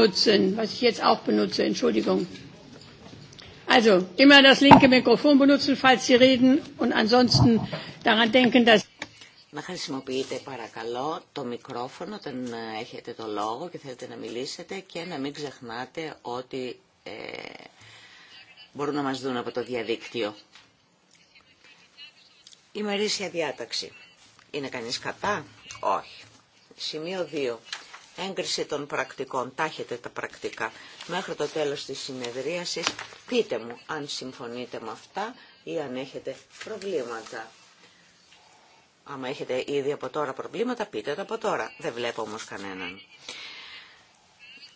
nutzen, was ich jetzt auch benutze, Entschuldigung. Also immer das linke Mikrofon benutzen, falls Sie reden und ansonsten daran denken, dass να χρησιμοποιείτε παρακαλώ το μικρόφωνο όταν ε, έχετε το λόγο και θέλετε να μιλήσετε και να μην ξεχνάτε ότι ε, μπορούν να μας δουν από το διαδίκτυο. Η μερίσια διάταξη. Είναι κανείς κατά? Όχι. Σημείο έγκριση των πρακτικών. Τάχετε τα πρακτικά. Μέχρι το τέλος της συνεδρίασης πείτε μου αν συμφωνείτε με αυτά ή αν έχετε προβλήματα. Άμα έχετε ήδη από τώρα προβλήματα, πείτε τα από τώρα. Δεν βλέπω όμως κανέναν.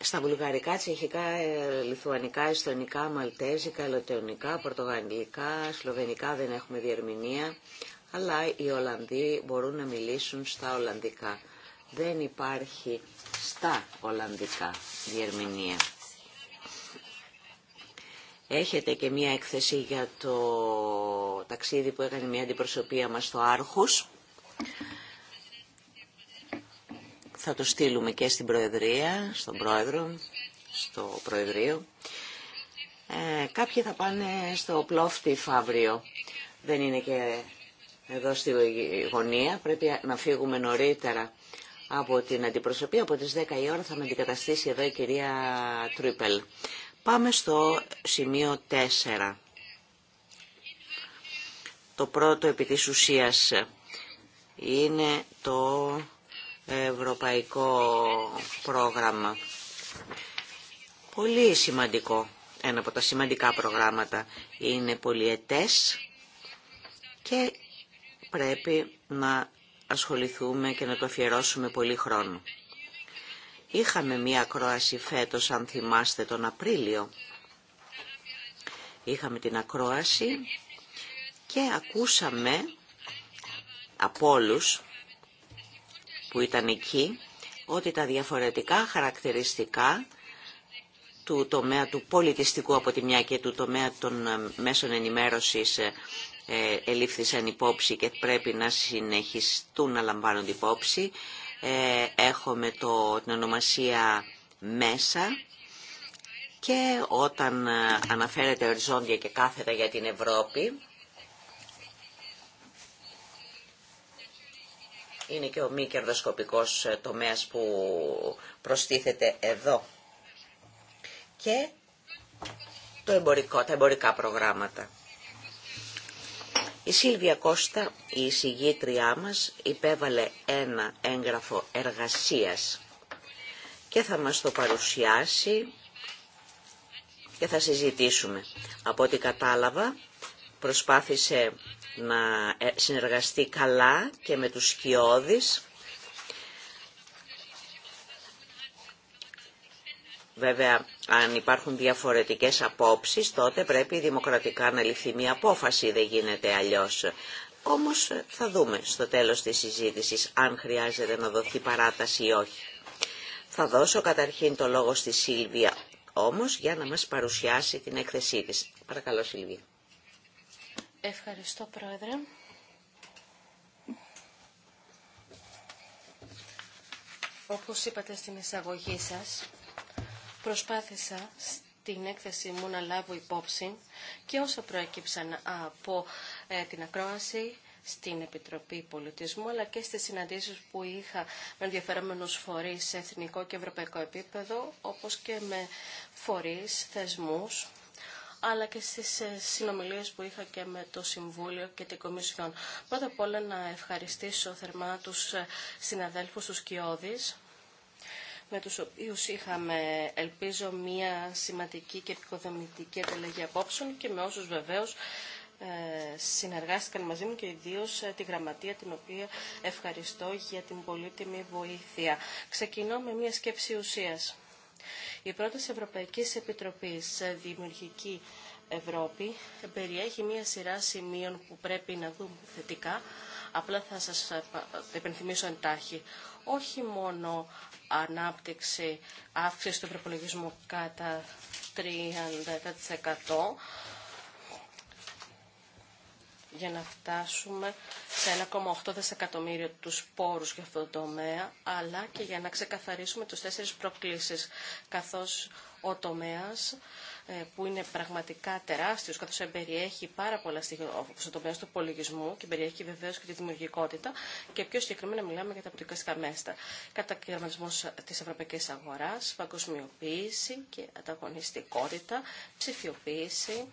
Στα βουλγαρικά, τσεχικά, ε, λιθουανικά, εσθονικά μαλτέζικα, ελωτεωνικά, πορτογαλικά, σλοβενικά δεν έχουμε διερμηνία, αλλά οι Ολλανδοί μπορούν να μιλήσουν στα Ολλανδικά. Δεν υπάρχει στα Ολλανδικά διερμηνία. Έχετε και μία έκθεση για το ταξίδι που έκανε μία αντιπροσωπεία μας στο Άρχος. Θα το στείλουμε και στην Προεδρία, στον Πρόεδρο, στο Προεδρείο. Ε, κάποιοι θα πάνε στο Πλόφτιφ αύριο. Δεν είναι και εδώ στη γωνία, πρέπει να φύγουμε νωρίτερα από την αντιπροσωπή, Από τις 10 η ώρα θα με αντικαταστήσει εδώ η κυρία Τρίπελ. Πάμε στο σημείο 4. Το πρώτο επί της ουσίας είναι το ευρωπαϊκό πρόγραμμα. Πολύ σημαντικό. Ένα από τα σημαντικά προγράμματα είναι πολιετές και πρέπει να ασχοληθούμε και να το αφιερώσουμε πολύ χρόνο. Είχαμε μία ακρόαση φέτος, αν θυμάστε, τον Απρίλιο. Είχαμε την ακρόαση και ακούσαμε από όλου που ήταν εκεί ότι τα διαφορετικά χαρακτηριστικά του τομέα του πολιτιστικού από τη μια και του τομέα των μέσων ενημέρωσης ε, ελήφθησαν υπόψη και πρέπει να συνεχιστούν να λαμβάνονται υπόψη. Ε, έχουμε το, την ονομασία μέσα και όταν ε, αναφέρεται οριζόντια και κάθετα για την Ευρώπη είναι και ο μη κερδοσκοπικός τομέας που προστίθεται εδώ και το εμπορικό, τα εμπορικά προγράμματα. Η Σίλβια Κώστα, η συγγήτριά μας, υπέβαλε ένα έγγραφο εργασίας και θα μας το παρουσιάσει και θα συζητήσουμε. Από ό,τι κατάλαβα, προσπάθησε να ε, συνεργαστεί καλά και με τους σκιώδεις Βέβαια, αν υπάρχουν διαφορετικές απόψεις, τότε πρέπει δημοκρατικά να ληφθεί μια απόφαση, δεν γίνεται αλλιώς. Όμως θα δούμε στο τέλος της συζήτησης αν χρειάζεται να δοθεί παράταση ή όχι. Θα δώσω καταρχήν το λόγο στη Σίλβια, όμως, για να μας παρουσιάσει την έκθεσή της. Παρακαλώ, Σίλβια. Ευχαριστώ, Πρόεδρε. Όπως είπατε στην εισαγωγή σας, Προσπάθησα την έκθεση μου να λάβω υπόψη και όσα προέκυψαν από ε, την ακρόαση στην Επιτροπή Πολιτισμού, αλλά και στις συναντήσεις που είχα με ενδιαφερόμενους φορείς σε εθνικό και ευρωπαϊκό επίπεδο, όπως και με φορείς, θεσμούς, αλλά και στις ε, συνομιλίες που είχα και με το Συμβούλιο και την Κομισιόν. Πρώτα απ' όλα να ευχαριστήσω θερμά τους ε, συναδέλφους τους Κιώδης, με τους οποίους είχαμε, ελπίζω, μία σημαντική και επικοδομητική ανταλλαγή απόψεων και με όσους βεβαίως ε, συνεργάστηκαν μαζί μου και ιδίως ε, τη γραμματεία την οποία ευχαριστώ για την πολύτιμη βοήθεια. Ξεκινώ με μία σκέψη ουσίας. Η πρόταση Ευρωπαϊκής Επιτροπής Δημιουργική Ευρώπη περιέχει μία σειρά σημείων που πρέπει να δούμε θετικά. Απλά θα σας υπενθυμίσω ε, εντάχει. Όχι μόνο ανάπτυξη αύξηση του προπολογισμού κατά 30% για να φτάσουμε σε 1,8 δισεκατομμύριο τους πόρους για αυτό το τομέα, αλλά και για να ξεκαθαρίσουμε τους τέσσερις προκλήσεις, καθώς ο τομέας ε, που είναι πραγματικά τεράστιος, καθώς περιέχει πάρα πολλά στοιχεία, τομέα του πολιτισμού και περιέχει βεβαίως και τη δημιουργικότητα και πιο συγκεκριμένα μιλάμε για τα μέστα. μέσα. Κατακαιρματισμό της ευρωπαϊκής αγοράς, παγκοσμιοποίηση και ανταγωνιστικότητα, ψηφιοποίηση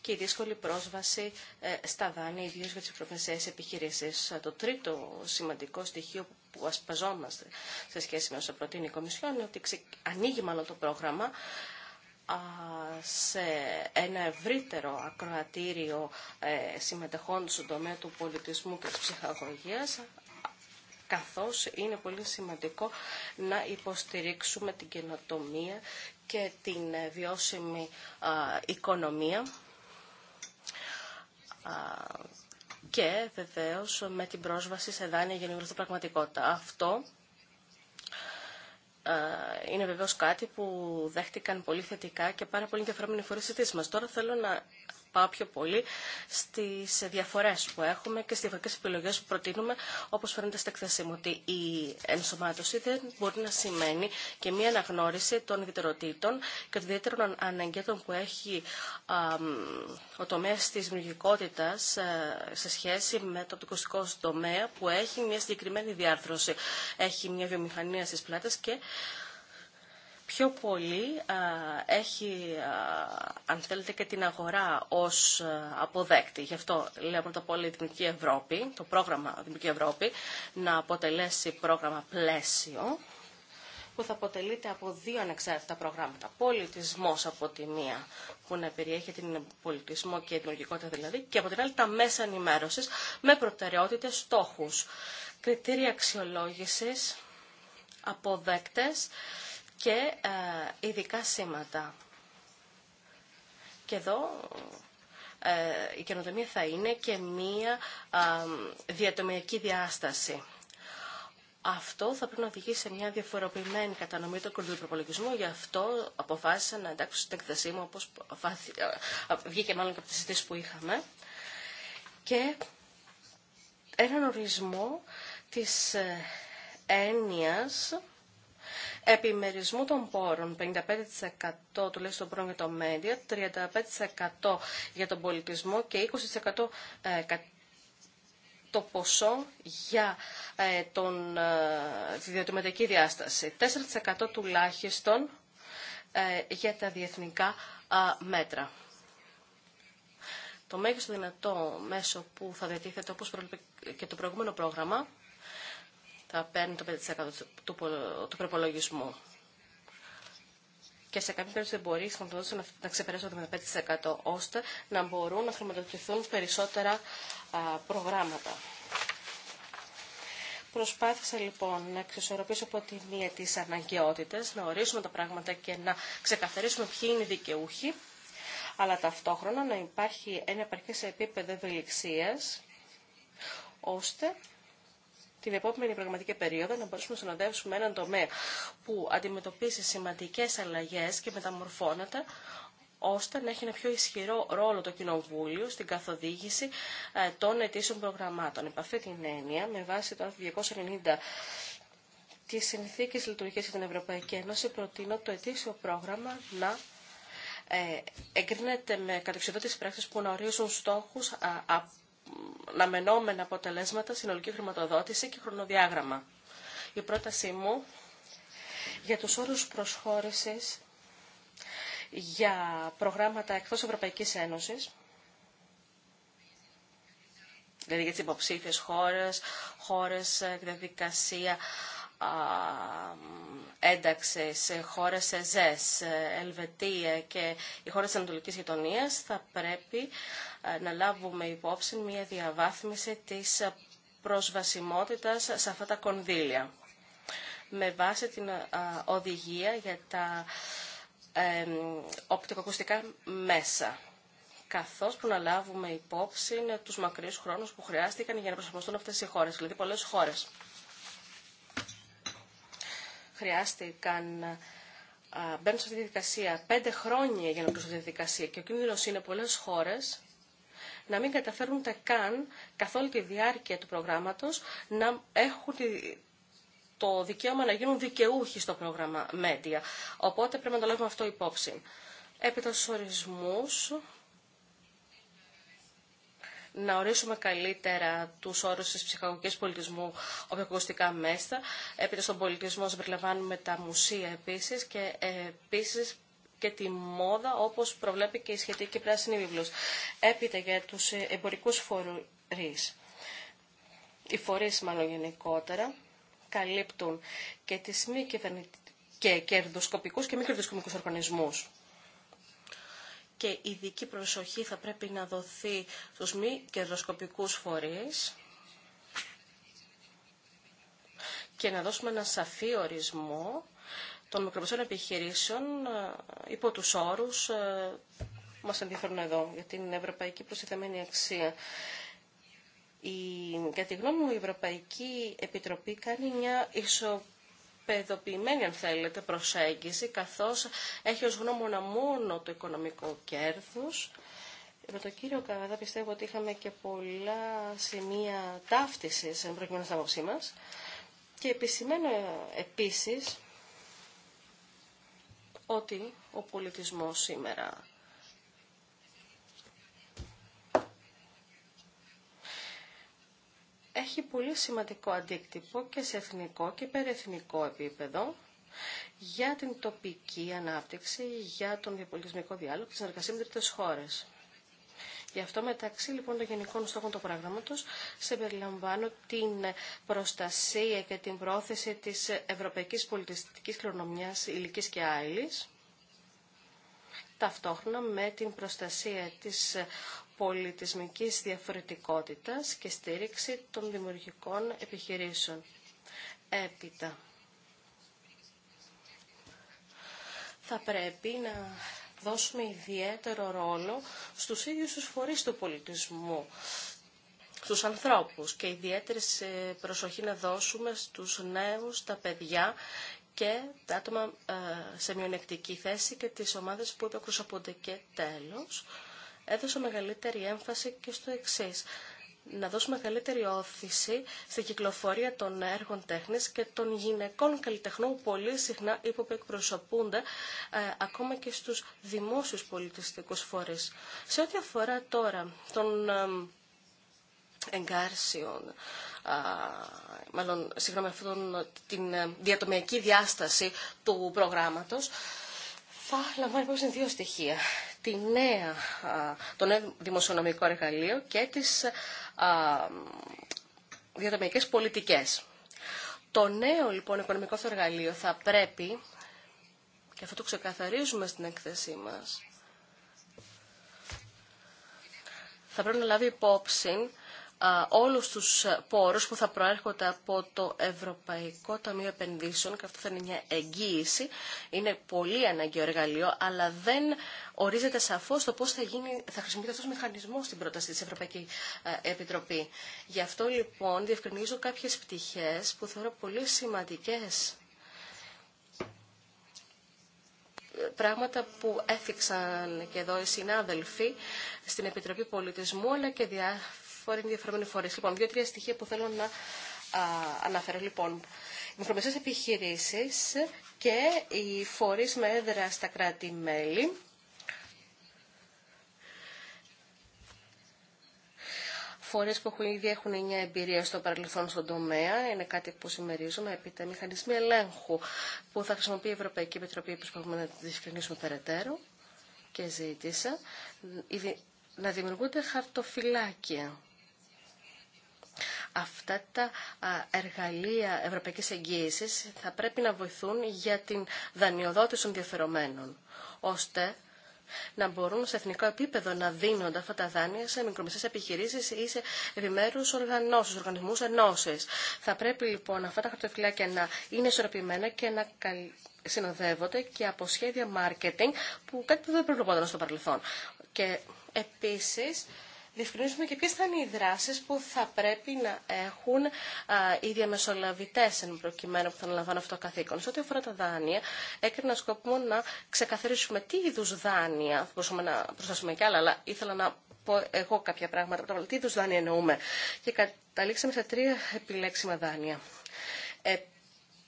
και η δύσκολη πρόσβαση ε, στα δάνεια, ιδίω για τι προμεσαίε επιχειρήσει. Το τρίτο σημαντικό στοιχείο που ασπαζόμαστε σε σχέση με όσα προτείνει η Κομισιόν είναι ότι ανοίγει μάλλον το πρόγραμμα σε ένα ευρύτερο ακροατήριο ε, συμμετεχών στον τομέα του πολιτισμού και της ψυχαγωγίας καθώς είναι πολύ σημαντικό να υποστηρίξουμε την καινοτομία και την ε, βιώσιμη οικονομία και βεβαίως με την πρόσβαση σε δάνεια για την πραγματικότητα. Αυτό είναι βεβαίως κάτι που δέχτηκαν πολύ θετικά και πάρα πολύ ενδιαφερόμενοι φορείς της μας. Τώρα θέλω να πάω πιο πολύ στις διαφορέ που έχουμε και στις διαφορετικέ επιλογές που προτείνουμε, όπως φαίνεται στην εκθεσή μου, ότι η ενσωμάτωση δεν μπορεί να σημαίνει και μία αναγνώριση των ιδιαιτεροτήτων και των ιδιαίτερων αναγκαίων που έχει ο τομέα τη δημιουργικότητα ε, σε σχέση με το οπτικοστικό τομέα που έχει μια συγκεκριμένη διάρθρωση. Έχει μια βιομηχανία στι πλάτε. και πιο πολύ έχει, αν θέλετε, και την αγορά ως αποδέκτη. Γι' αυτό λέμε το πολύ Δημική Ευρώπη, το πρόγραμμα Δημική Ευρώπη, να αποτελέσει πρόγραμμα πλαίσιο, που θα αποτελείται από δύο ανεξάρτητα προγράμματα. Πολιτισμός από τη μία, που να περιέχει την πολιτισμό και δημιουργικότητα δηλαδή, και από την άλλη τα μέσα ενημέρωση με προτεραιότητες στόχους. Κριτήρια αξιολόγησης, αποδέκτες, και ε, ειδικά σήματα. Και εδώ ε, η καινοτομία θα είναι και μία ε, διατομιακή διάσταση. Αυτό θα πρέπει να οδηγήσει σε μια διαφοροποιημένη κατανομή του κρατικού προπολογισμού. Γι' αυτό αποφάσισα να εντάξω στην εκθεσή μου, όπως βγήκε μάλλον και από τις συζητήσεις που είχαμε, και έναν ορισμό της έννοιας επιμερισμού των πόρων, 55% τουλάχιστον πρώην για το Μέντια, 35% για τον πολιτισμό και 20% ε, το ποσό για ε, τον, ε, τη διατηματική διάσταση. 4% τουλάχιστον για τα διεθνικά μέτρα. Το μέγιστο δυνατό μέσο που θα διατίθεται, όπως και το προηγούμενο πρόγραμμα, θα παίρνει το 5% του, προπολογισμού. Και σε κάποια περίπτωση δεν μπορεί να ξεπεράσει το 5% ώστε να μπορούν να χρηματοδοτηθούν περισσότερα προγράμματα. Προσπάθησα λοιπόν να εξισορροπήσω από τη μία τι αναγκαιότητε, να ορίσουμε τα πράγματα και να ξεκαθαρίσουμε ποιοι είναι οι δικαιούχοι, αλλά ταυτόχρονα να υπάρχει ένα επαρκέ επίπεδο ευελιξία, ώστε την επόμενη πραγματική περίοδο να μπορέσουμε να συνοδεύσουμε έναν τομέα που αντιμετωπίσει σημαντικές αλλαγές και μεταμορφώνεται ώστε να έχει ένα πιο ισχυρό ρόλο το Κοινοβούλιο στην καθοδήγηση ε, των ετήσιων προγραμμάτων. Επ' αυτή την έννοια, με βάση το άρθρο 290 τη Συνθήκη Λειτουργία για την Ευρωπαϊκή Ένωση, προτείνω το ετήσιο πρόγραμμα να ε, εγκρίνεται με κατευθυντότητες πράξεις που να ορίζουν στόχους αναμενόμενα αποτελέσματα, συνολική χρηματοδότηση και χρονοδιάγραμμα. Η πρότασή μου για τους όρους προσχώρησης για προγράμματα εκτός Ευρωπαϊκής Ένωσης, δηλαδή για τις υποψήφιες χώρες, χώρες, ε, διαδικασία ένταξη σε χώρες ΕΖΕΣ, Ελβετία και οι χώρες της Ανατολικής Γειτονίας θα πρέπει να λάβουμε υπόψη μια διαβάθμιση της προσβασιμότητας σε αυτά τα κονδύλια. Με βάση την οδηγία για τα οπτικοακουστικά μέσα καθώς που να λάβουμε υπόψη τους μακρύς χρόνους που χρειάστηκαν για να προσαρμοστούν αυτές οι χώρες, δηλαδή πολλές χώρες χρειάστηκαν ε, μπαίνουν σε διαδικασία πέντε χρόνια για να μπουν σε τη διαδικασία και ο κίνδυνο είναι πολλέ χώρε να μην καταφέρουν καν καθ' όλη τη διάρκεια του προγράμματο να έχουν το δικαίωμα να γίνουν δικαιούχοι στο πρόγραμμα Media. Οπότε πρέπει να το λάβουμε αυτό υπόψη. Έπειτα στου ορισμού, να ορίσουμε καλύτερα τους όρους της ψυχαγωγικής πολιτισμού οπιακουστικά μέσα. Έπειτα στον πολιτισμό συμπεριλαμβάνουμε τα μουσεία επίσης και ε, επίσης και τη μόδα όπως προβλέπει και η σχετική πράσινη βίβλος. Έπειτα για τους εμπορικούς φορείς. Οι φορείς μάλλον γενικότερα καλύπτουν και τις μη και κερδοσκοπικούς και μη οργανισμούς και ειδική προσοχή θα πρέπει να δοθεί στους μη κερδοσκοπικούς φορείς και να δώσουμε ένα σαφή ορισμό των μικρομεσαίων επιχειρήσεων ε, υπό τους όρους που ε, μας ενδιαφέρουν εδώ για την ευρωπαϊκή προστιθεμένη αξία. Η, κατά τη γνώμη μου η Ευρωπαϊκή Επιτροπή κάνει μια ισοποίηση παιδοποιημένη αν θέλετε προσέγγιση καθώς έχει ως γνώμονα μόνο το οικονομικό κέρδος. Με τον κύριο Καβαδά πιστεύω ότι είχαμε και πολλά σημεία ταύτισης εν προκειμένου στην μας και επισημαίνω ε, επίσης ότι ο πολιτισμός σήμερα έχει πολύ σημαντικό αντίκτυπο και σε εθνικό και περιεθνικό επίπεδο για την τοπική ανάπτυξη, για τον διαπολιτισμικό διάλογο και τη συνεργασία με τρίτες χώρες. Γι' αυτό μεταξύ λοιπόν των γενικών στόχων του προγράμματος σε περιλαμβάνω την προστασία και την πρόθεση της ευρωπαϊκής πολιτιστικής κληρονομιάς ηλική και άλλης, ταυτόχρονα με την προστασία της πολιτισμικής διαφορετικότητας και στήριξη των δημιουργικών επιχειρήσεων. Έπειτα, θα πρέπει να δώσουμε ιδιαίτερο ρόλο στους ίδιους τους φορείς του πολιτισμού, στους ανθρώπους και ιδιαίτερη προσοχή να δώσουμε στους νέους, τα παιδιά και τα άτομα ε, σε μειονεκτική θέση και τις ομάδες που επεκρουσαπούνται και τέλος έδωσε μεγαλύτερη έμφαση και στο εξή. Να δώσουμε μεγαλύτερη όθηση στην κυκλοφορία των έργων τέχνη και των γυναικών καλλιτεχνών που πολύ συχνά υποπεκπροσωπούνται ε, ακόμα και στου δημόσιου πολιτιστικού φορεί. Σε ό,τι αφορά τώρα τον ε, μάλλον συγγνώμη την ε, διατομιακή διάσταση του προγράμματο, θα λαμβάνει υπόψη δύο στοιχεία τη νέα, το νέο δημοσιονομικό εργαλείο και τις διαδομικές πολιτικές. Το νέο λοιπόν οικονομικό εργαλείο θα πρέπει, και αυτό το ξεκαθαρίζουμε στην έκθεσή μας, θα πρέπει να λάβει υπόψη ε, όλους τους ε, πόρους που θα προέρχονται από το Ευρωπαϊκό Ταμείο Επενδύσεων και αυτό θα είναι μια εγγύηση, είναι πολύ αναγκαίο εργαλείο, αλλά δεν ορίζεται σαφώς το πώς θα, γίνει, θα χρησιμοποιείται αυτός ο μηχανισμός στην πρόταση της Ευρωπαϊκή ε, Επιτροπή. Γι' αυτό λοιπόν διευκρινίζω κάποιες πτυχές που θεωρώ πολύ σημαντικές πράγματα που έφυξαν και εδώ οι συνάδελφοι στην Επιτροπή Πολιτισμού αλλά και διάφορα διαφοροι διαφορεμένοι φορέ. φορεί. Λοιπόν, δύο-τρία στοιχεία που θέλω να αναφέρω. Λοιπόν, οι μικρομεσαίε επιχειρήσει και οι φορεί με έδρα στα κράτη-μέλη. Φορέ που έχουν ήδη έχουν μια εμπειρία στο παρελθόν στον τομέα, είναι κάτι που συμμερίζουμε, επί τα μηχανισμοί ελέγχου που θα χρησιμοποιεί η Ευρωπαϊκή Επιτροπή, προσπαθούμε να τη διευκρινίσουμε περαιτέρω και ζήτησα, να δημιουργούνται χαρτοφυλάκια Αυτά τα εργαλεία ευρωπαϊκής εγγύησης θα πρέπει να βοηθούν για την δανειοδότηση των διαφερομένων, ώστε να μπορούν σε εθνικό επίπεδο να δίνονται αυτά τα δάνεια σε μικρομεσαίες επιχειρήσεις ή σε επιμέρους οργανώσεις, οργανισμούς, ενώσεις. Θα πρέπει λοιπόν αυτά τα χαρτοφυλάκια να είναι ισορροπημένα και να συνοδεύονται και από σχέδια marketing που κάτι που δεν προβλεπόταν στο παρελθόν. Και επίσης διευκρινίσουμε και ποιες θα είναι οι δράσεις που θα πρέπει να έχουν οι διαμεσολαβητές εν προκειμένου που θα αναλαμβάνουν αυτό το καθήκον. Σε ό,τι αφορά τα δάνεια, έκρινα σκοπό να ξεκαθαρίσουμε τι είδους δάνεια, θα μπορούσαμε να προστάσουμε κι άλλα, αλλά ήθελα να πω εγώ κάποια πράγματα, τι είδους δάνεια εννοούμε. Και καταλήξαμε σε τρία επιλέξιμα δάνεια ε,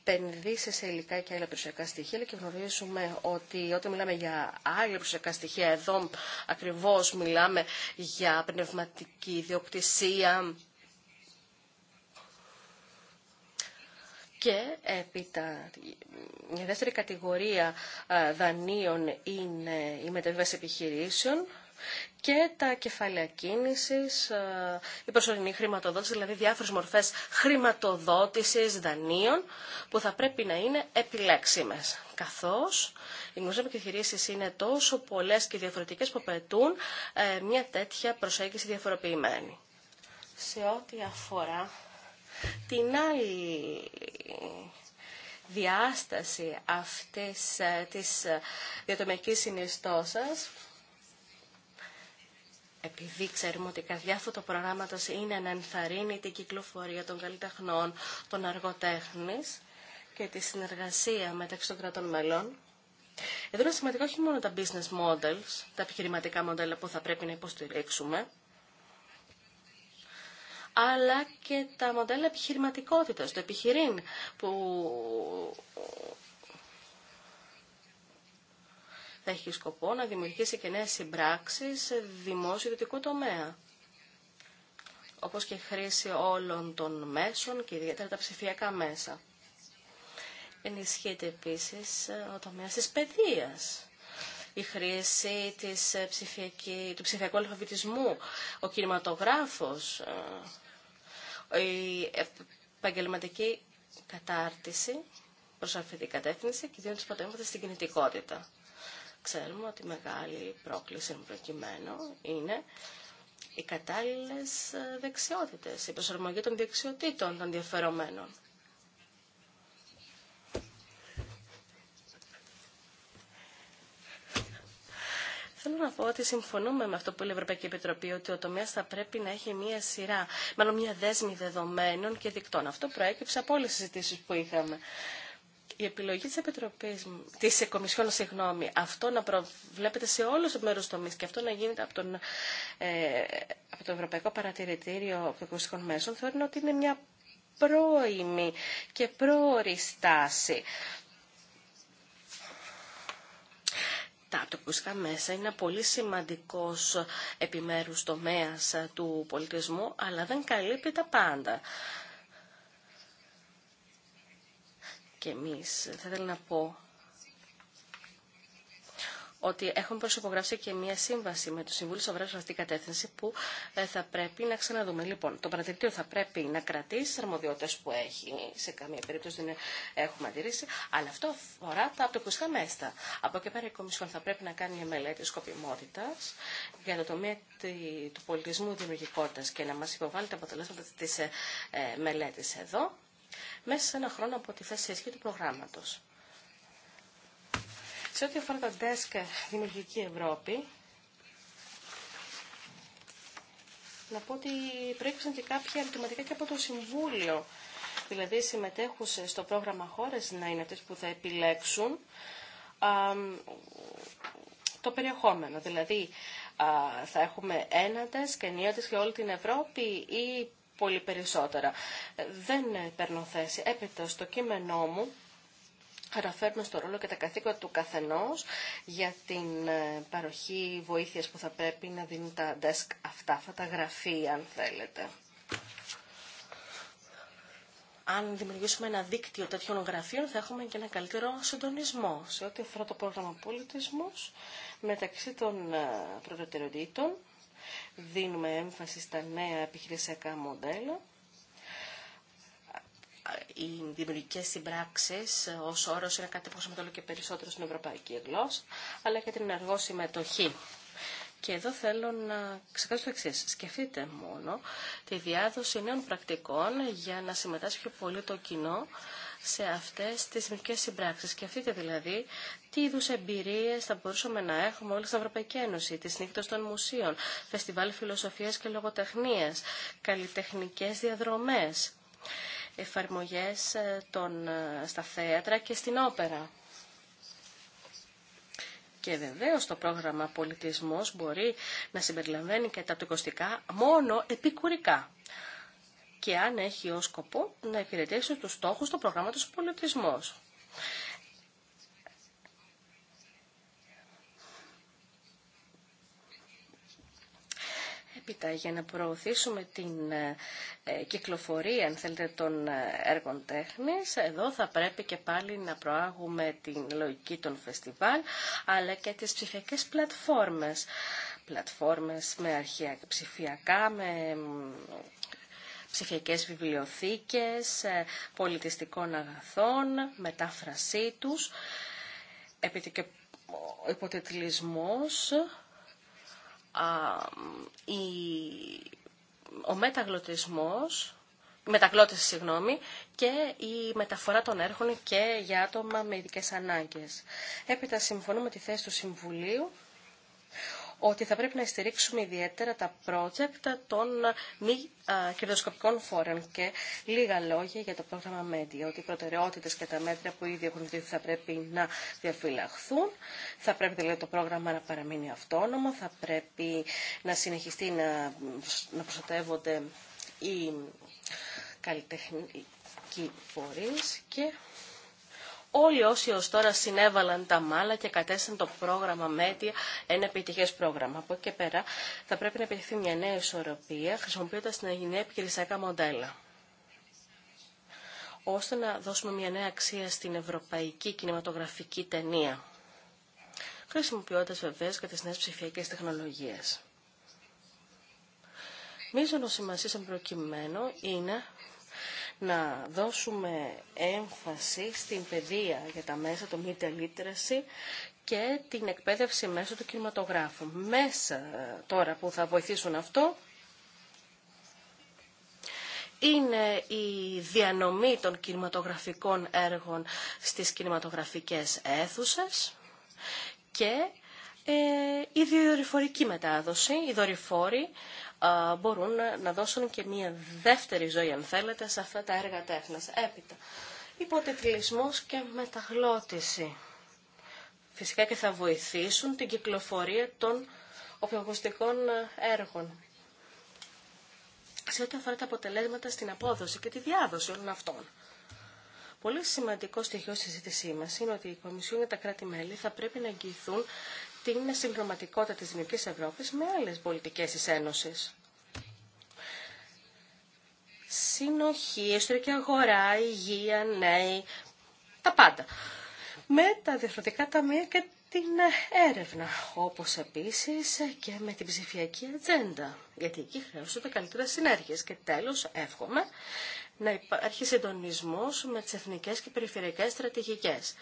επενδύσει σε υλικά και άλλα περιουσιακά στοιχεία, αλλά και γνωρίζουμε ότι όταν μιλάμε για άλλα περιουσιακά στοιχεία, εδώ ακριβώς μιλάμε για πνευματική ιδιοκτησία, Και έπειτα, η δεύτερη κατηγορία ε, δανείων είναι η μεταβίβαση επιχειρήσεων, και τα κεφάλαια κίνηση, ε, η προσωρινή χρηματοδότηση, δηλαδή διάφορες μορφές χρηματοδότησης δανείων που θα πρέπει να είναι επιλέξιμες. Καθώς οι γνωστές επιχειρήσει είναι τόσο πολλές και διαφορετικές που απαιτούν ε, μια τέτοια προσέγγιση διαφοροποιημένη. Σε ό,τι αφορά την άλλη διάσταση αυτής ε, της διατομικής συνιστώσας, επειδή ξέρουμε ότι η καρδιά αυτού του προγράμματο είναι να ενθαρρύνει την κυκλοφορία των καλλιτεχνών, των αργοτέχνη και τη συνεργασία μεταξύ των κρατών μελών. Εδώ είναι σημαντικό όχι μόνο τα business models, τα επιχειρηματικά μοντέλα που θα πρέπει να υποστηρίξουμε, αλλά και τα μοντέλα επιχειρηματικότητας, το επιχειρήν που θα έχει σκοπό να δημιουργήσει και νέες συμπράξεις σε δημόσιο-ιδιωτικό τομέα όπως και χρήση όλων των μέσων και ιδιαίτερα τα ψηφιακά μέσα. Ενισχύεται επίσης ε, ο τομέας της παιδείας, η χρήση της ε, ψηφιακή, του ψηφιακού αλφαβητισμού, ο κινηματογράφος, ε, η επαγγελματική κατάρτιση προς αυτή την κατεύθυνση και δίνοντας πρωτεύοντα στην κινητικότητα. Ξέρουμε ότι μεγάλη πρόκληση προκειμένου είναι οι κατάλληλε ε, δεξιότητες, η προσαρμογή των δεξιοτήτων των διαφερομένων. Θέλω να πω ότι συμφωνούμε με αυτό που λέει η Ευρωπαϊκή Επιτροπή, ότι ο τομέα θα πρέπει να έχει μία σειρά, μάλλον μία δέσμη δεδομένων και δικτών. Αυτό προέκυψε από όλε τι συζητήσει που είχαμε η επιλογή της Επιτροπής, της Κομισιόν, συγγνώμη, αυτό να προβλέπεται σε όλους τους μέρους τομείς και αυτό να γίνεται από, τον, ε, από το Ευρωπαϊκό Παρατηρητήριο Οπτικοστικών Μέσων, θεωρεί ότι είναι μια πρόημη και πρόορη στάση. Τα οπτικοστικά μέσα είναι ένα πολύ σημαντικός επιμέρους τομέας του πολιτισμού, αλλά δεν καλύπτει τα πάντα. και εμείς. Θα ήθελα να πω ότι έχουμε προσυπογράψει και μία σύμβαση με το Συμβούλιο Σοβαρά σε αυτή την κατεύθυνση που ε, θα πρέπει να ξαναδούμε. Λοιπόν, το παρατηρητήριο θα πρέπει να κρατήσει τι αρμοδιότητε που έχει. Σε καμία περίπτωση δεν έχουμε αντιρρήσει. Αλλά αυτό αφορά τα αποκλειστικά μέσα. Από εκεί πέρα η Κομισιόν θα πρέπει να κάνει μια μελέτη σκοπιμότητα για το τομέα του πολιτισμού δημιουργικότητα και να μα υποβάλει τα αποτελέσματα τη ε, ε, μελέτη εδώ μέσα σε ένα χρόνο από τη θέση ισχύ του προγράμματος. Σε ό,τι αφορά τα desk Δημιουργική Ευρώπη, να πω ότι προέκυψαν και κάποια ερωτηματικά και από το Συμβούλιο. Δηλαδή, συμμετέχουσε στο πρόγραμμα χώρες να είναι αυτές που θα επιλέξουν το περιεχόμενο. Δηλαδή, α, θα έχουμε ένα desk, ενίοτε για όλη την Ευρώπη ή πολύ περισσότερα. Δεν παίρνω θέση. Έπειτα στο κείμενό μου αναφέρουμε στο ρόλο και τα καθήκοντα του καθενός για την ε, παροχή βοήθειας που θα πρέπει να δίνουν τα desk αυτά, αυτά τα γραφεία αν θέλετε. Αν δημιουργήσουμε ένα δίκτυο τέτοιων γραφείων θα έχουμε και ένα καλύτερο συντονισμό σε ό,τι αφορά το πρόγραμμα πολιτισμού μεταξύ των ε, προτεραιοτήτων δίνουμε έμφαση στα νέα επιχειρησιακά μοντέλα οι δημιουργικέ συμπράξει ω όρο είναι κάτι που όλο και περισσότερο στην ευρωπαϊκή γλώσσα, αλλά και την ενεργό συμμετοχή. Και εδώ θέλω να ξεκαθαρίσω το εξή. Σκεφτείτε μόνο τη διάδοση νέων πρακτικών για να συμμετάσχει πιο πολύ το κοινό σε αυτές τις εθνικές συμπράξεις. Σκεφτείτε δηλαδή τι είδου εμπειρίε θα μπορούσαμε να έχουμε όλοι στην Ευρωπαϊκή Ένωση. Τη νύχτα των μουσείων, φεστιβάλ φιλοσοφία και λογοτεχνία, καλλιτεχνικέ διαδρομέ, εφαρμογέ ε, ε, στα θέατρα και στην όπερα. Και βεβαίω το πρόγραμμα πολιτισμός μπορεί να συμπεριλαμβάνει και τα τοικοστικά μόνο επικουρικά και αν έχει ως σκοπό να υπηρετήσει τους στόχους του προγράμματος πολιτισμός. Έπειτα, για να προωθήσουμε την ε, κυκλοφορία, αν θέλετε, των ε, έργων τέχνης, εδώ θα πρέπει και πάλι να προάγουμε την λογική των φεστιβάλ, αλλά και τις ψηφιακές πλατφόρμες πλατφόρμες με αρχαία ψηφιακά, με ψηφιακές βιβλιοθήκες, ε, πολιτιστικών αγαθών, μετάφρασή τους, επειδή και ο υποτετλισμός, ο μεταγλωτισμός, η μεταγλώτηση συγγνώμη, και η μεταφορά των έργων και για άτομα με ειδικές ανάγκες. Έπειτα συμφωνούμε τη θέση του Συμβουλίου ότι θα πρέπει να στηρίξουμε ιδιαίτερα τα project των μη κερδοσκοπικών φόρων. Και λίγα λόγια για το πρόγραμμα Media, ότι οι προτεραιότητε και τα μέτρα που ήδη έχουν δει θα πρέπει να διαφυλαχθούν. Θα πρέπει δηλαδή το πρόγραμμα να παραμείνει αυτόνομο, θα πρέπει να συνεχιστεί να, να προστατεύονται οι καλλιτεχνικοί φορείς και όλοι όσοι ως τώρα συνέβαλαν τα μάλα και κατέστησαν το πρόγραμμα ΜΕΤΙΑ ένα επιτυχές πρόγραμμα. Από εκεί και πέρα θα πρέπει να επιτυχθεί μια νέα ισορροπία χρησιμοποιώντας την Αγινέα επιχειρησιακά μοντέλα ώστε να δώσουμε μια νέα αξία στην ευρωπαϊκή κινηματογραφική ταινία χρησιμοποιώντας βεβαίως και τις νέες ψηφιακές τεχνολογίες. Μίζωνο σημασία προκειμένου είναι να δώσουμε έμφαση στην παιδεία για τα μέσα, το media literacy και την εκπαίδευση μέσω του κινηματογράφου. Μέσα τώρα που θα βοηθήσουν αυτό είναι η διανομή των κινηματογραφικών έργων στις κινηματογραφικές αίθουσες και ε, η διορυφορική μετάδοση, οι δορυφόροι μπορούν να δώσουν και μία δεύτερη ζωή, αν θέλετε, σε αυτά τα έργα τέχνης, Έπειτα, υποτιτλισμός και μεταγλώτηση. Φυσικά και θα βοηθήσουν την κυκλοφορία των οπιοκουστικών ε, έργων. Σε ό,τι αφορά τα αποτελέσματα στην απόδοση και τη διάδοση όλων αυτών. Πολύ σημαντικό στοιχείο στη συζήτησή μα είναι ότι η Κομισιόν και τα κράτη-μέλη θα πρέπει να εγγυηθούν την συμπληρωματικότητα της Δημιουργικής Ευρώπης με άλλες πολιτικές της Ένωσης. Συνοχή, ιστορική αγορά, υγεία, νέοι, τα πάντα. Με τα διαφορετικά ταμεία και την έρευνα, όπως επίσης και με την ψηφιακή ατζέντα, γιατί εκεί χρειάζονται καλύτερα συνέργειες. Και τέλος, εύχομαι να υπάρχει συντονισμός με τις εθνικές και περιφερειακές στρατηγικές.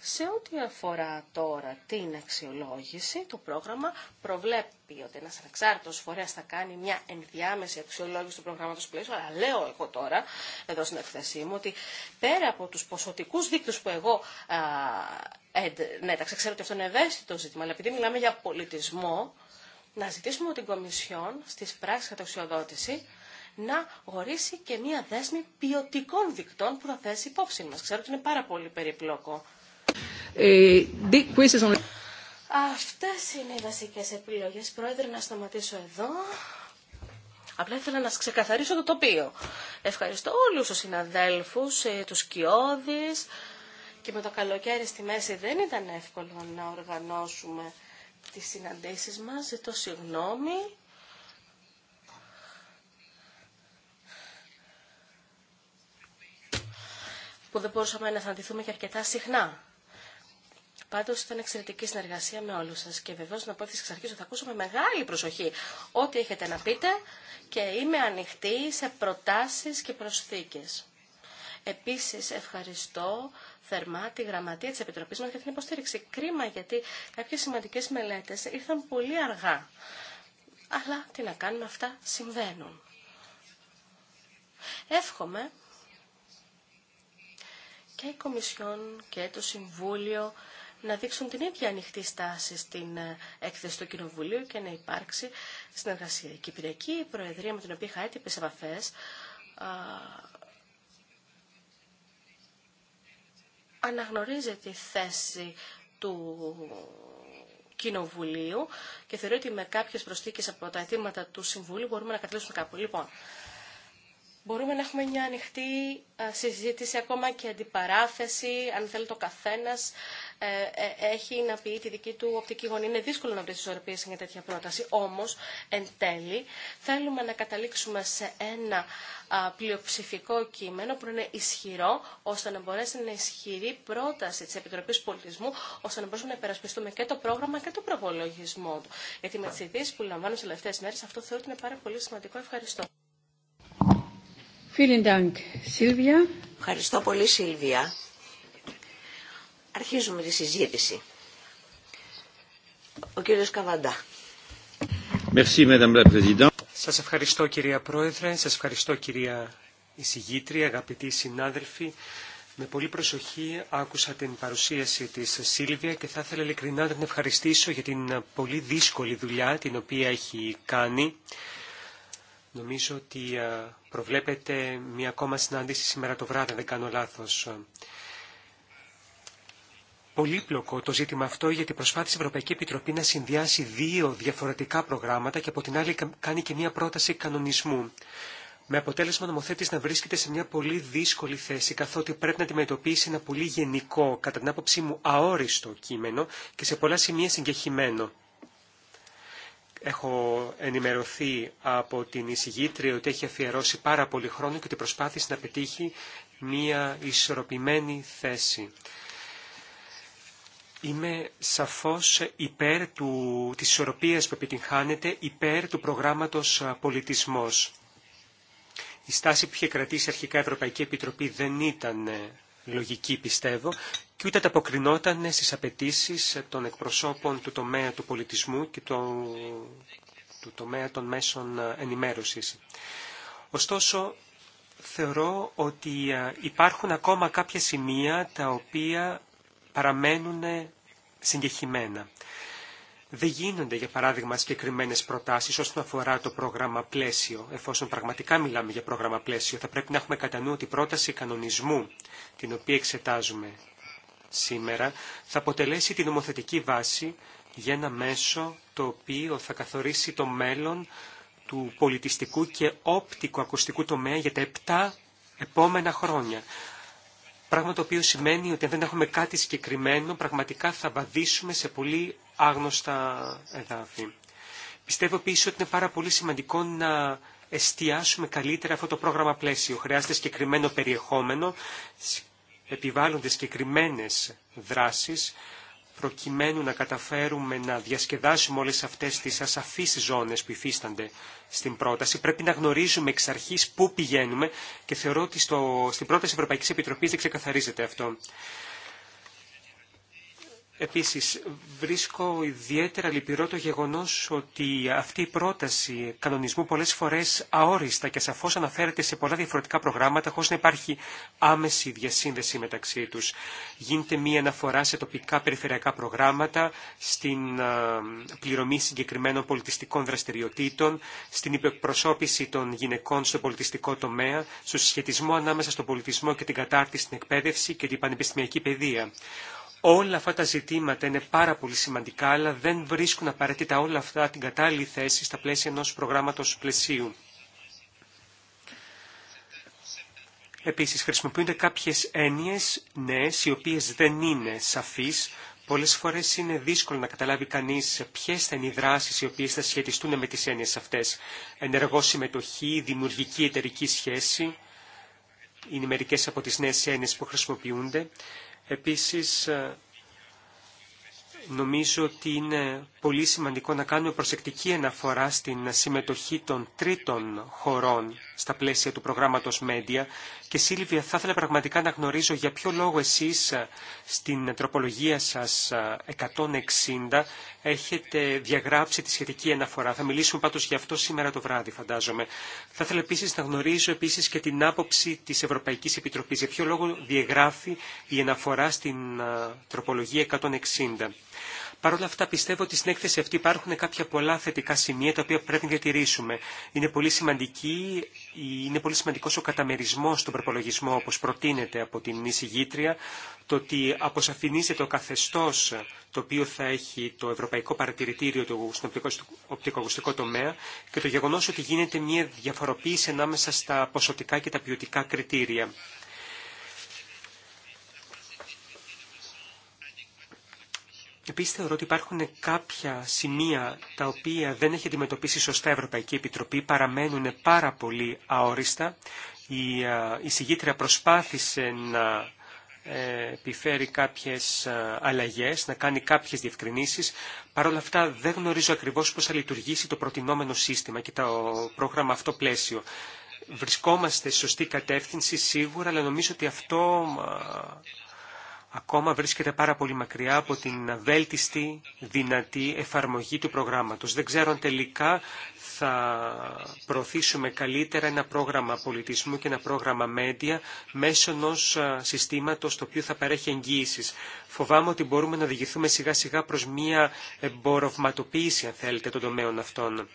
Σε ό,τι αφορά τώρα την αξιολόγηση, το πρόγραμμα προβλέπει ότι ένα ανεξάρτητο φορέα θα κάνει μια ενδιάμεση αξιολόγηση του προγράμματο πλαίσιο, αλλά λέω εγώ τώρα, εδώ στην εκθεσή μου, ότι πέρα από του ποσοτικούς δείκτε που εγώ α, ναι, ξέρω ότι αυτό είναι ευαίσθητο ζήτημα, αλλά επειδή μιλάμε για πολιτισμό, να ζητήσουμε την Κομισιόν στις κατά αξιοδότηση, να ορίσει και μία δέσμη ποιοτικών δικτών που θα θέσει υπόψη μας. Ξέρω ότι είναι πάρα πολύ περιπλόκο ε, Αυτέ είναι οι βασικέ επιλογέ. Πρόεδρε, να σταματήσω εδώ. Απλά ήθελα να σας ξεκαθαρίσω το τοπίο. Ευχαριστώ όλους τους συναδέλφους, ε, του κοιόδης και με το καλοκαίρι στη μέση δεν ήταν εύκολο να οργανώσουμε τις συναντήσεις μας. Ζητώ συγγνώμη. που δεν μπορούσαμε να συναντηθούμε και αρκετά συχνά. Πάντω ήταν εξαιρετική συνεργασία με όλου σα και βεβαίω να πω ότι εξ αρχή θα ακούσω με μεγάλη προσοχή ό,τι έχετε να πείτε και είμαι ανοιχτή σε προτάσει και προσθήκε. Επίση ευχαριστώ θερμά τη γραμματεία τη Επιτροπή μα για την υποστήριξη. Κρίμα γιατί κάποιε σημαντικέ μελέτε ήρθαν πολύ αργά. Αλλά τι να κάνουμε, αυτά συμβαίνουν. Εύχομαι και η Κομισιόν και το Συμβούλιο να δείξουν την ίδια ανοιχτή στάση στην ε, έκθεση του Κοινοβουλίου και να υπάρξει συνεργασία. Η Κυπριακή Προεδρία, με την οποία είχα έτυπες επαφές, αναγνωρίζει τη θέση του Κοινοβουλίου και θεωρεί ότι με κάποιες προσθήκες από τα αιτήματα του Συμβουλίου μπορούμε να καταλήξουμε κάπου. Λοιπόν, μπορούμε να έχουμε μια ανοιχτή συζήτηση, ακόμα και αντιπαράθεση, αν θέλει το καθένας ε, ε, έχει να πει τη δική του οπτική γωνία. Είναι δύσκολο να βρει ισορροπίε για τέτοια πρόταση. Όμω, εν τέλει, θέλουμε να καταλήξουμε σε ένα πλειοψηφικό κείμενο που είναι ισχυρό, ώστε να μπορέσει να ισχυρή πρόταση τη Επιτροπή Πολιτισμού, ώστε να μπορούμε να υπερασπιστούμε και το πρόγραμμα και το προπολογισμό του. Γιατί με τι ειδήσει που λαμβάνω τι τελευταίε μέρε, αυτό θεωρώ ότι είναι πάρα πολύ σημαντικό. Ευχαριστώ. Ευχαριστώ πολύ, Σίλβια. Αρχίζουμε τη συζήτηση. Ο κύριος Καβαντά. Σας ευχαριστώ κυρία Πρόεδρε, σας ευχαριστώ κυρία εισηγήτρια, αγαπητοί συνάδελφοι. Με πολύ προσοχή άκουσα την παρουσίαση της Σίλβια και θα ήθελα ειλικρινά να την ευχαριστήσω για την πολύ δύσκολη δουλειά την οποία έχει κάνει. Νομίζω ότι ε, προβλέπεται μία ακόμα συνάντηση σήμερα το βράδυ, δεν κάνω λάθος πολύπλοκο το ζήτημα αυτό γιατί προσπάθησε η Ευρωπαϊκή Επιτροπή να συνδυάσει δύο διαφορετικά προγράμματα και από την άλλη κάνει και μία πρόταση κανονισμού. Με αποτέλεσμα νομοθέτης να βρίσκεται σε μια πολύ δύσκολη θέση καθότι πρέπει να αντιμετωπίσει ένα πολύ γενικό, κατά την άποψή μου αόριστο κείμενο και σε πολλά σημεία συγκεχημένο. Έχω ενημερωθεί από την εισηγήτρια ότι έχει αφιερώσει πάρα πολύ χρόνο και ότι προσπάθησε να πετύχει μια ισορροπημένη θέση. Είμαι σαφώς υπέρ του, της ισορροπίας που επιτυγχάνεται, υπέρ του προγράμματος πολιτισμός. Η στάση που είχε κρατήσει αρχικά η Ευρωπαϊκή Επιτροπή δεν ήταν ε, λογική πιστεύω και ούτε ανταποκρινόταν στις απαιτήσει των εκπροσώπων του τομέα του πολιτισμού και του, του τομέα των μέσων ενημέρωσης. Ωστόσο, θεωρώ ότι υπάρχουν ακόμα κάποια σημεία τα οποία παραμένουν συγκεχημένα. Δεν γίνονται, για παράδειγμα, συγκεκριμένε προτάσει όσον αφορά το πρόγραμμα πλαίσιο. Εφόσον πραγματικά μιλάμε για πρόγραμμα πλαίσιο, θα πρέπει να έχουμε κατά νου ότι η πρόταση κανονισμού, την οποία εξετάζουμε σήμερα, θα αποτελέσει την νομοθετική βάση για ένα μέσο το οποίο θα καθορίσει το μέλλον του πολιτιστικού και όπτικου ακουστικού τομέα για τα επτά επόμενα χρόνια. Πράγμα το οποίο σημαίνει ότι αν δεν έχουμε κάτι συγκεκριμένο, πραγματικά θα βαδίσουμε σε πολύ άγνωστα εδάφη. Πιστεύω επίση ότι είναι πάρα πολύ σημαντικό να εστιάσουμε καλύτερα αυτό το πρόγραμμα πλαίσιο. Χρειάζεται συγκεκριμένο περιεχόμενο, επιβάλλονται συγκεκριμένε δράσεις προκειμένου να καταφέρουμε να διασκεδάσουμε όλες αυτές τις ασαφείς ζώνες που υφίστανται στην πρόταση. Πρέπει να γνωρίζουμε εξ αρχής πού πηγαίνουμε και θεωρώ ότι στο, στην πρόταση Ευρωπαϊκής Επιτροπής δεν ξεκαθαρίζεται αυτό. Επίσης, βρίσκω ιδιαίτερα λυπηρό το γεγονός ότι αυτή η πρόταση κανονισμού πολλές φορές αόριστα και σαφώς αναφέρεται σε πολλά διαφορετικά προγράμματα χωρίς να υπάρχει άμεση διασύνδεση μεταξύ τους. Γίνεται μία αναφορά σε τοπικά περιφερειακά προγράμματα, στην πληρωμή συγκεκριμένων πολιτιστικών δραστηριοτήτων, στην υπεκπροσώπηση των γυναικών στον πολιτιστικό τομέα, στο συσχετισμό ανάμεσα στον πολιτισμό και την κατάρτιση στην εκπαίδευση και την πανεπιστημιακή παιδεία. Όλα αυτά τα ζητήματα είναι πάρα πολύ σημαντικά, αλλά δεν βρίσκουν απαραίτητα όλα αυτά την κατάλληλη θέση στα πλαίσια ενός προγράμματος πλαισίου. Επίσης, χρησιμοποιούνται κάποιες έννοιες νέες, οι οποίες δεν είναι σαφείς. Πολλές φορές είναι δύσκολο να καταλάβει κανείς ποιες θα είναι οι δράσεις οι οποίες θα σχετιστούν με τις έννοιες αυτές. Ενεργό συμμετοχή, δημιουργική εταιρική σχέση, είναι μερικές από τις νέες έννοιες που χρησιμοποιούνται Επίσης, ε, νομίζω ότι είναι πολύ σημαντικό να κάνουμε προσεκτική αναφορά στην συμμετοχή των τρίτων χωρών στα πλαίσια του προγράμματο Media. Και Σίλβια, θα ήθελα πραγματικά να γνωρίζω για ποιο λόγο εσεί, ε, στην τροπολογία σα 160 ε, έχετε διαγράψει τη σχετική αναφορά. Θα μιλήσουμε πάντω για αυτό σήμερα το βράδυ, φαντάζομαι. Θα ήθελα επίση να γνωρίζω επίσης και την άποψη τη Ευρωπαϊκή Επιτροπής. Για ποιο λόγο διαγράφει η αναφορά στην ε, τροπολογία 160. Παρ' όλα αυτά πιστεύω ότι στην έκθεση αυτή υπάρχουν κάποια πολλά θετικά σημεία τα οποία πρέπει να διατηρήσουμε. Είναι πολύ σημαντική είναι πολύ σημαντικός ο καταμερισμός στον προπολογισμό όπως προτείνεται από την εισηγήτρια, το ότι αποσαφηνίζεται ο καθεστώς το οποίο θα έχει το Ευρωπαϊκό Παρατηρητήριο στον οπτικοακουστικό τομέα και το γεγονός ότι γίνεται μια διαφοροποίηση ανάμεσα στα ποσοτικά και τα ποιοτικά κριτήρια. Επίση θεωρώ ότι υπάρχουν κάποια σημεία τα οποία δεν έχει αντιμετωπίσει σωστά η Ευρωπαϊκή Επιτροπή, παραμένουν πάρα πολύ αόριστα. Η εισηγήτρια προσπάθησε να ε, επιφέρει κάποιες αλλαγές, να κάνει κάποιες διευκρινήσεις. Παρ' όλα αυτά δεν γνωρίζω ακριβώς πώς θα λειτουργήσει το προτινόμενο σύστημα και το πρόγραμμα αυτό πλαίσιο. Βρισκόμαστε σε σωστή κατεύθυνση σίγουρα, αλλά νομίζω ότι αυτό ακόμα βρίσκεται πάρα πολύ μακριά από την βέλτιστη δυνατή εφαρμογή του προγράμματος. Δεν ξέρω αν τελικά θα προωθήσουμε καλύτερα ένα πρόγραμμα πολιτισμού και ένα πρόγραμμα μέντια μέσω ενό συστήματος το οποίο θα παρέχει εγγύησει. Φοβάμαι ότι μπορούμε να οδηγηθούμε σιγά σιγά προς μια εμπορευματοποίηση αν θέλετε των τομέων αυτών.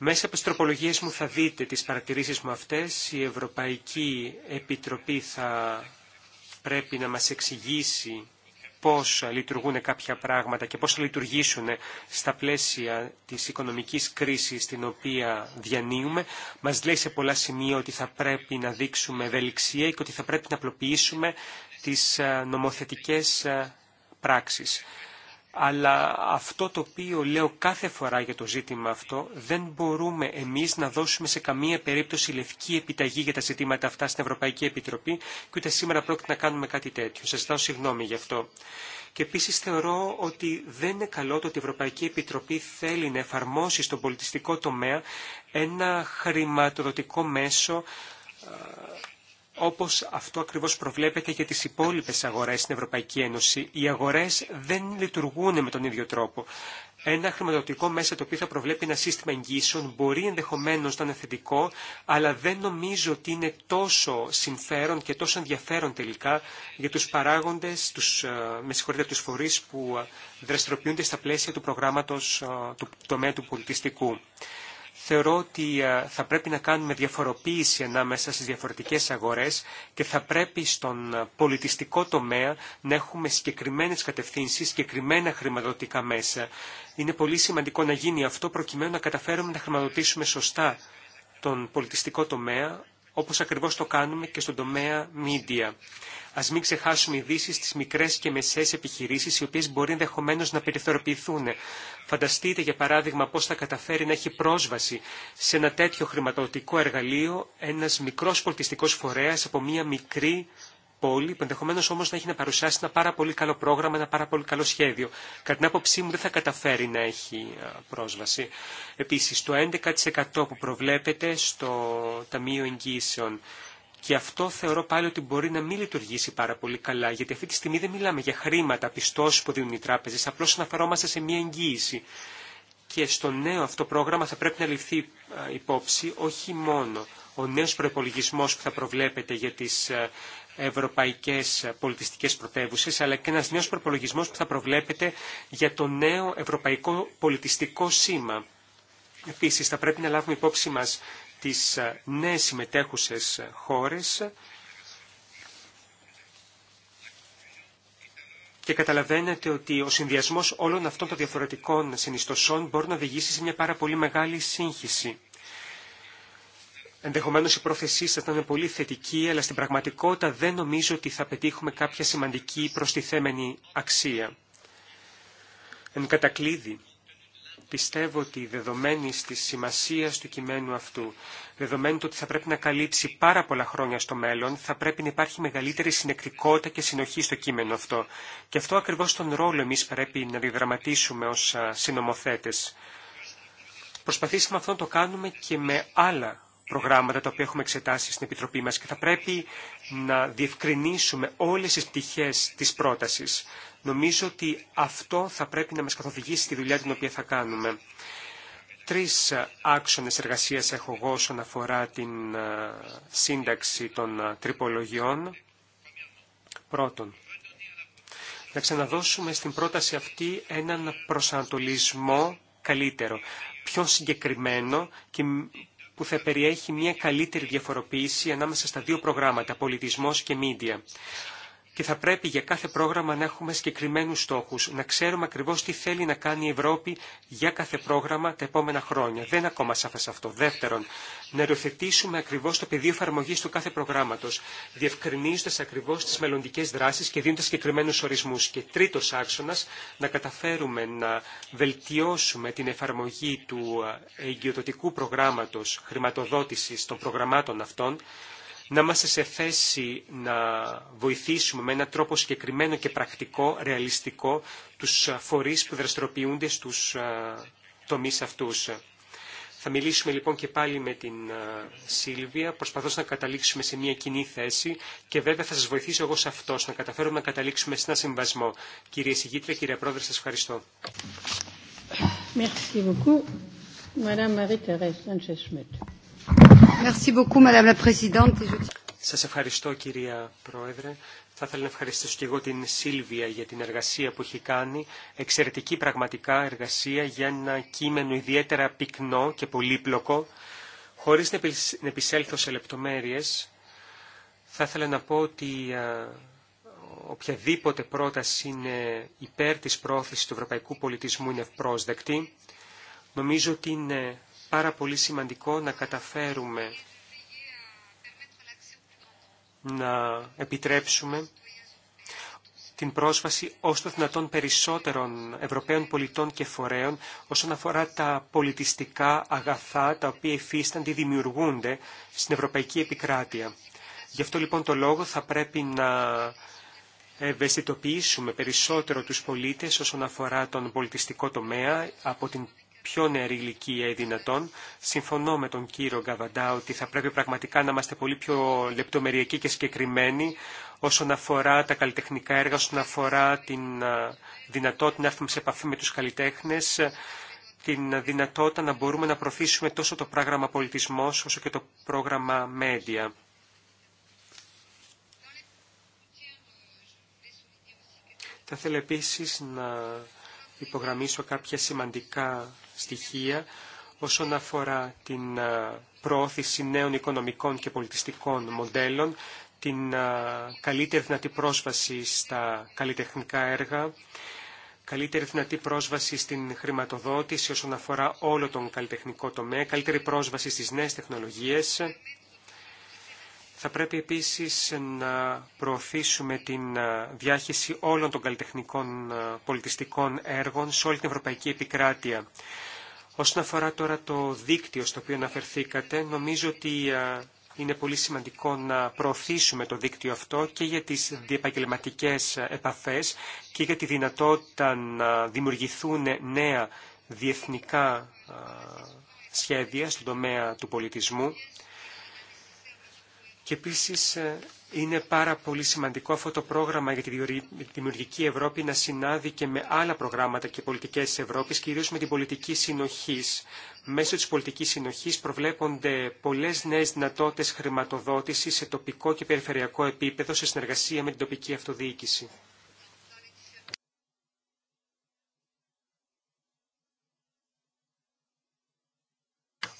Μέσα από τις τροπολογίες μου θα δείτε τις παρατηρήσεις μου αυτές. Η Ευρωπαϊκή Επιτροπή θα πρέπει να μας εξηγήσει πώς λειτουργούν κάποια πράγματα και πώς θα λειτουργήσουν στα πλαίσια της οικονομικής κρίσης την οποία διανύουμε. Μας λέει σε πολλά σημεία ότι θα πρέπει να δείξουμε ευελιξία και ότι θα πρέπει να απλοποιήσουμε τις νομοθετικές πράξεις αλλά αυτό το οποίο λέω κάθε φορά για το ζήτημα αυτό, δεν μπορούμε εμείς να δώσουμε σε καμία περίπτωση λευκή επιταγή για τα ζητήματα αυτά στην Ευρωπαϊκή Επιτροπή και ούτε σήμερα πρόκειται να κάνουμε κάτι τέτοιο. Σας ζητάω συγγνώμη γι' αυτό. Και επίση θεωρώ ότι δεν είναι καλό το ότι η Ευρωπαϊκή Επιτροπή θέλει να εφαρμόσει στον πολιτιστικό τομέα ένα χρηματοδοτικό μέσο όπως αυτό ακριβώς προβλέπεται για τις υπόλοιπες αγορές στην Ευρωπαϊκή Ένωση. Οι αγορές δεν λειτουργούν με τον ίδιο τρόπο. Ένα χρηματοδοτικό μέσα το οποίο θα προβλέπει ένα σύστημα εγγύσεων μπορεί ενδεχομένως να είναι θετικό, αλλά δεν νομίζω ότι είναι τόσο συμφέρον και τόσο ενδιαφέρον τελικά για τους παράγοντες, ε, με συγχωρείτε, τους φορείς που ε, δραστηριοποιούνται στα πλαίσια του προγράμματος ε, του τομέα του πολιτιστικού θεωρώ ότι θα πρέπει να κάνουμε διαφοροποίηση ανάμεσα στις διαφορετικές αγορές και θα πρέπει στον πολιτιστικό τομέα να έχουμε συγκεκριμένες κατευθύνσεις, συγκεκριμένα χρηματοδοτικά μέσα. Είναι πολύ σημαντικό να γίνει αυτό προκειμένου να καταφέρουμε να χρηματοδοτήσουμε σωστά τον πολιτιστικό τομέα, όπως ακριβώς το κάνουμε και στον τομέα media. Α μην ξεχάσουμε ειδήσει στι μικρέ και μεσαίε επιχειρήσει, οι οποίε μπορεί ενδεχομένω να περιθωριοποιηθούν. Φανταστείτε, για παράδειγμα, πώ θα καταφέρει να έχει πρόσβαση σε ένα τέτοιο χρηματοδοτικό εργαλείο ένα μικρό πολιτιστικό φορέα από μία μικρή πόλη, που ενδεχομένω όμω να έχει να παρουσιάσει ένα πάρα πολύ καλό πρόγραμμα, ένα πάρα πολύ καλό σχέδιο. Κατά την άποψή μου δεν θα καταφέρει να έχει πρόσβαση. Επίση, το 11% που προβλέπεται στο Ταμείο Εγγύσεων και αυτό θεωρώ πάλι ότι μπορεί να μην λειτουργήσει πάρα πολύ καλά, γιατί αυτή τη στιγμή δεν μιλάμε για χρήματα, πιστώσει που δίνουν οι τράπεζε, απλώ αναφερόμαστε σε μια εγγύηση. Και στο νέο αυτό πρόγραμμα θα πρέπει να ληφθεί ε, υπόψη όχι μόνο ο νέο προπολογισμό που θα προβλέπεται για τι ε, ευρωπαϊκέ ε, πολιτιστικέ πρωτεύουσε, αλλά και ένα νέο προπολογισμό που θα προβλέπεται για το νέο ευρωπαϊκό πολιτιστικό σήμα. Επίση, θα πρέπει να λάβουμε υπόψη μα τις ε, νέες συμμετέχουσες χώρες και καταλαβαίνετε ότι ο συνδυασμός όλων αυτών των διαφορετικών συνιστοσών μπορεί να οδηγήσει σε μια πάρα πολύ μεγάλη σύγχυση. Ενδεχομένως η πρόθεσή σας ήταν πολύ θετική, αλλά στην πραγματικότητα δεν νομίζω ότι θα πετύχουμε κάποια σημαντική προστιθέμενη αξία. Εν κατακλείδη, πιστεύω ότι δεδομένη τη σημασία του κειμένου αυτού, δεδομένου ότι θα πρέπει να καλύψει πάρα πολλά χρόνια στο μέλλον, θα πρέπει να υπάρχει μεγαλύτερη συνεκτικότητα και συνοχή στο κείμενο αυτό. Και αυτό ακριβώ τον ρόλο εμεί πρέπει να διδραματίσουμε ω συνομοθέτε. Προσπαθήσαμε αυτό να το κάνουμε και με άλλα προγράμματα τα οποία έχουμε εξετάσει στην Επιτροπή μας και θα πρέπει να διευκρινίσουμε όλες τις πτυχές της πρότασης. Νομίζω ότι αυτό θα πρέπει να μας καθοδηγήσει στη δουλειά την οποία θα κάνουμε. Τρεις ε, άξονες εργασίας έχω εγώ όσον αφορά την ε, σύνταξη των ε, τρυπολογιών. Πρώτον, να ξαναδώσουμε στην πρόταση αυτή έναν προσανατολισμό καλύτερο, πιο συγκεκριμένο και που θα περιέχει μια καλύτερη διαφοροποίηση ανάμεσα στα δύο προγράμματα, πολιτισμός και μίντια και θα πρέπει για κάθε πρόγραμμα να έχουμε συγκεκριμένους στόχους, να ξέρουμε ακριβώς τι θέλει να κάνει η Ευρώπη για κάθε πρόγραμμα τα επόμενα χρόνια. Δεν είναι ακόμα σαφές αυτό. Δεύτερον, να υιοθετήσουμε ακριβώς το πεδίο εφαρμογή του κάθε προγράμματος, διευκρινίζοντας ακριβώς τις μελλοντικέ δράσεις και δίνοντας συγκεκριμένου ορισμούς. Και τρίτος άξονας, να καταφέρουμε να βελτιώσουμε την εφαρμογή του ε, εγκυοδοτικού προγράμματος χρηματοδότησης των προγραμμάτων αυτών, να είμαστε σε θέση να βοηθήσουμε με έναν τρόπο συγκεκριμένο και πρακτικό, ρεαλιστικό, τους φορείς που δραστηριοποιούνται στους ε, τομείς αυτούς. Θα μιλήσουμε λοιπόν και πάλι με την ε, Σίλβια, προσπαθώ να καταλήξουμε σε μια κοινή θέση και βέβαια θα σας βοηθήσω εγώ σε αυτό, να καταφέρουμε να καταλήξουμε σε ένα συμβασμό. Κύριε Συγήτρια, κύριε Πρόεδρε, σας ευχαριστώ. Merci beaucoup. Madame Marie-Thérèse Sanchez-Schmidt. Σας ευχαριστώ κυρία Πρόεδρε. Θα ήθελα να ευχαριστήσω και εγώ την Σίλβια για την εργασία που έχει κάνει. Εξαιρετική πραγματικά εργασία για ένα κείμενο ιδιαίτερα πυκνό και πολύπλοκο. Χωρίς να επισέλθω σε λεπτομέρειες, θα ήθελα να πω ότι οποιαδήποτε πρόταση είναι υπέρ της πρόθεσης του ευρωπαϊκού πολιτισμού είναι πρόσδεκτη. Νομίζω ότι είναι πάρα πολύ σημαντικό να καταφέρουμε να επιτρέψουμε την πρόσβαση ως το δυνατόν περισσότερων Ευρωπαίων πολιτών και φορέων όσον αφορά τα πολιτιστικά αγαθά τα οποία υφίστανται ή δημιουργούνται στην Ευρωπαϊκή Επικράτεια. Γι' αυτό λοιπόν το λόγο θα πρέπει να ευαισθητοποιήσουμε περισσότερο τους πολίτες όσον αφορά τον πολιτιστικό τομέα από την πιο νεαρή ηλικία δυνατόν. Συμφωνώ με τον κύριο Γκαβαντά ότι θα πρέπει πραγματικά να είμαστε πολύ πιο λεπτομεριακοί και συγκεκριμένοι όσον αφορά τα καλλιτεχνικά έργα, όσον αφορά την δυνατότητα να έρθουμε σε επαφή με τους καλλιτέχνες, την δυνατότητα να μπορούμε να προωθήσουμε τόσο το πρόγραμμα πολιτισμός όσο και το πρόγραμμα Μέντια. Θα ήθελα επίσης να υπογραμμίσω κάποια σημαντικά στοιχεία όσον αφορά την προώθηση νέων οικονομικών και πολιτιστικών μοντέλων, την καλύτερη δυνατή πρόσβαση στα καλλιτεχνικά έργα, καλύτερη δυνατή πρόσβαση στην χρηματοδότηση όσον αφορά όλο τον καλλιτεχνικό τομέα, καλύτερη πρόσβαση στις νέες τεχνολογίες θα πρέπει επίσης να προωθήσουμε την ε, διάχυση όλων των καλλιτεχνικών ε, πολιτιστικών έργων σε όλη την ευρωπαϊκή επικράτεια. Όσον αφορά τώρα το δίκτυο στο οποίο αναφερθήκατε, νομίζω ότι ε, είναι πολύ σημαντικό να προωθήσουμε το δίκτυο αυτό και για τις διεπαγγελματικές επαφές και για τη δυνατότητα να δημιουργηθούν νέα διεθνικά σχέδια στον τομέα του πολιτισμού. Και επίση ε, είναι πάρα πολύ σημαντικό αυτό το πρόγραμμα για τη δημιουργική Ευρώπη να συνάδει και με άλλα προγράμματα και πολιτικές της Ευρώπης, κυρίως με την πολιτική συνοχή. Μέσω τη πολιτικής συνοχή προβλέπονται πολλές νέες δυνατότητε χρηματοδότησης σε τοπικό και περιφερειακό επίπεδο σε συνεργασία με την τοπική αυτοδιοίκηση.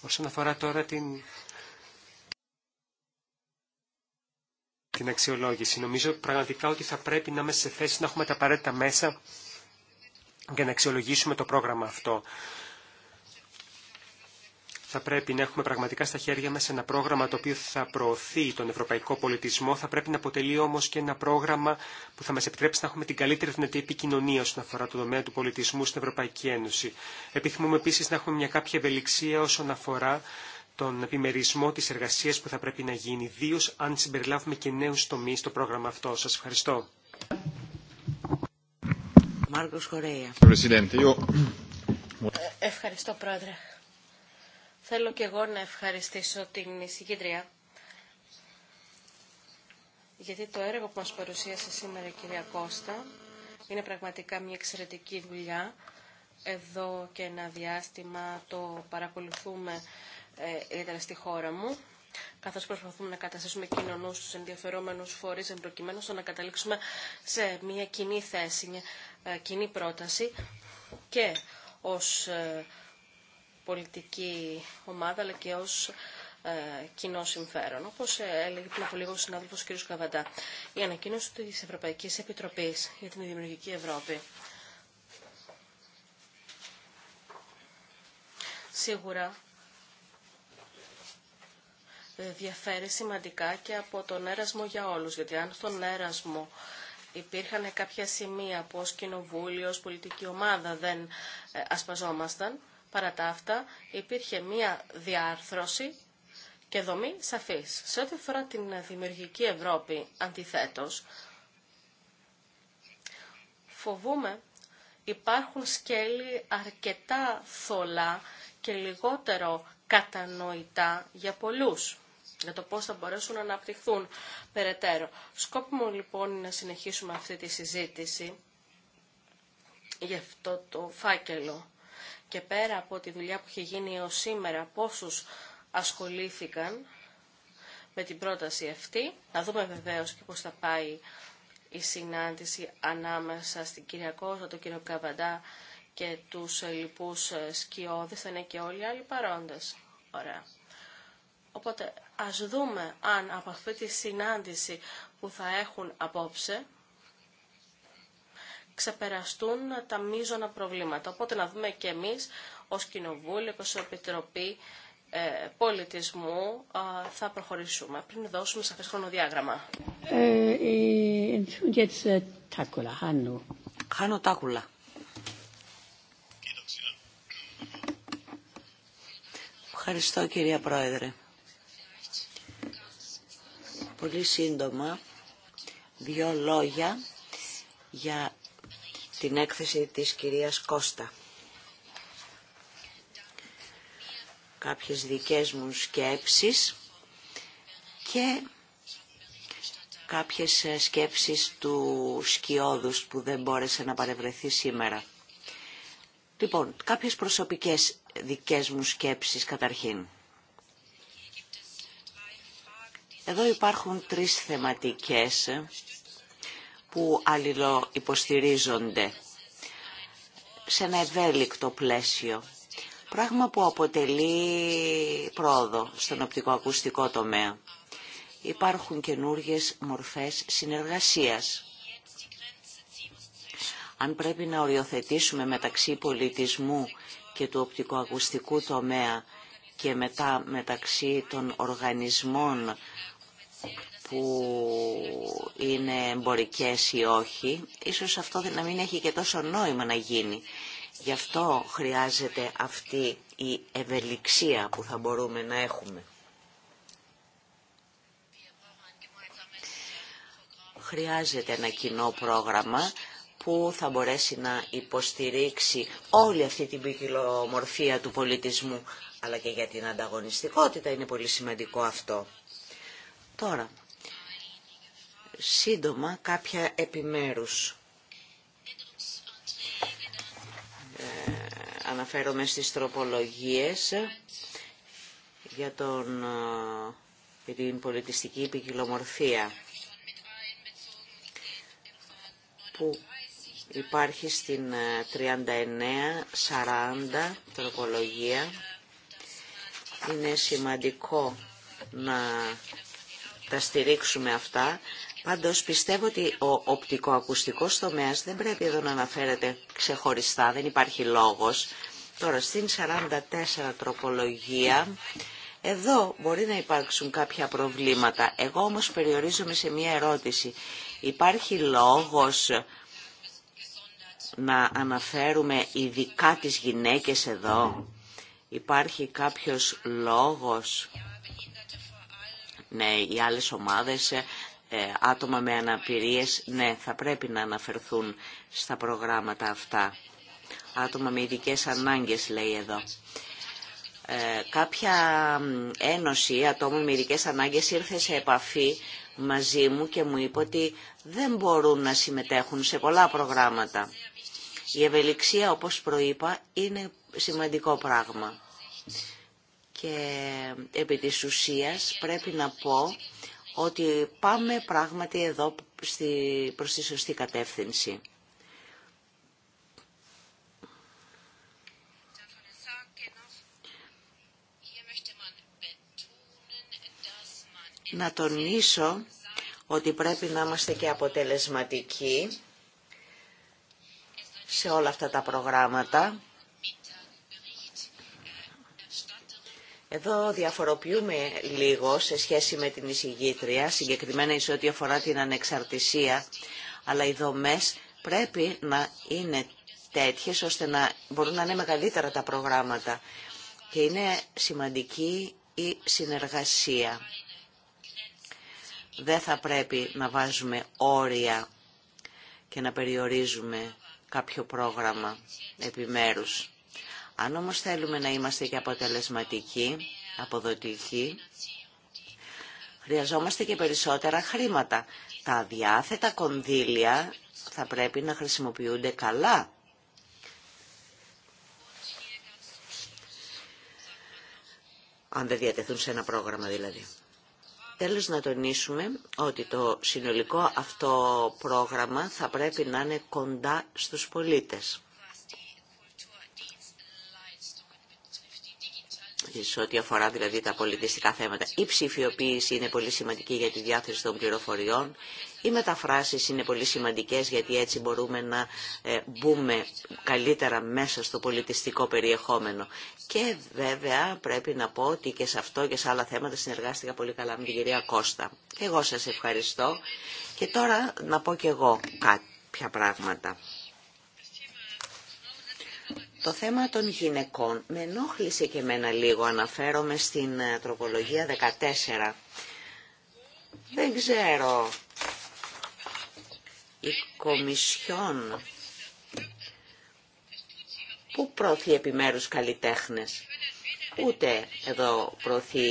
Όσον αφορά τώρα την την αξιολόγηση. Νομίζω πραγματικά ότι θα πρέπει να είμαστε σε θέση να έχουμε τα απαραίτητα μέσα για να αξιολογήσουμε το πρόγραμμα αυτό. Θα πρέπει να έχουμε πραγματικά στα χέρια μας ένα πρόγραμμα το οποίο θα προωθεί τον ευρωπαϊκό πολιτισμό. Θα πρέπει να αποτελεί όμως και ένα πρόγραμμα που θα μας επιτρέψει να έχουμε την καλύτερη δυνατή επικοινωνία όσον αφορά το τομέα του πολιτισμού στην Ευρωπαϊκή Ένωση. Επιθυμούμε επίσης να έχουμε μια κάποια ευελιξία όσον αφορά τον επιμερισμό της εργασίας που θα πρέπει να γίνει, ιδίω αν συμπεριλάβουμε και νέους τομείς στο πρόγραμμα αυτό. Σας ευχαριστώ. Μάρκος Ευχαριστώ Πρόεδρε. Θέλω και εγώ να ευχαριστήσω την εισηγήτρια γιατί το έργο που μας παρουσίασε σήμερα η κυρία Κώστα είναι πραγματικά μια εξαιρετική δουλειά. Εδώ και ένα διάστημα το παρακολουθούμε ιδιαίτερα ε, στη χώρα μου, καθώς προσπαθούμε να καταστήσουμε κοινωνού στους ενδιαφερόμενους φορείς προκειμένου στο να καταλήξουμε σε μια κοινή θέση, μια ε, κοινή πρόταση και ως ε, πολιτική ομάδα αλλά και ως κοινό συμφέρον. Όπω έλεγε πριν από λίγο ο συνάδελφο κ. Καβαντά, η ανακοίνωση τη Ευρωπαϊκή Επιτροπή για την Δημιουργική Ευρώπη σίγουρα διαφέρει σημαντικά και από τον έρασμο για όλους. Γιατί αν στον έρασμο υπήρχαν κάποια σημεία που ως κοινοβούλιο, ως πολιτική ομάδα δεν ε, ασπαζόμασταν, παρά τα αυτά υπήρχε μία διάρθρωση και δομή σαφής. Σε ό,τι αφορά την δημιουργική Ευρώπη, αντιθέτως, φοβούμε υπάρχουν σκέλη αρκετά θολά και λιγότερο κατανοητά για πολλούς για το πώς θα μπορέσουν να αναπτυχθούν περαιτέρω. Σκόπιμο λοιπόν είναι να συνεχίσουμε αυτή τη συζήτηση για αυτό το φάκελο. Και πέρα από τη δουλειά που έχει γίνει έως σήμερα, πόσους ασχολήθηκαν με την πρόταση αυτή. Να δούμε βεβαίως και πώς θα πάει η συνάντηση ανάμεσα στην κυρία Κώστα, τον κύριο Καβαντά και τους λοιπούς σκιώδεις, θα είναι και όλοι οι άλλοι παρόντες. Ωραία. Οπότε Ας δούμε αν από αυτή τη συνάντηση που θα έχουν απόψε ξεπεραστούν τα μείζωνα προβλήματα. Οπότε να δούμε και εμείς ως Κοινοβούλιο, ως Επιτροπή ε, Πολιτισμού θα προχωρήσουμε πριν δώσουμε σαφές χρονοδιάγραμμα. Ε, ε, Χάνω τάκουλα. Ευχαριστώ κυρία Πρόεδρε πολύ σύντομα δύο λόγια για την έκθεση της κυρίας Κώστα. Κάποιες δικές μου σκέψεις και κάποιες σκέψεις του Σκιώδους που δεν μπόρεσε να παρευρεθεί σήμερα. Λοιπόν, κάποιες προσωπικές δικές μου σκέψεις καταρχήν. Εδώ υπάρχουν τρεις θεματικές που αλληλοϊποστηρίζονται σε ένα ευέλικτο πλαίσιο. Πράγμα που αποτελεί πρόοδο στον οπτικοακουστικό τομέα. Υπάρχουν καινούργιες μορφές συνεργασίας. Αν πρέπει να οριοθετήσουμε μεταξύ πολιτισμού και του οπτικοακουστικού τομέα και μετά μεταξύ των οργανισμών που είναι εμπορικές ή όχι, ίσως αυτό να μην έχει και τόσο νόημα να γίνει. Γι' αυτό χρειάζεται αυτή η ευελιξία που θα μπορούμε να έχουμε. Χρειάζεται ένα κοινό πρόγραμμα που θα μπορέσει να υποστηρίξει όλη αυτή την ποικιλομορφία του πολιτισμού, αλλά και για την ανταγωνιστικότητα είναι πολύ σημαντικό αυτό. Τώρα, σύντομα κάποια επιμέρους. Ε, αναφέρομαι στις τροπολογίες για, τον, ε, την πολιτιστική ποικιλομορφία που υπάρχει στην 39-40 ε, τροπολογία. Είναι σημαντικό να τα στηρίξουμε αυτά. Πάντως πιστεύω ότι ο οπτικοακουστικός τομέας δεν πρέπει εδώ να αναφέρεται ξεχωριστά, δεν υπάρχει λόγος. Τώρα στην 44 τροπολογία, εδώ μπορεί να υπάρξουν κάποια προβλήματα. Εγώ όμως περιορίζομαι σε μία ερώτηση. Υπάρχει λόγος να αναφέρουμε ειδικά τις γυναίκες εδώ. Υπάρχει κάποιος λόγος ναι, οι άλλες ομάδες, ε, ε, άτομα με αναπηρίες, ναι, θα πρέπει να αναφερθούν στα προγράμματα αυτά. Άτομα με ειδικέ ανάγκες, λέει εδώ. Ε, κάποια ένωση ατόμων με ειδικέ ανάγκες ήρθε σε επαφή μαζί μου και μου είπε ότι δεν μπορούν να συμμετέχουν σε πολλά προγράμματα. Η ευελιξία, όπως προείπα, είναι σημαντικό πράγμα και επί της ουσίας πρέπει να πω ότι πάμε πράγματι εδώ στη, προς τη σωστή κατεύθυνση. Να τονίσω ότι πρέπει να είμαστε και αποτελεσματικοί σε όλα αυτά τα προγράμματα Εδώ διαφοροποιούμε λίγο σε σχέση με την εισηγήτρια, συγκεκριμένα σε ό,τι αφορά την ανεξαρτησία, αλλά οι δομές πρέπει να είναι τέτοιες ώστε να μπορούν να είναι μεγαλύτερα τα προγράμματα. Και είναι σημαντική η συνεργασία. Δεν θα πρέπει να βάζουμε όρια και να περιορίζουμε κάποιο πρόγραμμα επιμέρους. Αν όμως θέλουμε να είμαστε και αποτελεσματικοί, αποδοτικοί, χρειαζόμαστε και περισσότερα χρήματα. Τα διάθετα κονδύλια θα πρέπει να χρησιμοποιούνται καλά. Αν δεν διατεθούν σε ένα πρόγραμμα δηλαδή. Τέλος να τονίσουμε ότι το συνολικό αυτό πρόγραμμα θα πρέπει να είναι κοντά στους πολίτες. σε ό,τι αφορά δηλαδή τα πολιτιστικά θέματα. Η ψηφιοποίηση είναι πολύ σημαντική για τη διάθεση των πληροφοριών. Οι μεταφράσεις είναι πολύ σημαντικές γιατί έτσι μπορούμε να ε, μπούμε καλύτερα μέσα στο πολιτιστικό περιεχόμενο. Και βέβαια πρέπει να πω ότι και σε αυτό και σε άλλα θέματα συνεργάστηκα πολύ καλά με την κυρία Κώστα. Και εγώ σας ευχαριστώ. Και τώρα να πω και εγώ κάποια πράγματα. Το θέμα των γυναικών με ενόχλησε και εμένα λίγο, αναφέρομαι στην ε, τροπολογία 14. Δεν ξέρω, η Κομισιόν που προωθεί επιμέρους καλλιτέχνες. Ούτε εδώ προωθεί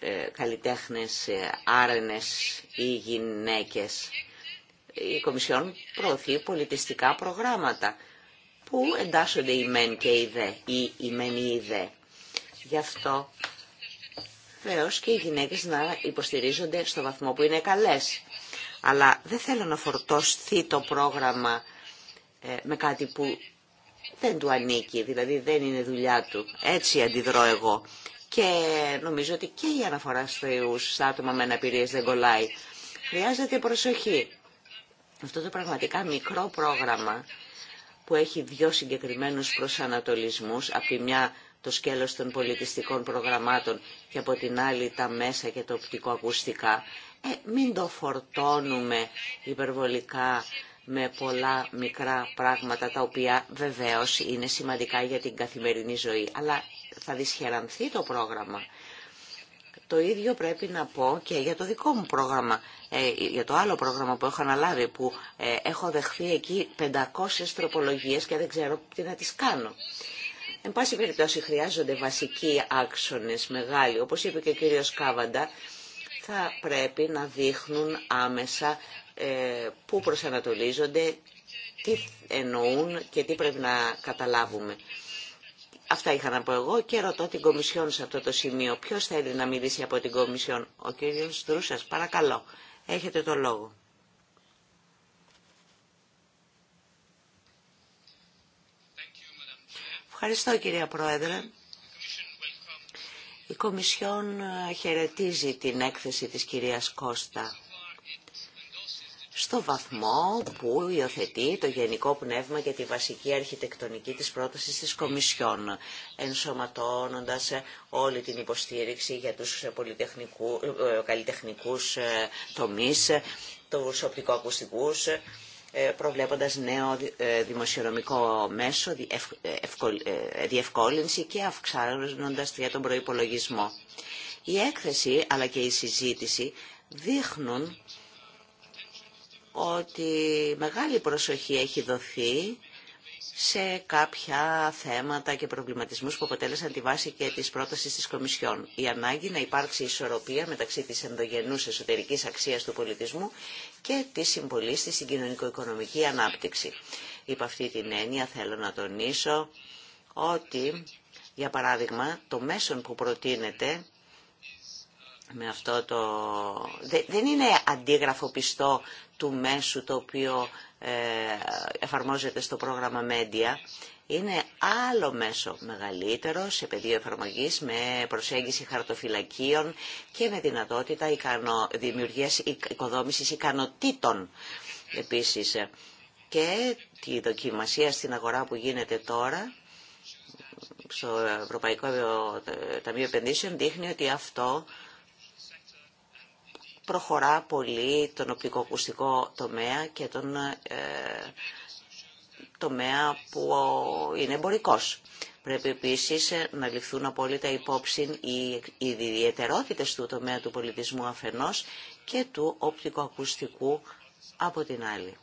ε, καλλιτέχνες ε, άρενες ή γυναίκες. Η Κομισιόν προωθεί πολιτιστικά προγράμματα που εντάσσονται οι μεν και οι δε ή οι μεν ή οι δε. Γι' αυτό βεβαίω και οι γυναίκες να υποστηρίζονται στο βαθμό που είναι καλές. Αλλά δεν θέλω να φορτώσει το πρόγραμμα ε, με κάτι που δεν του ανήκει, δηλαδή δεν είναι δουλειά του. Έτσι αντιδρώ εγώ. Και νομίζω ότι και η αναφορά στους άτομα με αναπηρίες δεν κολλάει. Χρειάζεται προσοχή. Αυτό το πραγματικά μικρό πρόγραμμα που έχει δύο συγκεκριμένους προσανατολισμούς, από τη μια το σκέλος των πολιτιστικών προγραμμάτων και από την άλλη τα μέσα και το οπτικοακουστικά, ε, μην το φορτώνουμε υπερβολικά με πολλά μικρά πράγματα τα οποία βεβαίως είναι σημαντικά για την καθημερινή ζωή. Αλλά θα δυσχερανθεί το πρόγραμμα το ίδιο πρέπει να πω και για το δικό μου πρόγραμμα, ε, για το άλλο πρόγραμμα που έχω αναλάβει, που ε, έχω δεχθεί εκεί 500 τροπολογίες και δεν ξέρω τι να τις κάνω. Εν πάση περιπτώσει χρειάζονται βασικοί άξονες μεγάλοι, όπως είπε και ο κύριος Κάβαντα, θα πρέπει να δείχνουν άμεσα ε, πού προσανατολίζονται, τι εννοούν και τι πρέπει να καταλάβουμε. Αυτά είχα να πω εγώ και ρωτώ την Κομισιόν σε αυτό το σημείο. Ποιο θέλει να μιλήσει από την Κομισιόν, ο κύριο Δρούσα, παρακαλώ. Έχετε το λόγο. Ευχαριστώ κυρία Πρόεδρε. Η Κομισιόν χαιρετίζει την έκθεση της κυρίας Κώστα στο βαθμό που υιοθετεί το γενικό πνεύμα για τη βασική αρχιτεκτονική της πρότασης της Κομισιόν, ενσωματώνοντας ε, όλη την υποστήριξη για τους ε, ε, καλλιτεχνικούς τομείς, τους οπτικοακουστικούς, προβλέποντας νέο δημοσιονομικό μέσο, διευκόλυνση και αυξάνοντας για τον προϋπολογισμό. Η έκθεση αλλά και η συζήτηση δείχνουν ότι μεγάλη προσοχή έχει δοθεί σε κάποια θέματα και προβληματισμούς που αποτέλεσαν τη βάση και της πρότασης της Κομισιόν. Η ανάγκη να υπάρξει ισορροπία μεταξύ της ενδογενούς εσωτερικής αξίας του πολιτισμού και της συμβολής της στην κοινωνικο-οικονομική ανάπτυξη. Υπ' αυτή την έννοια θέλω να τονίσω ότι, για παράδειγμα, το μέσον που προτείνεται με αυτό το... Δεν είναι αντίγραφο πιστό του μέσου το οποίο ε, εφαρμόζεται στο πρόγραμμα Media. Είναι άλλο μέσο μεγαλύτερο σε πεδίο εφαρμογής με προσέγγιση χαρτοφυλακίων και με δυνατότητα ικανο... δημιουργίας οικοδόμησης ικανοτήτων επίσης. Και τη δοκιμασία στην αγορά που γίνεται τώρα στο Ευρωπαϊκό Ταμείο Επενδύσεων δείχνει ότι αυτό προχωρά πολύ τον οπτικοακουστικό τομέα και τον ε, τομέα που είναι εμπορικό. Πρέπει επίσης ε, να ληφθούν απόλυτα υπόψη οι ιδιαιτερότητε του τομέα του πολιτισμού αφενός και του οπτικοακουστικού από την άλλη.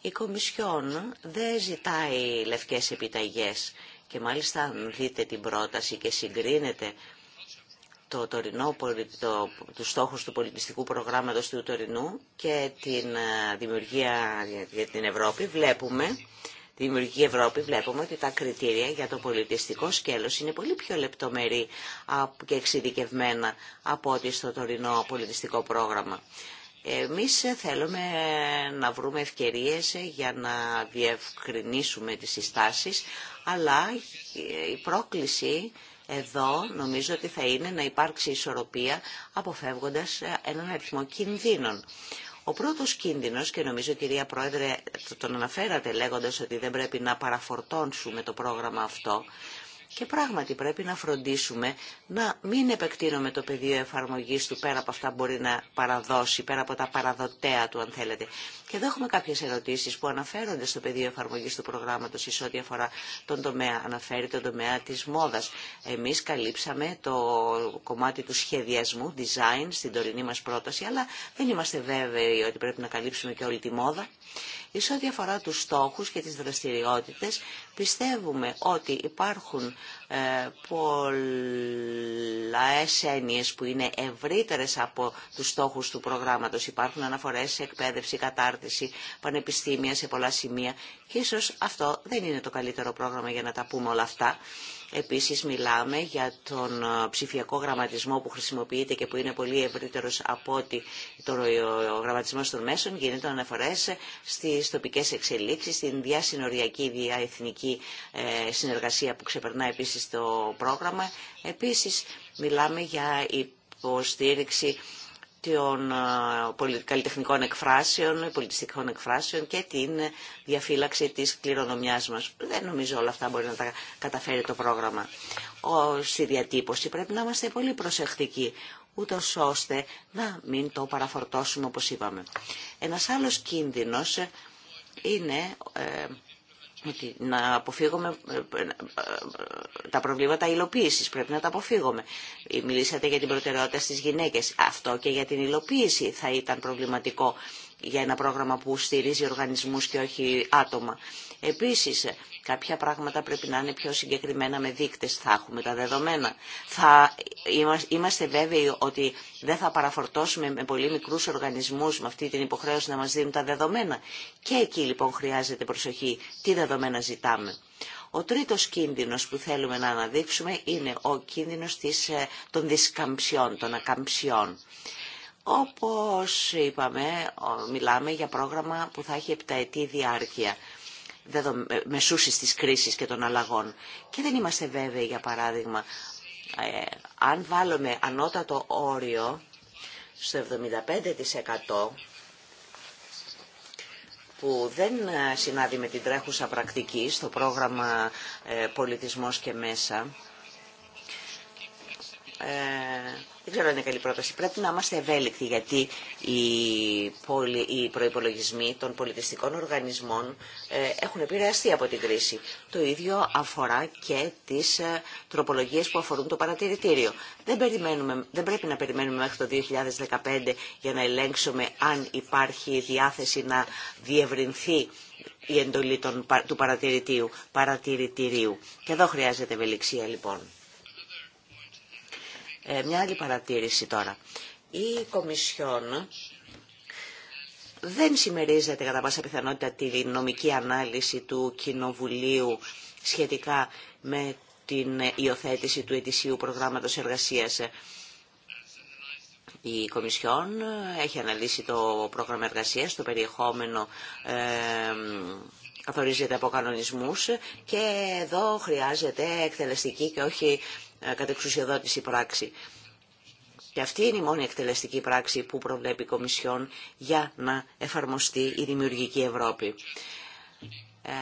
Η Κομισιόν δεν ζητάει λευκές επιταγές και μάλιστα αν δείτε την πρόταση και συγκρίνετε το τωρινό, το, τους στόχους του πολιτιστικού προγράμματος του τωρινού και την ε, δημιουργία για την Ευρώπη βλέπουμε Τη δημιουργική Ευρώπη βλέπουμε ότι τα κριτήρια για το πολιτιστικό σκέλος είναι πολύ πιο λεπτομερή και εξειδικευμένα από ό,τι στο τωρινό πολιτιστικό πρόγραμμα. Εμείς θέλουμε να βρούμε ευκαιρίες για να διευκρινίσουμε τις συστάσεις, αλλά η πρόκληση εδώ νομίζω ότι θα είναι να υπάρξει ισορροπία αποφεύγοντας ε, έναν αριθμό κινδύνων. Ο πρώτος κίνδυνος, και νομίζω κυρία Πρόεδρε τον αναφέρατε λέγοντας ότι δεν πρέπει να παραφορτώνσουμε το πρόγραμμα αυτό, και πράγματι πρέπει να φροντίσουμε να μην επεκτείνουμε το πεδίο εφαρμογής του πέρα από αυτά που μπορεί να παραδώσει, πέρα από τα παραδοτέα του αν θέλετε. Και εδώ έχουμε κάποιες ερωτήσεις που αναφέρονται στο πεδίο εφαρμογής του προγράμματος εις ό,τι αφορά τον τομέα, αναφέρει τον τομέα της μόδας. Εμείς καλύψαμε το κομμάτι του σχεδιασμού, design, στην τωρινή μας πρόταση, αλλά δεν είμαστε βέβαιοι ότι πρέπει να καλύψουμε και όλη τη μόδα. Εις ό,τι αφορά τους στόχους και τις δραστηριότητες, πιστεύουμε ότι υπάρχουν ε, πολλές έννοιες που είναι ευρύτερες από τους στόχους του προγράμματος. Υπάρχουν αναφορές σε εκπαίδευση, κατάρτιση, πανεπιστήμια σε πολλά σημεία και ίσως αυτό δεν είναι το καλύτερο πρόγραμμα για να τα πούμε όλα αυτά. Επίσης μιλάμε για τον ε, ψηφιακό γραμματισμό που χρησιμοποιείται και που είναι πολύ ευρύτερος από ότι το γραμματισμό των μέσων γίνεται αναφορές στις τοπικές εξελίξεις, στην διασυνοριακή διαεθνική ε, συνεργασία που ξεπερνά επίσης το πρόγραμμα. Επίσης μιλάμε για υποστήριξη των ε, καλλιτεχνικών εκφράσεων, πολιτιστικών εκφράσεων και την διαφύλαξη της κληρονομιάς μας. Δεν νομίζω όλα αυτά μπορεί να τα καταφέρει το πρόγραμμα. Ο, στη διατύπωση πρέπει να είμαστε πολύ προσεκτικοί, ούτω ώστε να μην το παραφορτώσουμε όπως είπαμε. Ένας άλλος κίνδυνος είναι... Ε, να αποφύγουμε ε, ε, ε, τα προβλήματα υλοποίηση. Πρέπει να τα αποφύγουμε. Μιλήσατε για την προτεραιότητα στι γυναίκε. Αυτό και για την υλοποίηση θα ήταν προβληματικό για ένα πρόγραμμα που στηρίζει οργανισμούς και όχι άτομα. Επίσης, κάποια πράγματα πρέπει να είναι πιο συγκεκριμένα με δείκτες, θα έχουμε τα δεδομένα. Θα είμαστε βέβαιοι ότι δεν θα παραφορτώσουμε με πολύ μικρούς οργανισμούς με αυτή την υποχρέωση να μας δίνουν τα δεδομένα. Και εκεί λοιπόν χρειάζεται προσοχή τι δεδομένα ζητάμε. Ο τρίτος κίνδυνος που θέλουμε να αναδείξουμε είναι ο κίνδυνος της, ε, των δισκαμψιών, των ακαμψιών. Όπως είπαμε, μιλάμε για πρόγραμμα που θα έχει επταετή διάρκεια μεσούσης της κρίσης και των αλλαγών. Και δεν είμαστε βέβαιοι, για παράδειγμα, ε, αν βάλουμε ανώτατο όριο στο 75% που δεν ε, συνάδει με την τρέχουσα πρακτική στο πρόγραμμα ε, πολιτισμός και μέσα, ε, δεν ξέρω αν είναι καλή πρόταση. Πρέπει να είμαστε ευέλικτοι γιατί οι προϋπολογισμοί των πολιτιστικών οργανισμών ε, έχουν επηρεαστεί από την κρίση. Το ίδιο αφορά και τις ε, τροπολογίες που αφορούν το παρατηρητήριο. Δεν, περιμένουμε, δεν πρέπει να περιμένουμε μέχρι το 2015 για να ελέγξουμε αν υπάρχει διάθεση να διευρυνθεί η εντολή του παρατηρητηρίου. Και εδώ χρειάζεται ευελιξία λοιπόν. Ε, μια άλλη παρατήρηση τώρα. Η Κομισιόν δεν συμμερίζεται κατά πάσα πιθανότητα τη νομική ανάλυση του Κοινοβουλίου σχετικά με την υιοθέτηση του ετησίου προγράμματος εργασίας. Η Κομισιόν έχει αναλύσει το πρόγραμμα εργασίας, το περιεχόμενο ε, καθορίζεται από κανονισμούς και εδώ χρειάζεται εκτελεστική και όχι ε, κατεξουσιοδότηση πράξη. Και αυτή είναι η μόνη εκτελεστική πράξη που προβλέπει η Κομισιόν για να εφαρμοστεί η δημιουργική Ευρώπη. Ε,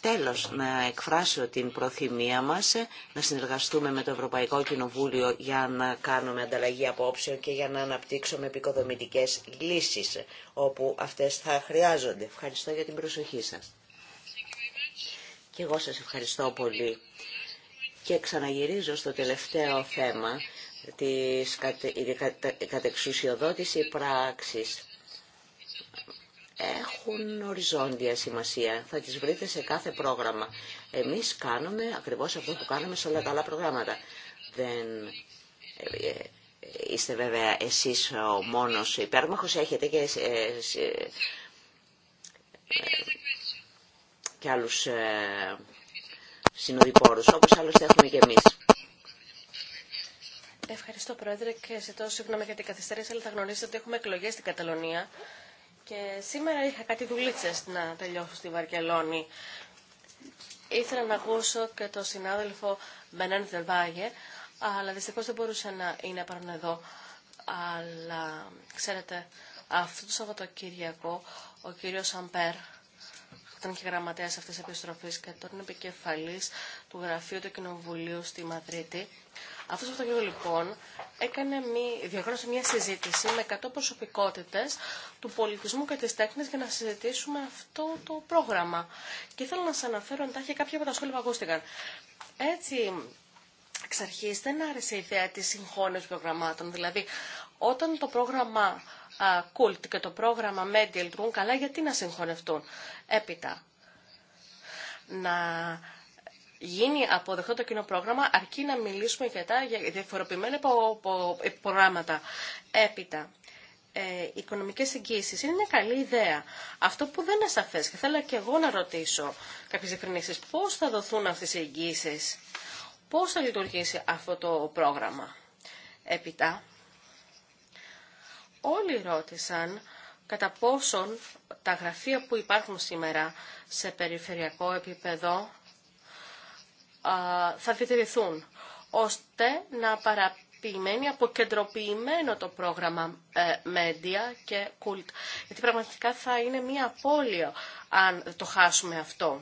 τέλος, να εκφράσω την προθυμία μας να συνεργαστούμε με το Ευρωπαϊκό Κοινοβούλιο για να κάνουμε ανταλλαγή απόψεων και για να αναπτύξουμε επικοδομητικές λύσεις όπου αυτές θα χρειάζονται. Ευχαριστώ για την προσοχή σας. Και εγώ σας ευχαριστώ πολύ. Και ξαναγυρίζω στο τελευταίο θέμα της κατε, κατεξουσιοδότηση πράξης. Έχουν οριζόντια σημασία. Θα τις βρείτε σε κάθε πρόγραμμα. Εμείς κάνουμε ακριβώς αυτό που κάνουμε σε όλα τα άλλα προγράμματα. Δεν... Ε, ε, είστε βέβαια εσείς ο μόνος υπέρμαχος, έχετε και, ε, και άλλους συνοδοιπόρους, όπως άλλωστε έχουμε και εμείς. Ευχαριστώ Πρόεδρε και ζητώ συγγνώμη για την καθυστέρηση, αλλά θα γνωρίζετε ότι έχουμε εκλογέ στην Καταλωνία. Και σήμερα είχα κάτι δουλίτσες να τελειώσω στη Βαρκελόνη. Ήθελα να ακούσω και τον συνάδελφο Μπενέν Βάγε, αλλά δυστυχώς δεν μπορούσε να είναι παρόν εδώ. Αλλά ξέρετε, αυτό το Σαββατοκύριακο ο κύριος Αμπέρ ήταν και γραμματέα αυτή τη επιστροφή και τώρα είναι επικεφαλή του γραφείου του Κοινοβουλίου στη Μαδρίτη. Αυτό ο κύριο λοιπόν έκανε μη, διοργάνωσε μια συζήτηση με 100 προσωπικότητε του πολιτισμού και τη τέχνη για να συζητήσουμε αυτό το πρόγραμμα. Και ήθελα να σα αναφέρω εντάχει κάποια από τα σχόλια που ακούστηκαν. Έτσι, εξ αρχή δεν άρεσε η ιδέα τη συγχώνευση προγραμμάτων. Δηλαδή, όταν το πρόγραμμα Κούλτ και το πρόγραμμα Μέντιελ λειτουργούν καλά, γιατί να συγχωνευτούν. Έπειτα, να γίνει αποδεχτό το κοινό πρόγραμμα, αρκεί να μιλήσουμε για τα διαφοροποιημένα προγράμματα. Έπειτα, ε, οικονομικές εγγύσεις είναι μια καλή ιδέα. Αυτό που δεν είναι σαφές και θέλω και εγώ να ρωτήσω κάποιες διευκρινήσεις, πώς θα δοθούν αυτές οι εγγύησεις, πώς θα λειτουργήσει αυτό το πρόγραμμα. Έπειτα, όλοι ρώτησαν κατά πόσον τα γραφεία που υπάρχουν σήμερα σε περιφερειακό επίπεδο θα διτηρηθούν, ώστε να παραποιημένει αποκεντροποιημένο το πρόγραμμα ε, Media και Cult. Γιατί πραγματικά θα είναι μία απώλεια αν το χάσουμε αυτό.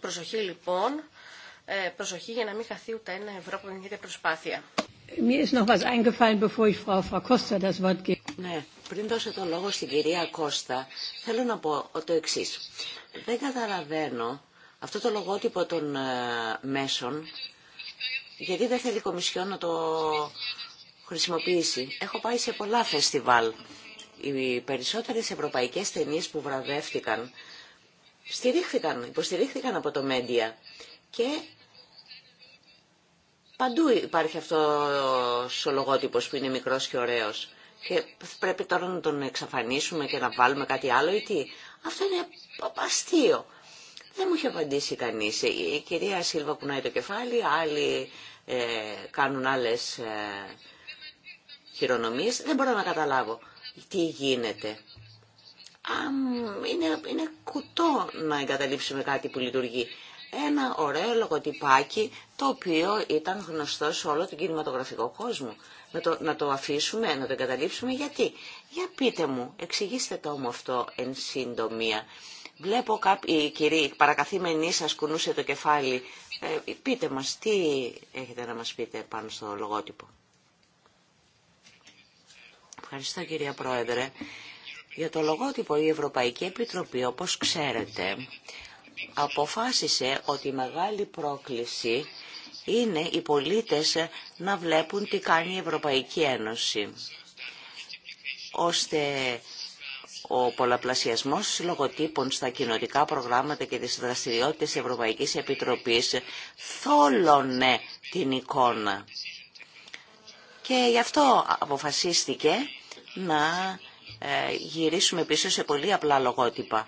Προσοχή λοιπόν, ε, προσοχή για να μην χαθεί ούτε ένα ευρώ που προσπάθεια noch was eingefallen, bevor ich Ναι, πριν δώσω το λόγο στην κυρία Κώστα, θέλω να πω το εξή. Δεν καταλαβαίνω αυτό το λογότυπο των ε, μέσων, γιατί δεν θέλει η Κομισιόν να το χρησιμοποιήσει. Έχω πάει σε πολλά φεστιβάλ. Οι περισσότερες ευρωπαϊκές ταινίες που βραβεύτηκαν στηρίχθηκαν, υποστηρίχθηκαν από το Μέντια και Παντού υπάρχει αυτό ο λογότυπος που είναι μικρός και ωραίος. Και πρέπει τώρα να τον εξαφανίσουμε και να βάλουμε κάτι άλλο ή τι. Αυτό είναι αστείο. Δεν μου είχε απαντήσει κανείς. Η κυρία Σίλβα κουνάει το κεφάλι, άλλοι ε, κάνουν άλλες ε, χειρονομίες. Δεν μπορώ να καταλάβω τι γίνεται. Α, είναι, είναι κουτό να εγκαταλείψουμε κάτι που λειτουργεί ένα ωραίο λογοτυπάκι το οποίο ήταν γνωστό σε όλο τον κινηματογραφικό κόσμο. Να το, να το αφήσουμε, να το εγκαταλείψουμε γιατί. Για πείτε μου, εξηγήστε το μου αυτό εν συντομία. Βλέπω κάποιοι κυρίοι, παρακαθήμενοι σας κουνούσε το κεφάλι. Ε, πείτε μας, τι έχετε να μας πείτε πάνω στο λογότυπο. Ευχαριστώ κυρία Πρόεδρε. Για το λογότυπο η Ευρωπαϊκή Επιτροπή, όπως ξέρετε, αποφάσισε ότι η μεγάλη πρόκληση είναι οι πολίτες να βλέπουν τι κάνει η Ευρωπαϊκή Ένωση, ώστε ο πολλαπλασιασμός λογοτύπων στα κοινωτικά προγράμματα και τις δραστηριότητες της Ευρωπαϊκής Επιτροπής θόλωνε την εικόνα. Και γι' αυτό αποφασίστηκε να ε, γυρίσουμε πίσω σε πολύ απλά λογότυπα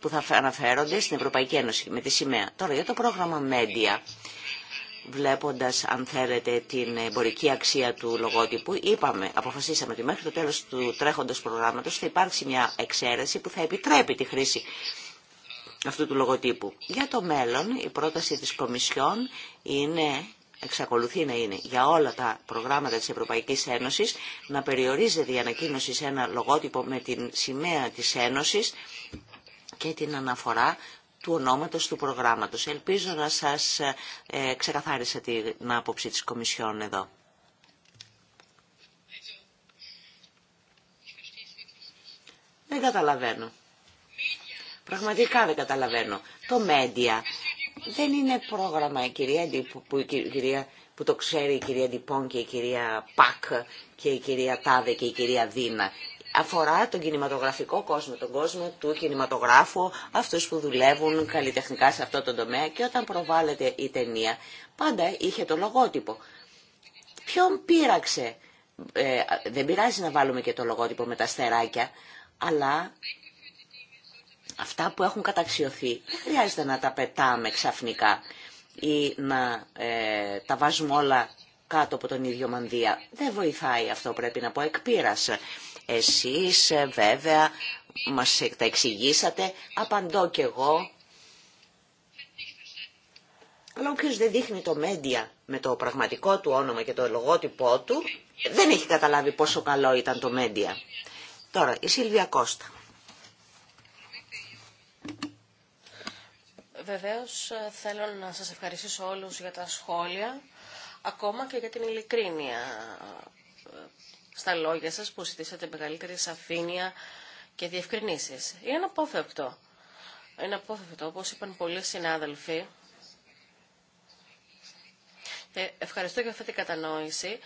που θα αναφέρονται στην Ευρωπαϊκή Ένωση με τη σημαία. Τώρα για το πρόγραμμα Media, βλέποντας αν θέλετε την εμπορική αξία του λογότυπου, είπαμε, αποφασίσαμε ότι μέχρι το τέλος του τρέχοντος προγράμματος θα υπάρξει μια εξαίρεση που θα επιτρέπει τη χρήση αυτού του λογοτύπου. Για το μέλλον η πρόταση της Κομισιόν είναι εξακολουθεί να είναι για όλα τα προγράμματα της Ευρωπαϊκής Ένωσης να περιορίζεται η ανακοίνωση σε ένα λογότυπο με την σημαία της Ένωσης και την αναφορά του ονόματος του προγράμματος. Ελπίζω να σας ε, ε ξεκαθάρισα την άποψη της Κομισιόν εδώ. Δεν καταλαβαίνω. Πραγματικά δεν καταλαβαίνω. Το Μέντια δεν είναι πρόγραμμα η κυρία, που, που το ξέρει η κυρία Ντυπών και η κυρία Πακ και η κυρία Τάδε και η κυρία Δίνα αφορά τον κινηματογραφικό κόσμο, τον κόσμο του κινηματογράφου, αυτούς που δουλεύουν καλλιτεχνικά σε αυτό το τομέα και όταν προβάλλεται η ταινία πάντα είχε το λογότυπο. Ποιον πείραξε, ε, δεν πειράζει να βάλουμε και το λογότυπο με τα στεράκια, αλλά αυτά που έχουν καταξιωθεί δεν χρειάζεται να τα πετάμε ξαφνικά ή να ε, τα βάζουμε όλα κάτω από τον ίδιο μανδύα. Δεν βοηθάει αυτό πρέπει να πω εκπείρασε. Εσείς ε, βέβαια μας ε, τα εξηγήσατε, απαντώ κι εγώ. Αλλά όποιο δεν δείχνει το μέντια με το πραγματικό του όνομα και το λογότυπό του, δεν έχει καταλάβει πόσο καλό ήταν το μέντια. Τώρα, η Σίλβια Κώστα. Βεβαίως ε, θέλω να σας ευχαριστήσω όλους για τα σχόλια, ακόμα και για την ειλικρίνεια στα λόγια σας που ζητήσατε μεγαλύτερη σαφήνεια και διευκρινήσεις. Είναι απόφευκτο. Είναι απόφευκτο, όπως είπαν πολλοί συνάδελφοι. Ε, ευχαριστώ για αυτή την κατανόηση.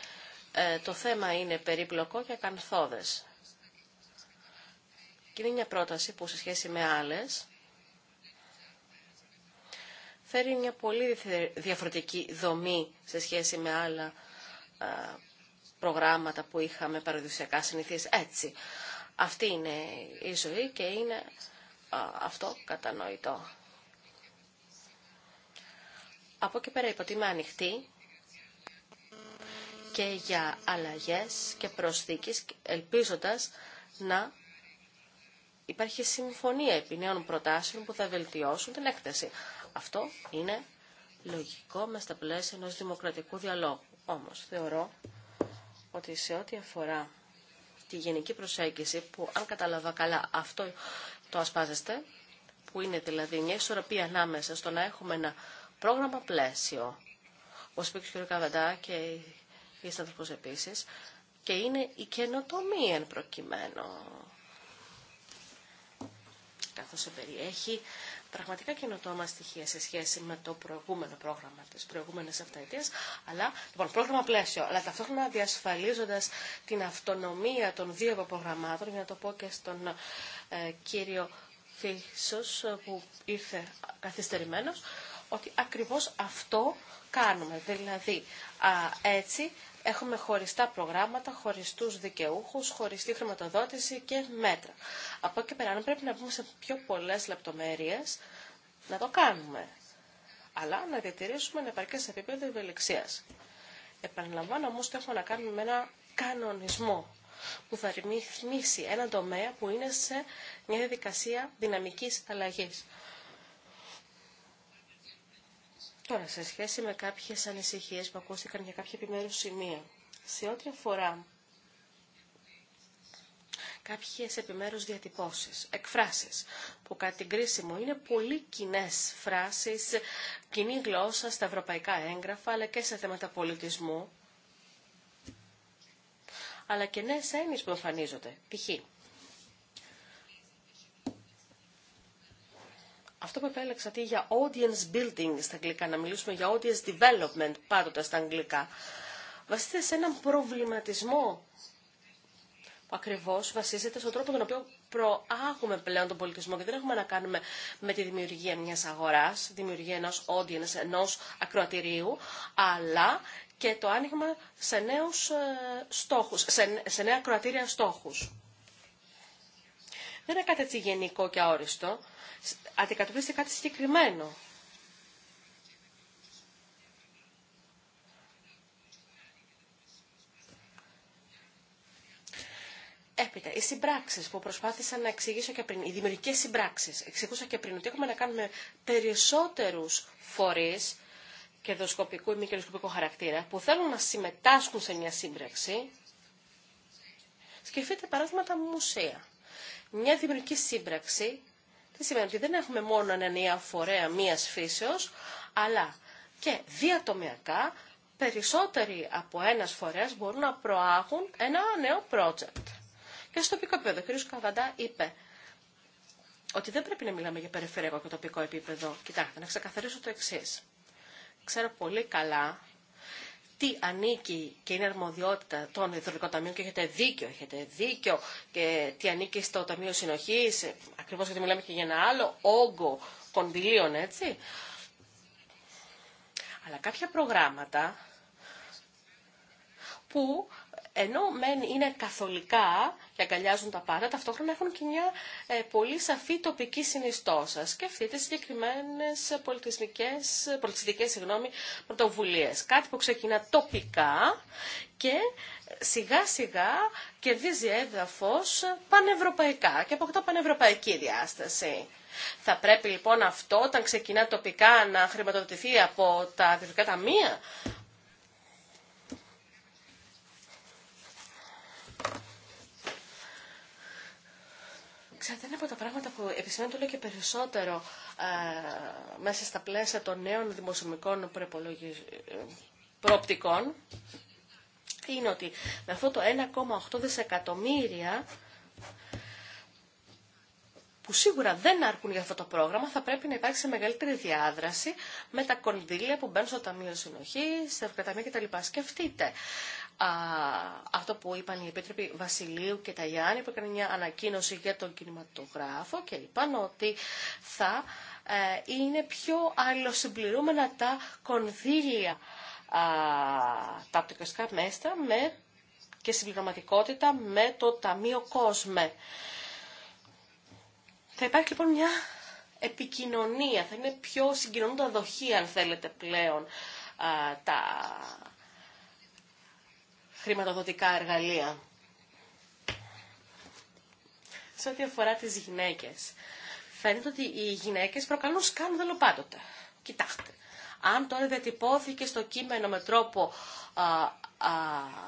Ε, το θέμα είναι περίπλοκο και κανθώδες. Και είναι μια πρόταση που σε σχέση με άλλες φέρει μια πολύ διαφορετική δομή σε σχέση με άλλα προγράμματα που είχαμε παραδοσιακά συνηθίσει έτσι. Αυτή είναι η ζωή και είναι αυτό κατανοητό. Από εκεί πέρα είπα ότι ανοιχτή και για αλλαγές και προσθήκες, ελπίζοντας να υπάρχει συμφωνία επί νέων προτάσεων που θα βελτιώσουν την έκθεση. Αυτό είναι λογικό με στα πλαίσια ενός δημοκρατικού διαλόγου. Όμως θεωρώ ότι σε ό,τι αφορά τη γενική προσέγγιση που αν καταλαβα καλά αυτό το ασπάζεστε, που είναι δηλαδή μια ισορροπία ανάμεσα στο να έχουμε ένα πρόγραμμα πλαίσιο, ο είπε ο κ. Καβεντά και η Σταθροπός επίσης, και είναι η καινοτομία εν προκειμένου καθώς περιέχει πραγματικά καινοτόμα στοιχεία σε σχέση με το προηγούμενο πρόγραμμα τη προηγούμενη αυταετία, αλλά λοιπόν, πρόγραμμα πλαίσιο, αλλά ταυτόχρονα διασφαλίζοντα την αυτονομία των δύο προγραμμάτων, για να το πω και στον ε, κύριο Φίσο που ήρθε καθυστερημένο ότι ακριβώς αυτό κάνουμε. Δηλαδή, έτσι έχουμε χωριστά προγράμματα, χωριστούς δικαιούχους, χωριστή χρηματοδότηση και μέτρα. Από εκεί και πέρα, πρέπει να πούμε σε πιο πολλές λεπτομέρειες, να το κάνουμε. Αλλά να διατηρήσουμε ένα επαρκές επίπεδο ευελιξίας. Επαναλαμβάνω όμως ότι έχουμε να κάνουμε με ένα κανονισμό που θα ρυθμίσει ένα τομέα που είναι σε μια διαδικασία δυναμικής αλλαγής. Τώρα, σε σχέση με κάποιε ανησυχίε που ακούστηκαν για κάποια επιμέρου σημεία, σε ό,τι αφορά κάποιε επιμέρου διατυπώσεις, εκφράσει που κατά την κρίση είναι πολύ κοινέ φράσει, κοινή γλώσσα στα ευρωπαϊκά έγγραφα, αλλά και σε θέματα πολιτισμού, αλλά και νέε έννοιε που εμφανίζονται. Π.χ. Αυτό που επέλεξα τι για audience building στα αγγλικά, να μιλήσουμε για audience development πάντοτε στα αγγλικά, βασίζεται σε έναν προβληματισμό που ακριβώς βασίζεται στον τρόπο τον οποίο προάγουμε πλέον τον πολιτισμό και δεν έχουμε να κάνουμε με τη δημιουργία μιας αγοράς, δημιουργία ενός audience, ενός ακροατηρίου, αλλά και το άνοιγμα σε νέους ε, στόχους, σε, νέα ακροατήρια στόχους δεν είναι κάτι έτσι γενικό και αόριστο. Αντικατοπίστε κάτι συγκεκριμένο. Έπειτα, οι συμπράξει που προσπάθησα να εξηγήσω και πριν, οι δημιουργικέ συμπράξει. εξηγούσα και πριν ότι έχουμε να κάνουμε περισσότερους φορεί κερδοσκοπικού ή μη κερδοσκοπικού χαρακτήρα που θέλουν να συμμετάσχουν σε μια σύμπραξη. Σκεφτείτε παράδειγμα τα μουσεία. Μια δημιουργική σύμπραξη τι σημαίνει ότι δεν έχουμε μόνο έναν νέο φορέα μίας φύσεως, αλλά και διατομιακά περισσότεροι από ένας φορέας μπορούν να προάγουν ένα νέο project. Και στο τοπικό επίπεδο, ο κ. Καβαντά είπε ότι δεν πρέπει να μιλάμε για περιφερειακό και τοπικό επίπεδο. Κοιτάξτε, να ξεκαθαρίσω το εξή. Ξέρω πολύ καλά τι ανήκει και είναι αρμοδιότητα των ιδρυτικών Ταμείων και έχετε δίκιο, έχετε δίκιο και τι ανήκει στο Ταμείο συνοχή, ακριβώ γιατί μιλάμε και για ένα άλλο όγκο κονδυλίων, έτσι. Αλλά κάποια προγράμματα που ενώ μεν είναι καθολικά και αγκαλιάζουν τα πάντα, ταυτόχρονα έχουν και μια ε, πολύ σαφή τοπική συνιστόσα. Σκεφτείτε συγκεκριμένε πολιτιστικέ πρωτοβουλίε. Κάτι που ξεκινά τοπικά και ε, σιγά σιγά κερδίζει έδαφο πανευρωπαϊκά και αποκτά πανευρωπαϊκή διάσταση. Θα πρέπει λοιπόν αυτό όταν ξεκινά τοπικά να χρηματοδοτηθεί από τα διευθυντικά ταμεία. Ξέρετε, είναι από τα πράγματα που το και περισσότερο ε, μέσα στα πλαίσια των νέων δημοσιομικών προοπτικών είναι ότι με αυτό το 1,8 δισεκατομμύρια που σίγουρα δεν αρκούν για αυτό το πρόγραμμα, θα πρέπει να υπάρξει μεγαλύτερη διάδραση με τα κονδύλια που μπαίνουν στο Ταμείο Συνοχή, στα Ευκαταμία κτλ. Σκεφτείτε, αυτό που είπαν οι Επίτροποι Βασιλείου και Ταγιάννη που έκανε μια ανακοίνωση για τον κινηματογράφο και είπαν ότι θα ε, είναι πιο αλληλοσυμπληρούμενα τα κονδύλια τα οπτικοστικά μέσα με, και συμπληρωματικότητα με το Ταμείο Κόσμε. Θα υπάρχει λοιπόν μια επικοινωνία, θα είναι πιο συγκοινωνούντα δοχή αν θέλετε πλέον τα χρηματοδοτικά εργαλεία. Σε ό,τι αφορά τις γυναίκες. Φαίνεται ότι οι γυναίκες προκαλούν σκάνδαλο πάντοτε. Κοιτάξτε. Αν τώρα διατυπώθηκε στο κείμενο με τρόπο α, α,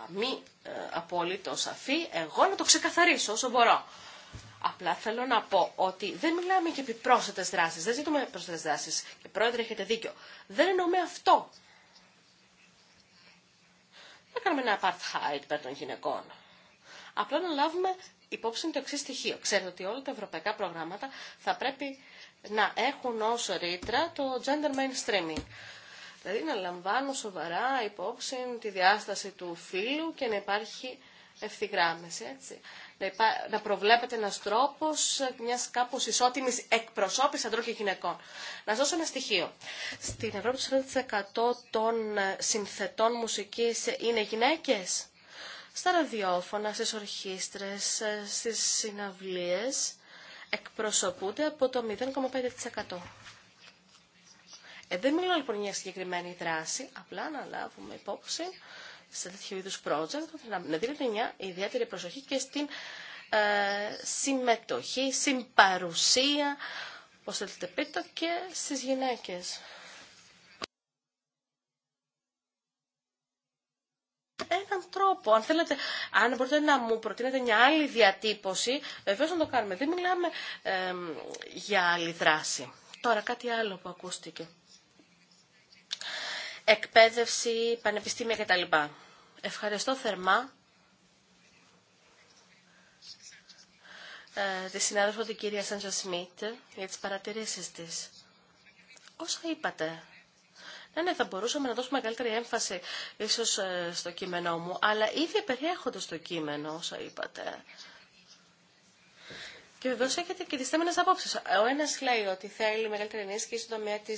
μη ε, α, σαφή, εγώ να το ξεκαθαρίσω όσο μπορώ. Απλά θέλω να πω ότι δεν μιλάμε επί πρόσθετες δράσεις, δεν ζητούμε πρόσθετε δράσει. Και πρόεδρε, έχετε δίκιο. Δεν εννοούμε αυτό. Δεν κάνουμε ένα apartheid υπέρ των γυναικών. Απλά να λάβουμε υπόψη το εξή στοιχείο. Ξέρετε ότι όλα τα ευρωπαϊκά προγράμματα θα πρέπει να έχουν ω ρήτρα το gender mainstreaming. Δηλαδή να λαμβάνουν σοβαρά υπόψη τη διάσταση του φύλου και να υπάρχει ευθυγράμμιση. Έτσι να προβλέπεται ένας τρόπος ε, μιας κάπως ισότιμης εκπροσώπησης ανδρών και γυναικών. Να σας δώσω ένα στοιχείο. Στην Ευρώπη 40% των ε, συνθετών μουσικής είναι γυναίκες. Στα ραδιόφωνα, στις ορχήστρες, ε, στις συναυλίες εκπροσωπούνται από το 0,5%. Ε, δεν μιλάω λοιπόν για συγκεκριμένη δράση, απλά να λάβουμε υπόψη σε τέτοιου είδους project, να δίνετε μια ιδιαίτερη προσοχή και στην ε, συμμετοχή, συμπαρουσία, όπως θέλετε πείτε, και στις γυναίκες. έναν τρόπο. Αν θέλετε, αν μπορείτε να μου προτείνετε μια άλλη διατύπωση, βεβαίω να το κάνουμε. Δεν μιλάμε για άλλη δράση. Τώρα κάτι άλλο που ακούστηκε εκπαίδευση, πανεπιστήμια κτλ. Ευχαριστώ θερμά ε, τη συνάδελφο την κυρία Σάντζα Σμιτ για τις παρατηρήσεις της. Όσα είπατε. Ναι, ναι, θα μπορούσαμε να δώσουμε καλύτερη έμφαση ίσως ε, στο κείμενό μου, αλλά ήδη περιέχονται στο κείμενο όσα είπατε. Και βεβαίω έχετε και θέμενε απόψει. Ο ένα λέει ότι θέλει μεγαλύτερη ενίσχυση στον τομέα τη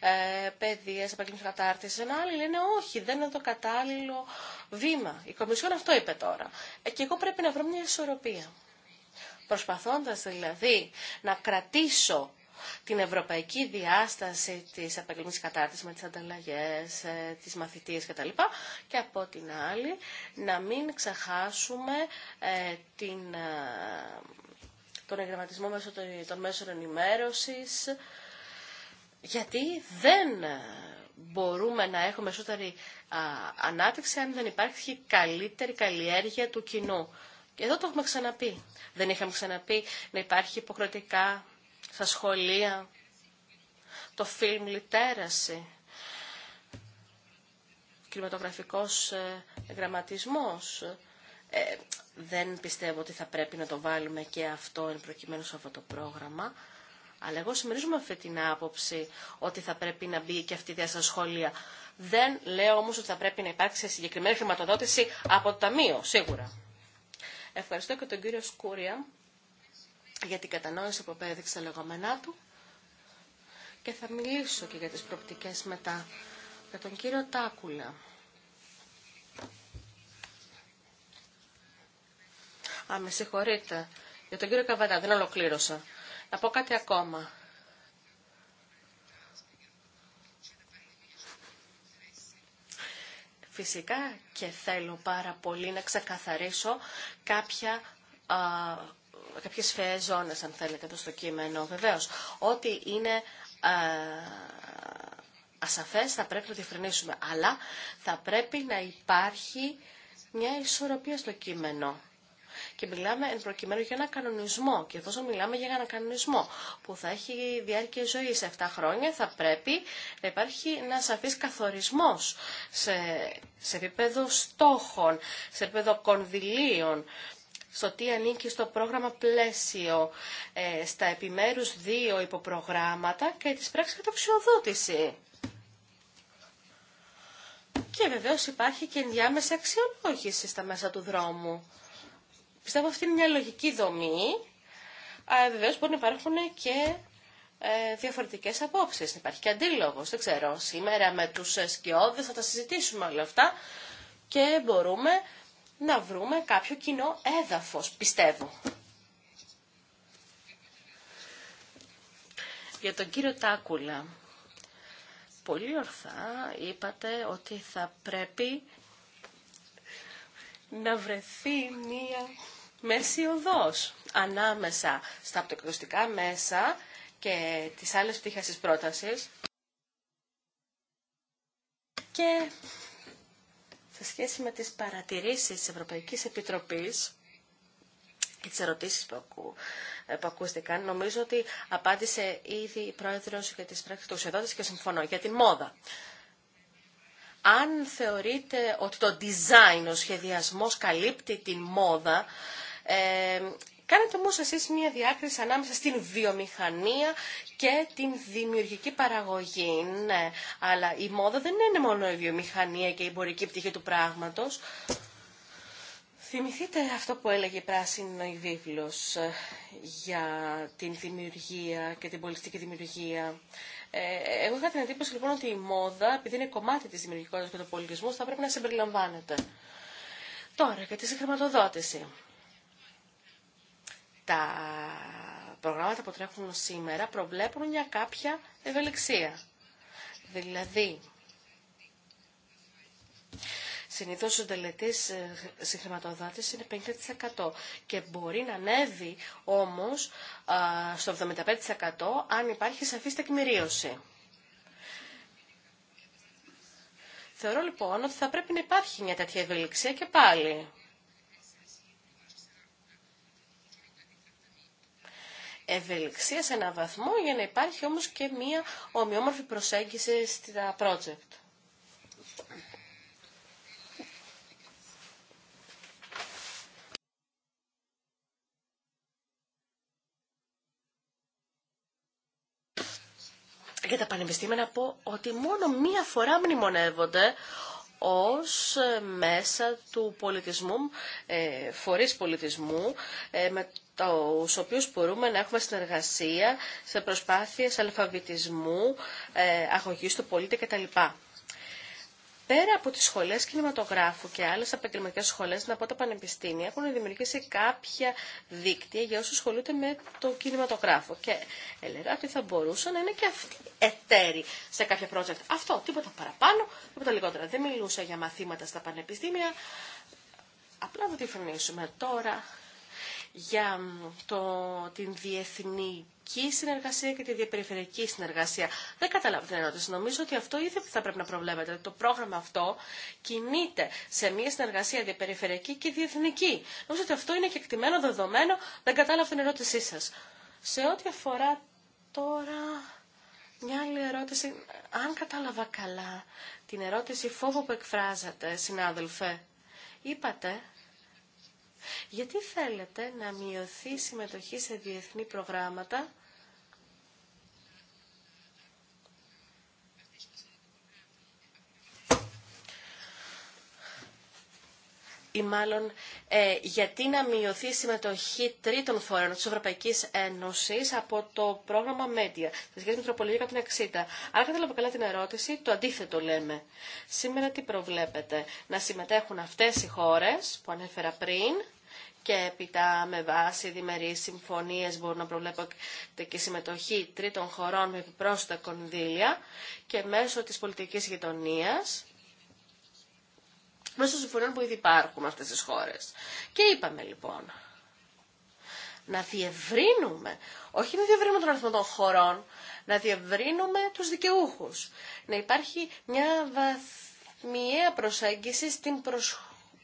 ε, παιδεία, επαγγελματική κατάρτιση. Ένα άλλο λένε όχι, δεν είναι το κατάλληλο βήμα. Η Κομισιόν αυτό είπε τώρα. Ε, και εγώ πρέπει να βρω μια ισορροπία. Προσπαθώντα δηλαδή να κρατήσω την ευρωπαϊκή διάσταση της επαγγελματική κατάρτιση με τις ανταλλαγές, ε, τι μαθητείε κτλ. Και από την άλλη να μην ξεχάσουμε ε, την τον εγγραμματισμό μέσω των μέσων ενημέρωσης, γιατί δεν μπορούμε να έχουμε περισσότερη ανάπτυξη αν δεν υπάρχει καλύτερη καλλιέργεια του κοινού. Και εδώ το έχουμε ξαναπεί. Δεν είχαμε ξαναπεί να υπάρχει υποχρεωτικά στα σχολεία το φιλμ λιτέραση, κινηματογραφικός ε, γραμματισμός. Ε, δεν πιστεύω ότι θα πρέπει να το βάλουμε και αυτό εν προκειμένου σε αυτό το πρόγραμμα. Αλλά εγώ συμμερίζομαι αυτή την άποψη ότι θα πρέπει να μπει και αυτή η διάσταση σχολεία. Δεν λέω όμως ότι θα πρέπει να υπάρξει συγκεκριμένη χρηματοδότηση από το Ταμείο, σίγουρα. Ευχαριστώ και τον κύριο Σκούρια για την κατανόηση που απέδειξε τα λεγόμενά του και θα μιλήσω και για τις προπτικές μετά. Για τον κύριο Τάκουλα. Α, με συγχωρείτε. Για τον κύριο Καβαντά, δεν ολοκλήρωσα. Να πω κάτι ακόμα. Φυσικά και θέλω πάρα πολύ να ξεκαθαρίσω κάποια α, κάποιες φαιές ζώνες, αν θέλετε, εδώ στο κείμενο. Βεβαίως, ό,τι είναι α, ασαφές θα πρέπει να διευκρινίσουμε, αλλά θα πρέπει να υπάρχει μια ισορροπία στο κείμενο και μιλάμε εν προκειμένου για ένα κανονισμό. Και εφόσον μιλάμε για ένα κανονισμό που θα έχει διάρκεια ζωή σε 7 χρόνια, θα πρέπει να υπάρχει ένα σαφή καθορισμό σε, σε επίπεδο στόχων, σε επίπεδο κονδυλίων στο τι ανήκει στο πρόγραμμα πλαίσιο, ε, στα επιμέρους δύο υποπρογράμματα και τις πράξεις καταξιοδότηση. Και βεβαίως υπάρχει και ενδιάμεση αξιολόγηση στα μέσα του δρόμου. Πιστεύω αυτή είναι μια λογική δομή. Βεβαίω μπορεί να υπάρχουν και ε, διαφορετικές απόψεις. Υπάρχει και αντίλογο. δεν ξέρω. Σήμερα με τους σκιώδε θα τα συζητήσουμε όλα αυτά και μπορούμε να βρούμε κάποιο κοινό έδαφος, πιστεύω. Για τον κύριο Τάκουλα, πολύ ορθά είπατε ότι θα πρέπει να βρεθεί μία μέση οδός ανάμεσα στα οπτικοακουστικά μέσα και τις άλλες πτυχές της πρότασης και σε σχέση με τις παρατηρήσεις της Ευρωπαϊκής Επιτροπής και τις ερωτήσεις που, ακού, ε, που ακούστηκαν, νομίζω ότι απάντησε ήδη η Πρόεδρος για τις πράξεις του Ουσιαδότης και συμφωνώ για την μόδα. Αν θεωρείτε ότι το design, ο σχεδιασμός καλύπτει την μόδα, Κάνετε όμως εσείς μια διάκριση ανάμεσα στην βιομηχανία και την δημιουργική παραγωγή. Ναι, αλλά η μόδα δεν είναι μόνο η βιομηχανία και η εμπορική πτυχή του πράγματος. Θυμηθείτε αυτό που έλεγε η Πράσινη Βίβλος ε, για την δημιουργία και την πολιτική δημιουργία. Ε, εγώ είχα την εντύπωση λοιπόν ότι η μόδα, επειδή είναι κομμάτι της δημιουργικότητας και του πολιτισμού, θα πρέπει να συμπεριλαμβάνεται. Τώρα, για τη συγχρηματοδότηση. Τα προγράμματα που τρέχουν σήμερα προβλέπουν για κάποια ευελιξία. Δηλαδή, Συνήθω ο τελετή ε, συγχρηματοδότηση είναι 50% και μπορεί να ανέβει όμω στο 75% αν υπάρχει σαφή τεκμηρίωση. Θεωρώ λοιπόν ότι θα πρέπει να υπάρχει μια τέτοια ευελιξία και πάλι. ευελιξία σε έναν βαθμό για να υπάρχει όμως και μία ομοιόμορφη προσέγγιση στα project. Για τα πανεπιστήμια να πω ότι μόνο μία φορά μνημονεύονται ως ε, μέσα του πολιτισμού, ε, φορείς πολιτισμού, ε, με τους οποίους μπορούμε να έχουμε συνεργασία σε προσπάθειες αλφαβητισμού, αγωγής του πολίτη κτλ. Πέρα από τις σχολές κινηματογράφου και άλλες επαγγελματικέ σχολές, από τα πανεπιστήμια, έχουν δημιουργήσει κάποια δίκτυα για όσους ασχολούνται με το κινηματογράφο. Και έλεγα ότι θα μπορούσαν να είναι και αυτοί εταίροι σε κάποια project. Αυτό, τίποτα παραπάνω, τίποτα λιγότερα. Δεν μιλούσα για μαθήματα στα πανεπιστήμια. Απλά να διευκρινίσουμε τώρα για το, την διεθνική συνεργασία και τη διαπεριφερειακή συνεργασία. Δεν καταλάβω την ερώτηση. Νομίζω ότι αυτό ήδη θα πρέπει να προβλέπετε. Το πρόγραμμα αυτό κινείται σε μια συνεργασία διαπεριφερειακή και διεθνική. Νομίζω ότι αυτό είναι και εκτιμένο δεδομένο. Δεν κατάλαβα την ερώτησή σα. Σε ό,τι αφορά τώρα μια άλλη ερώτηση, αν κατάλαβα καλά την ερώτηση φόβο που εκφράζατε, συνάδελφε, είπατε γιατί θέλετε να μειωθεί η συμμετοχή σε διεθνή προγράμματα ή μάλλον ε, γιατί να μειωθεί η μαλλον γιατι τρίτων συμμετοχη τριτων φορων της Ευρωπαϊκής Ένωσης από το πρόγραμμα Media, τη σχέση με την 160. Αν κατάλαβα καλά την ερώτηση, το αντίθετο λέμε. Σήμερα τι προβλέπετε, να συμμετέχουν αυτές οι χώρες που ανέφερα πριν, και έπειτα με βάση διμερεί συμφωνίες μπορούν να προβλέπετε και συμμετοχή τρίτων χωρών με επιπρόσθετα κονδύλια και μέσω της πολιτικής γειτονίας μέσω συμφωνιών που ήδη υπάρχουν αυτές τις χώρες. Και είπαμε λοιπόν να διευρύνουμε, όχι να διευρύνουμε τον αριθμό των χωρών, να διευρύνουμε τους δικαιούχους. Να υπάρχει μια βαθμιαία προσέγγιση στην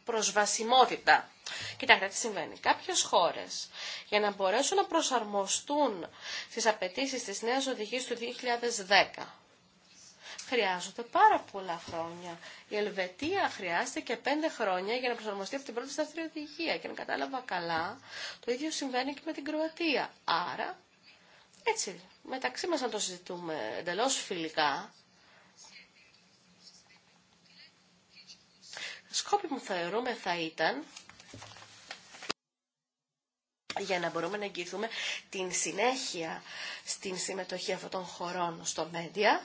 προσβασιμότητα. Κοιτάξτε τι συμβαίνει. Κάποιες χώρες για να μπορέσουν να προσαρμοστούν στις απαιτήσεις της νέας οδηγής του 2010 χρειάζονται πάρα πολλά χρόνια. Η Ελβετία χρειάστηκε πέντε χρόνια για να προσαρμοστεί από την πρώτη σταθερή οδηγία και αν κατάλαβα καλά, το ίδιο συμβαίνει και με την Κροατία. Άρα, έτσι, μεταξύ μας να το συζητούμε εντελώ φιλικά, σκόπι μου θεωρούμε θα ήταν για να μπορούμε να εγγυηθούμε την συνέχεια στην συμμετοχή αυτών των χωρών στο Μέντια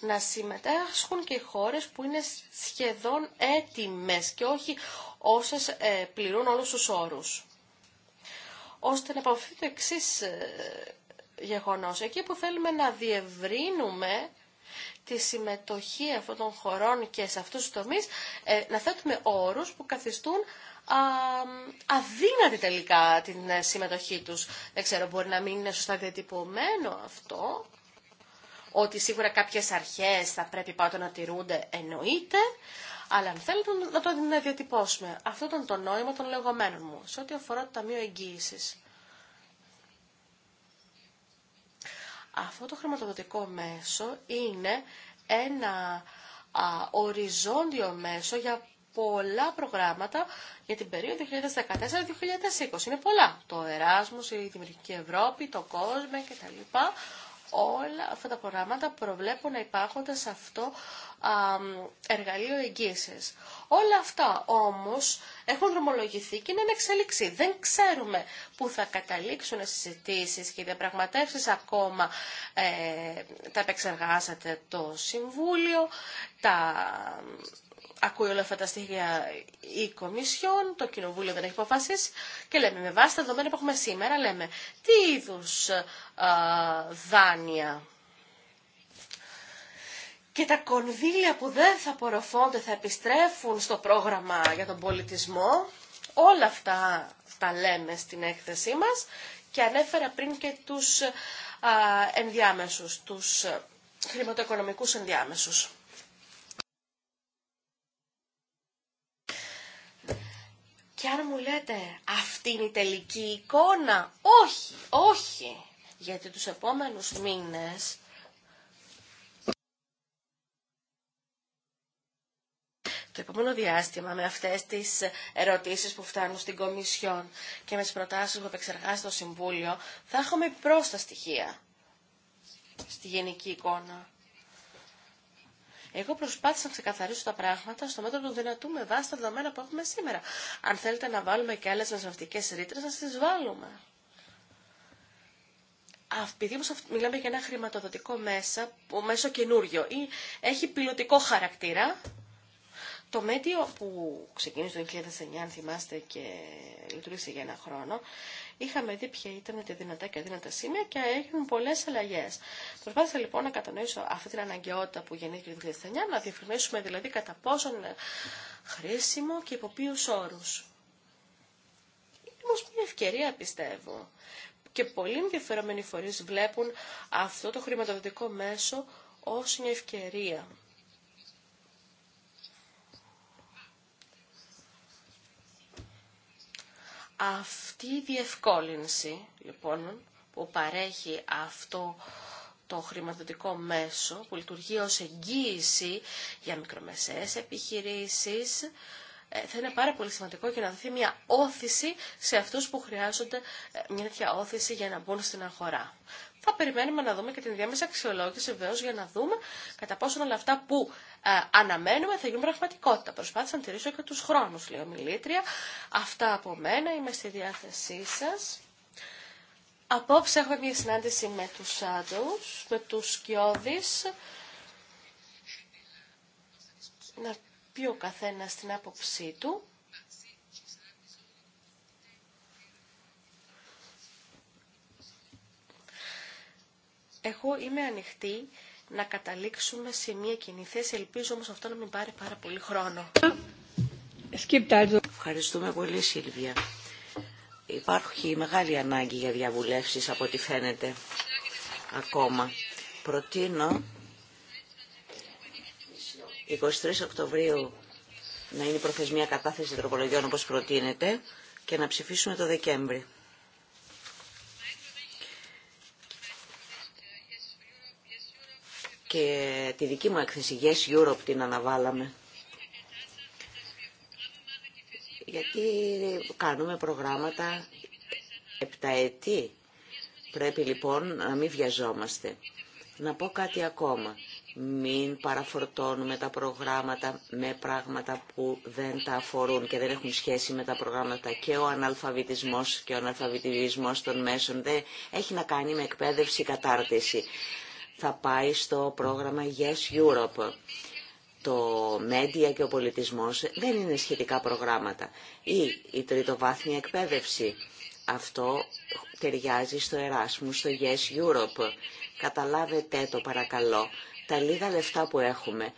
να συμμετάσχουν και οι χώρες που είναι σχεδόν έτοιμες και όχι όσες ε, πληρούν όλους τους όρους. Ώστε να αποφύγει το εξή ε, γεγονός. Εκεί που θέλουμε να διευρύνουμε τη συμμετοχή αυτών των χωρών και σε αυτούς τους τομείς, ε, να θέτουμε όρους που καθιστούν αδύνατη τελικά την συμμετοχή τους. Δεν ξέρω, μπορεί να μην είναι σωστά διατυπωμένο αυτό, ότι σίγουρα κάποιες αρχές θα πρέπει πάντα να τηρούνται, εννοείται, αλλά αν θέλετε να το διατυπώσουμε. Αυτό ήταν το νόημα των λεγόμενων μου, σε ό,τι αφορά το Ταμείο Εγγύησης. Αυτό το χρηματοδοτικό μέσο είναι ένα οριζόντιο μέσο για πολλά προγράμματα για την περίοδο 2014-2020. Είναι πολλά. Το Εράσμος, η Δημιουργική Ευρώπη, το Κόσμε κτλ όλα αυτά τα προγράμματα προβλέπουν να υπάρχονται σε αυτό α, εργαλείο εγγύησης. Όλα αυτά όμως έχουν δρομολογηθεί και είναι εξέλιξη. Δεν ξέρουμε πού θα καταλήξουν οι συζητήσεις και οι διαπραγματεύσεις ακόμα ε, τα επεξεργάζεται το Συμβούλιο, τα ακούει όλα αυτά τα στοιχεία η Κομισιόν, το Κοινοβούλιο δεν έχει αποφασίσει και λέμε με βάση τα δεδομένα που έχουμε σήμερα, λέμε τι είδους δάνεια και τα κονδύλια που δεν θα απορροφώνται θα επιστρέφουν στο πρόγραμμα για τον πολιτισμό. Όλα αυτά τα λέμε στην έκθεσή μας και ανέφερα πριν και τους ενδιάμεσους, τους ε, χρηματοοικονομικούς ενδιάμεσους. Και αν μου λέτε αυτή είναι η τελική εικόνα, όχι, όχι, γιατί τους επόμενους μήνες το επόμενο διάστημα με αυτές τις ερωτήσεις που φτάνουν στην Κομισιόν και με τις προτάσεις που επεξεργάζει το Συμβούλιο, θα έχουμε πρόστα στοιχεία στη γενική εικόνα. Εγώ προσπάθησα να ξεκαθαρίσω τα πράγματα στο μέτρο του δυνατού με βάση τα δεδομένα που έχουμε σήμερα. Αν θέλετε να βάλουμε και άλλε μεσαυτικές ρήτρε, να τι βάλουμε. Επειδή όμω μιλάμε για ένα χρηματοδοτικό μέσα, μέσο καινούριο, ή έχει πιλωτικό χαρακτήρα, το μέτιο που ξεκίνησε το 2009, αν θυμάστε, και λειτουργήσε για ένα χρόνο, Είχαμε δει ποια ήταν τα δυνατά και αδύνατα σημεία και έγιναν πολλέ αλλαγέ. Προσπάθησα λοιπόν να κατανοήσω αυτή την αναγκαιότητα που γεννήθηκε το 2009, να διευκρινίσουμε δηλαδή κατά πόσον είναι χρήσιμο και υπό ποιου όρου. Είναι όμω μια ευκαιρία πιστεύω. Και πολλοί ενδιαφερομένοι φορεί βλέπουν αυτό το χρηματοδοτικό μέσο ω μια ευκαιρία Αυτή η διευκόλυνση λοιπόν που παρέχει αυτό το χρηματοδοτικό μέσο που λειτουργεί ως εγγύηση για μικρομεσαίες επιχειρήσεις ε, θα είναι πάρα πολύ σημαντικό και να δοθεί μια όθηση σε αυτούς που χρειάζονται ε, μια τέτοια όθηση για να μπουν στην αγορά θα περιμένουμε να δούμε και την διάμεση αξιολόγηση βεβαίω για να δούμε κατά πόσον όλα αυτά που ε, αναμένουμε θα γίνουν πραγματικότητα. Προσπάθησα να τηρήσω και του χρόνου, λέει μιλήτρια. Αυτά από μένα. Είμαι στη διάθεσή σα. Απόψε έχουμε μια συνάντηση με τους Shadows, με τους Σκιώδης. Να πει ο καθένας την άποψή του. Εγώ είμαι ανοιχτή να καταλήξουμε σε μια κοινή θέση. Ελπίζω όμως αυτό να μην πάρει πάρα πολύ χρόνο. Ευχαριστούμε πολύ Σίλβια. Υπάρχει μεγάλη ανάγκη για διαβουλεύσεις από ό,τι φαίνεται ακόμα. Προτείνω 23 Οκτωβρίου να είναι η προθεσμία κατάθεση τροπολογιών όπως προτείνεται και να ψηφίσουμε το Δεκέμβρη. και τη δική μου έκθεση Yes Europe την αναβάλαμε. Γιατί κάνουμε προγράμματα επταετή. Πρέπει λοιπόν να μην βιαζόμαστε. Να πω κάτι ακόμα. Μην παραφορτώνουμε τα προγράμματα με πράγματα που δεν τα αφορούν και δεν έχουν σχέση με τα προγράμματα. Και ο αναλφαβητισμός και ο αναλφαβητισμός των μέσων δεν έχει να κάνει με εκπαίδευση κατάρτιση θα πάει στο πρόγραμμα Yes Europe. Το Media και ο πολιτισμός δεν είναι σχετικά προγράμματα. Ή η τριτοβάθμια εκπαίδευση. Αυτό ταιριάζει στο Εράσμου, στο Yes Europe. Καταλάβετε το παρακαλώ. Τα λίγα λεφτά που έχουμε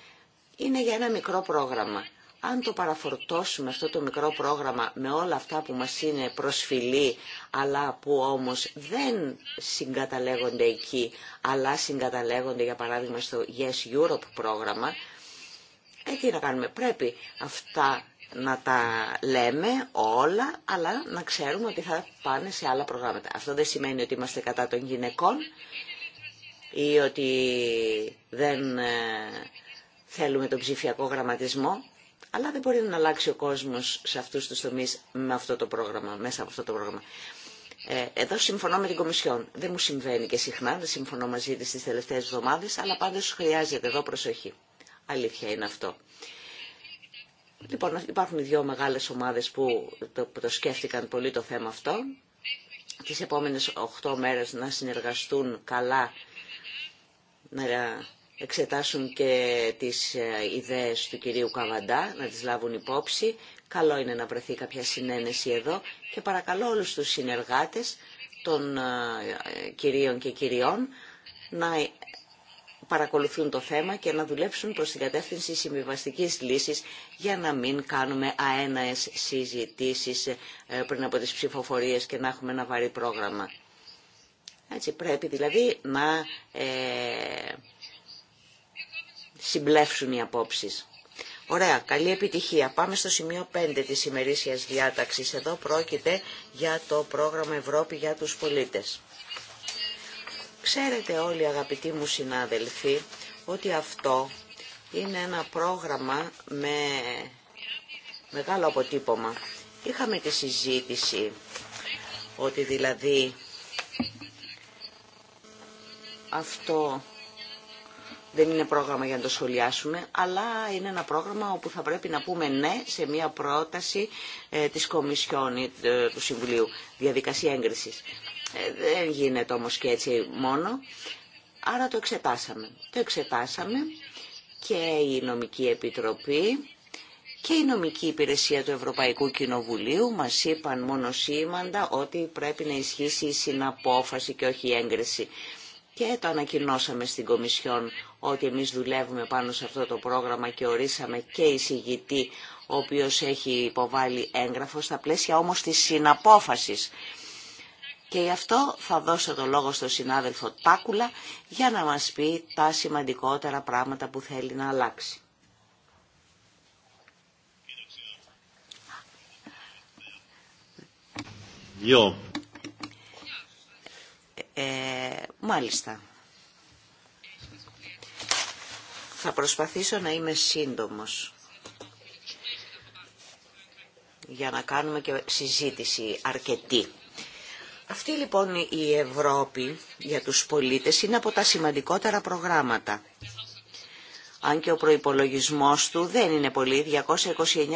είναι για ένα μικρό πρόγραμμα. Αν το παραφορτώσουμε αυτό το μικρό πρόγραμμα με όλα αυτά που μας είναι προσφυλή, αλλά που όμως δεν συγκαταλέγονται εκεί, αλλά συγκαταλέγονται για παράδειγμα στο Yes Europe πρόγραμμα, ε, τι να κάνουμε, πρέπει αυτά να τα λέμε όλα, αλλά να ξέρουμε ότι θα πάνε σε άλλα προγράμματα. Αυτό δεν σημαίνει ότι είμαστε κατά των γυναικών ή ότι δεν ε, θέλουμε τον ψηφιακό γραμματισμό αλλά δεν μπορεί να αλλάξει ο κόσμος σε αυτούς τους τομείς με αυτό το πρόγραμμα, μέσα από αυτό το πρόγραμμα. Ε, εδώ συμφωνώ με την Κομισιόν. Δεν μου συμβαίνει και συχνά, δεν συμφωνώ μαζί της τις τελευταίες εβδομάδες, αλλά πάντως χρειάζεται εδώ προσοχή. Αλήθεια είναι αυτό. Λοιπόν, υπάρχουν δύο μεγάλες ομάδες που το, σκέφτηκαν πολύ το θέμα αυτό. Τις επόμενες 8 μέρες να συνεργαστούν καλά, να εξετάσουν και τις ε, ιδέες του κυρίου Καβαντά, να τις λάβουν υπόψη. Καλό είναι να βρεθεί κάποια συνένεση εδώ και παρακαλώ όλους τους συνεργάτες των ε, κυρίων και κυριών να ε, παρακολουθούν το θέμα και να δουλέψουν προς την κατεύθυνση συμβιβαστική λύσης για να μην κάνουμε αέναες συζητήσεις πριν από τις ψηφοφορίες και να έχουμε ένα βαρύ πρόγραμμα. Έτσι πρέπει δηλαδή να Συμπλέψουν οι απόψεις. Ωραία, καλή επιτυχία. Πάμε στο σημείο 5 της ημερήσιας διάταξης. Εδώ πρόκειται για το πρόγραμμα Ευρώπη για τους πολίτες. Ξέρετε όλοι αγαπητοί μου συνάδελφοι ότι αυτό είναι ένα πρόγραμμα με μεγάλο αποτύπωμα. Είχαμε τη συζήτηση ότι δηλαδή αυτό δεν είναι πρόγραμμα για να το σχολιάσουμε, αλλά είναι ένα πρόγραμμα όπου θα πρέπει να πούμε ναι σε μια πρόταση ε, της Κομισιόν ε, του Συμβουλίου, διαδικασία έγκρισης. Ε, δεν γίνεται όμως και έτσι μόνο, άρα το εξετάσαμε. Το εξετάσαμε και η Νομική Επιτροπή και η νομική υπηρεσία του Ευρωπαϊκού Κοινοβουλίου μας είπαν μόνο σήμαντα ότι πρέπει να ισχύσει η συναπόφαση και όχι η έγκριση και το ανακοινώσαμε στην Κομισιόν ότι εμείς δουλεύουμε πάνω σε αυτό το πρόγραμμα και ορίσαμε και εισηγητή ο οποίος έχει υποβάλει έγγραφο στα πλαίσια όμως της συναπόφασης. Και γι' αυτό θα δώσω το λόγο στον συνάδελφο Τάκουλα για να μας πει τα σημαντικότερα πράγματα που θέλει να αλλάξει. Ε, μάλιστα. Θα προσπαθήσω να είμαι σύντομος για να κάνουμε και συζήτηση αρκετή. Αυτή λοιπόν η Ευρώπη για τους πολίτες είναι από τα σημαντικότερα προγράμματα. Αν και ο προϋπολογισμός του δεν είναι πολύ, 229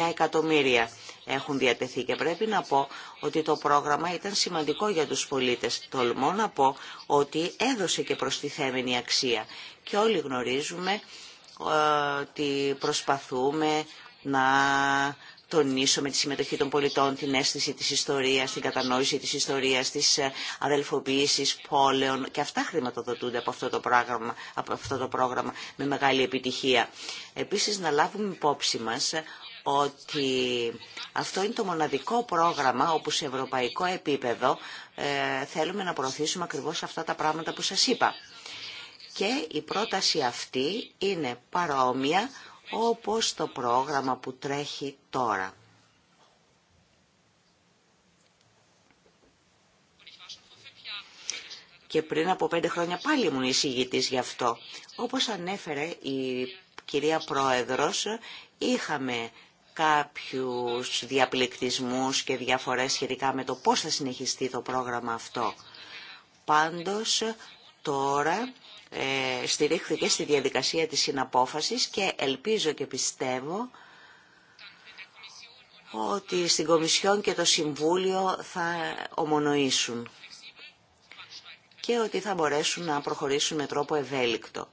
εκατομμύρια έχουν διατεθεί και πρέπει να πω ότι το πρόγραμμα ήταν σημαντικό για τους πολίτες. Τολμώ να πω ότι έδωσε και προστιθέμενη αξία και όλοι γνωρίζουμε ε, ότι προσπαθούμε να τονίσουμε τη συμμετοχή των πολιτών, την αίσθηση της ιστορίας, την κατανόηση της ιστορίας, της ε, αδελφοποίησης πόλεων και αυτά χρηματοδοτούνται από αυτό το πρόγραμμα, από αυτό το πρόγραμμα με μεγάλη επιτυχία. Επίσης να λάβουμε υπόψη μας ε, ότι αυτό είναι το μοναδικό πρόγραμμα όπου σε ευρωπαϊκό επίπεδο ε, θέλουμε να προωθήσουμε ακριβώς αυτά τα πράγματα που σας είπα. Και η πρόταση αυτή είναι παρόμοια όπως το πρόγραμμα που τρέχει τώρα. Και πριν από πέντε χρόνια πάλι ήμουν εισηγητής γι' αυτό. Όπως ανέφερε η κυρία Πρόεδρος, είχαμε κάποιους διαπληκτισμούς και διαφορές σχετικά με το πώς θα συνεχιστεί το πρόγραμμα αυτό. Πάντως, τώρα ε, στηρίχθηκε στη διαδικασία της συναπόφασης και ελπίζω και πιστεύω ότι στην Κομισιόν και το Συμβούλιο θα ομονοήσουν και ότι θα μπορέσουν να προχωρήσουν με τρόπο ευέλικτο.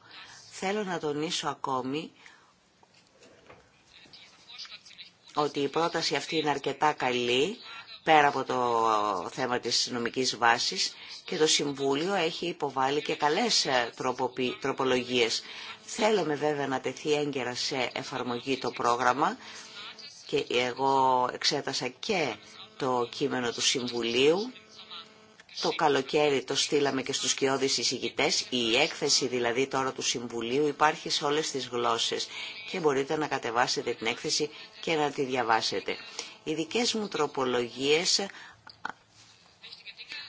Θέλω να τονίσω ακόμη ότι η πρόταση αυτή είναι αρκετά καλή πέρα από το θέμα της νομικής βάσης και το Συμβούλιο έχει υποβάλει και καλές ε, τροπολογίες. Θέλουμε βέβαια να τεθεί έγκαιρα σε εφαρμογή το πρόγραμμα και εγώ εξέτασα και το κείμενο του Συμβουλίου το καλοκαίρι το στείλαμε και στους κοιόδης εισηγητές. Η έκθεση δηλαδή τώρα του Συμβουλίου υπάρχει σε όλες τις γλώσσες και μπορείτε να κατεβάσετε την έκθεση και να τη διαβάσετε. Οι δικές μου τροπολογίες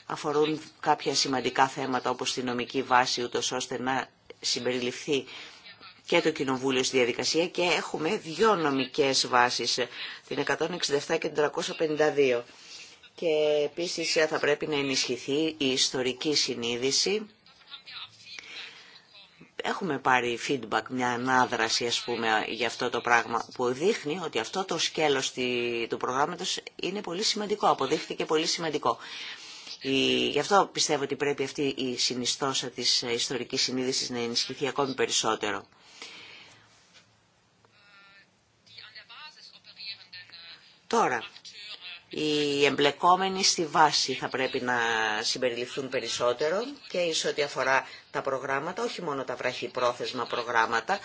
αφορούν κάποια σημαντικά θέματα όπως τη νομική βάση ούτως ώστε να συμπεριληφθεί και το Κοινοβούλιο στη διαδικασία και έχουμε δύο νομικές βάσεις, την 167 και την 352 και επίσης θα πρέπει να ενισχυθεί η ιστορική συνείδηση. Έχουμε πάρει feedback, μια ανάδραση ας πούμε για αυτό το πράγμα που δείχνει ότι αυτό το σκέλος του προγράμματος είναι πολύ σημαντικό, αποδείχθηκε πολύ σημαντικό. Γι' αυτό πιστεύω ότι πρέπει αυτή η συνιστόσα της ιστορικής συνείδησης να ενισχυθεί ακόμη περισσότερο. Τώρα, οι εμπλεκόμενοι στη βάση θα πρέπει να συμπεριληφθούν περισσότερο και σε ό,τι αφορά τα προγράμματα, όχι μόνο τα βραχυπρόθεσμα προγράμματα,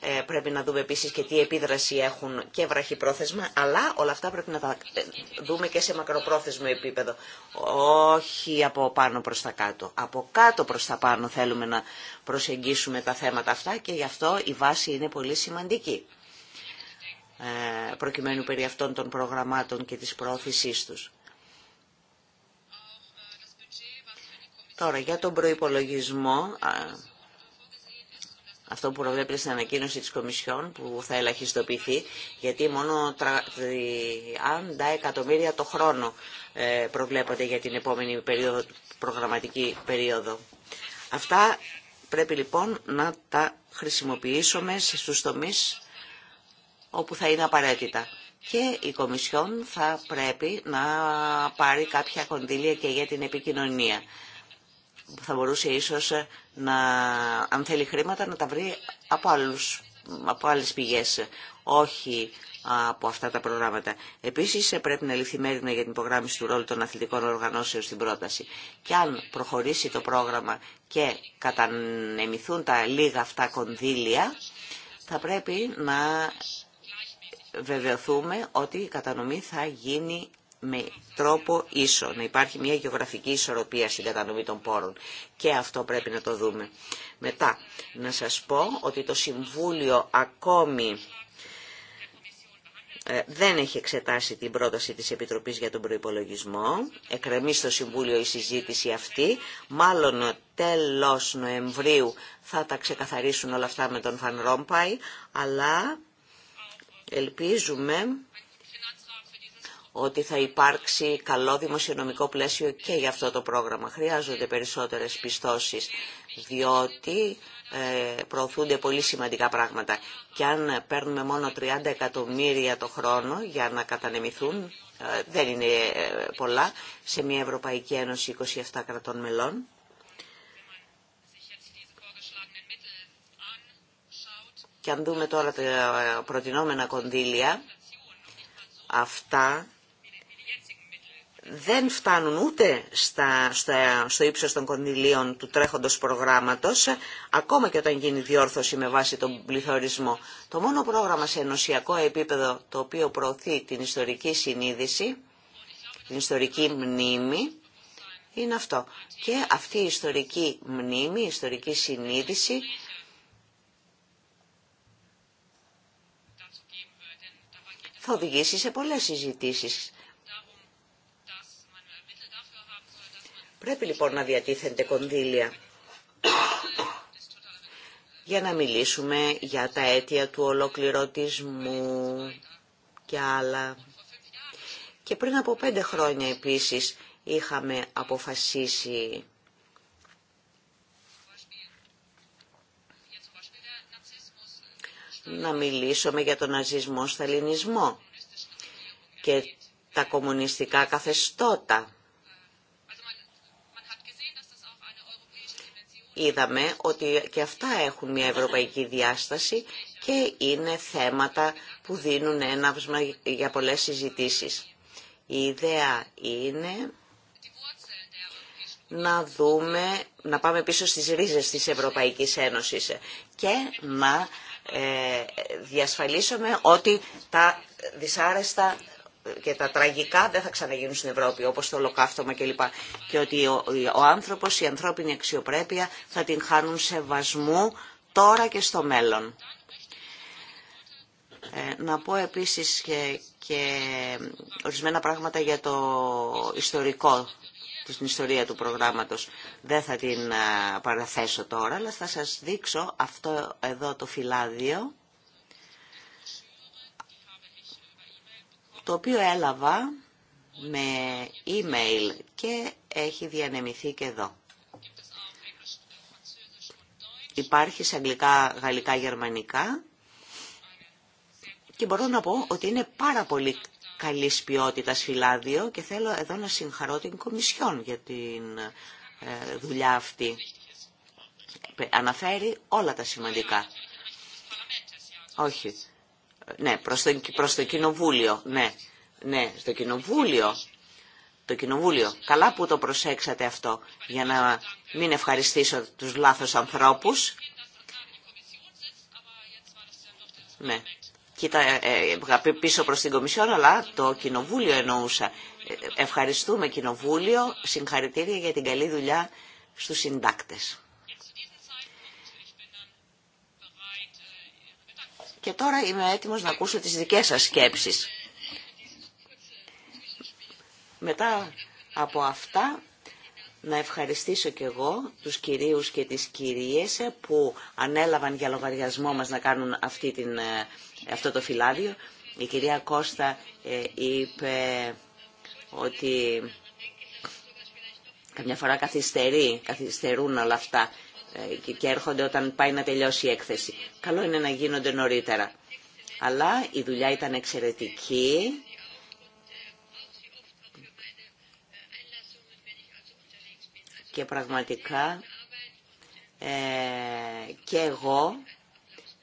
ε, πρέπει να δούμε επίσης και τι επίδραση έχουν και βραχυπρόθεσμα, αλλά όλα αυτά πρέπει να τα ε, δούμε και σε μακροπρόθεσμο επίπεδο. Όχι από πάνω προς τα κάτω. Από κάτω προς τα πάνω θέλουμε να προσεγγίσουμε τα θέματα αυτά και γι' αυτό η βάση είναι πολύ σημαντική. Ε, προκειμένου περί αυτών των προγραμμάτων και της πρόθεσής τους. Τώρα, για τον προϋπολογισμό, αυτό που προβλέπεται στην ανακοίνωση της Κομισιόν, που θα ελαχιστοποιηθεί, γιατί μόνο 30 εκατομμύρια το χρόνο ε, προβλέπονται για την επόμενη προγραμματική περίοδο. Αυτά πρέπει λοιπόν να τα χρησιμοποιήσουμε στους τομείς όπου θα είναι απαραίτητα. Και η Κομισιόν θα πρέπει να πάρει κάποια κονδύλια και για την επικοινωνία. Θα μπορούσε ίσως, να, αν θέλει χρήματα, να τα βρει από, άλλους, από άλλες πηγές, όχι από αυτά τα προγράμματα. Επίσης πρέπει να ληφθεί μέρη για την υπογράμμιση του ρόλου των αθλητικών οργανώσεων στην πρόταση. Και αν προχωρήσει το πρόγραμμα και κατανεμηθούν τα λίγα αυτά κονδύλια, θα πρέπει να βεβαιωθούμε ότι η κατανομή θα γίνει με τρόπο ίσο, να υπάρχει μια γεωγραφική ισορροπία στην κατανομή των πόρων. Και αυτό πρέπει να το δούμε. Μετά, να σας πω ότι το Συμβούλιο ακόμη ε, δεν έχει εξετάσει την πρόταση της Επιτροπής για τον Προϋπολογισμό. Εκρεμεί στο Συμβούλιο η συζήτηση αυτή. Μάλλον τέλος Νοεμβρίου θα τα ξεκαθαρίσουν όλα αυτά με τον Φαν Ρόμπαϊ, αλλά Ελπίζουμε ότι θα υπάρξει καλό δημοσιονομικό πλαίσιο και για αυτό το πρόγραμμα. Χρειάζονται περισσότερες πιστώσεις, διότι ε, προωθούνται πολύ σημαντικά πράγματα. Και αν παίρνουμε μόνο 30 εκατομμύρια το χρόνο για να κατανεμηθούν, ε, δεν είναι ε, πολλά, σε μια Ευρωπαϊκή Ένωση 27 κρατών μελών. Και αν δούμε τώρα τα προτινόμενα κονδύλια, αυτά δεν φτάνουν ούτε στα, στο ύψος των κονδυλίων του τρέχοντος προγράμματος, ακόμα και όταν γίνει διόρθωση με βάση τον πληθωρισμό. Το μόνο πρόγραμμα σε ενωσιακό επίπεδο το οποίο προωθεί την ιστορική συνείδηση, την ιστορική μνήμη, είναι αυτό. Και αυτή η ιστορική μνήμη, η ιστορική συνείδηση θα οδηγήσει σε πολλές συζητήσεις. Πρέπει λοιπόν να διατίθενται κονδύλια για να μιλήσουμε για τα αίτια του ολοκληρωτισμού και άλλα. Και πριν από πέντε χρόνια επίσης είχαμε αποφασίσει να μιλήσουμε για τον ναζισμό σταλινισμό και τα κομμουνιστικά καθεστώτα. Είδαμε ότι και αυτά έχουν μια ευρωπαϊκή διάσταση και είναι θέματα που δίνουν έναυσμα για πολλές συζητήσεις. Η ιδέα είναι να δούμε, να πάμε πίσω στις ρίζες της Ευρωπαϊκής Ένωσης και να ε, διασφαλίσουμε ότι τα δυσάρεστα και τα τραγικά δεν θα ξαναγίνουν στην Ευρώπη, όπως το ολοκαύτωμα κλπ. Και ότι ο, ο άνθρωπος, η ανθρώπινη αξιοπρέπεια θα την χάνουν σεβασμού τώρα και στο μέλλον. Ε, να πω επίσης και, και ορισμένα πράγματα για το ιστορικό στην ιστορία του προγράμματος. Δεν θα την παραθέσω τώρα, αλλά θα σας δείξω αυτό εδώ το φυλάδιο, το οποίο έλαβα με email και έχει διανεμηθεί και εδώ. Υπάρχει σε αγγλικά, γαλλικά, γερμανικά και μπορώ να πω ότι είναι πάρα πολύ καλής ποιότητα φυλάδιο και θέλω εδώ να συγχαρώ την Κομισιόν για την ε, δουλειά αυτή. Αναφέρει όλα τα σημαντικά. Όχι. Ναι, προς το, προς Κοινοβούλιο. Ναι, ναι, στο Κοινοβούλιο. Το Κοινοβούλιο. Καλά που το προσέξατε αυτό για να μην ευχαριστήσω τους λάθος ανθρώπους. Ναι. Κοίτα, ε, ε, πίσω προς την Κομισιόν, αλλά το Κοινοβούλιο εννοούσα. Ευχαριστούμε Κοινοβούλιο, συγχαρητήρια για την καλή δουλειά στους συντάκτες. Και τώρα είμαι έτοιμος να ακούσω τις δικές σας σκέψεις. Μετά από αυτά, να ευχαριστήσω και εγώ τους κυρίους και τις κυρίες που ανέλαβαν για λογαριασμό μας να κάνουν αυτή την ε, αυτό το φυλάδιο. Η κυρία Κώστα ε, είπε ότι καμιά φορά καθυστερεί, καθυστερούν όλα αυτά ε, και έρχονται όταν πάει να τελειώσει η έκθεση. Καλό είναι να γίνονται νωρίτερα. Αλλά η δουλειά ήταν εξαιρετική. Και πραγματικά ε, και εγώ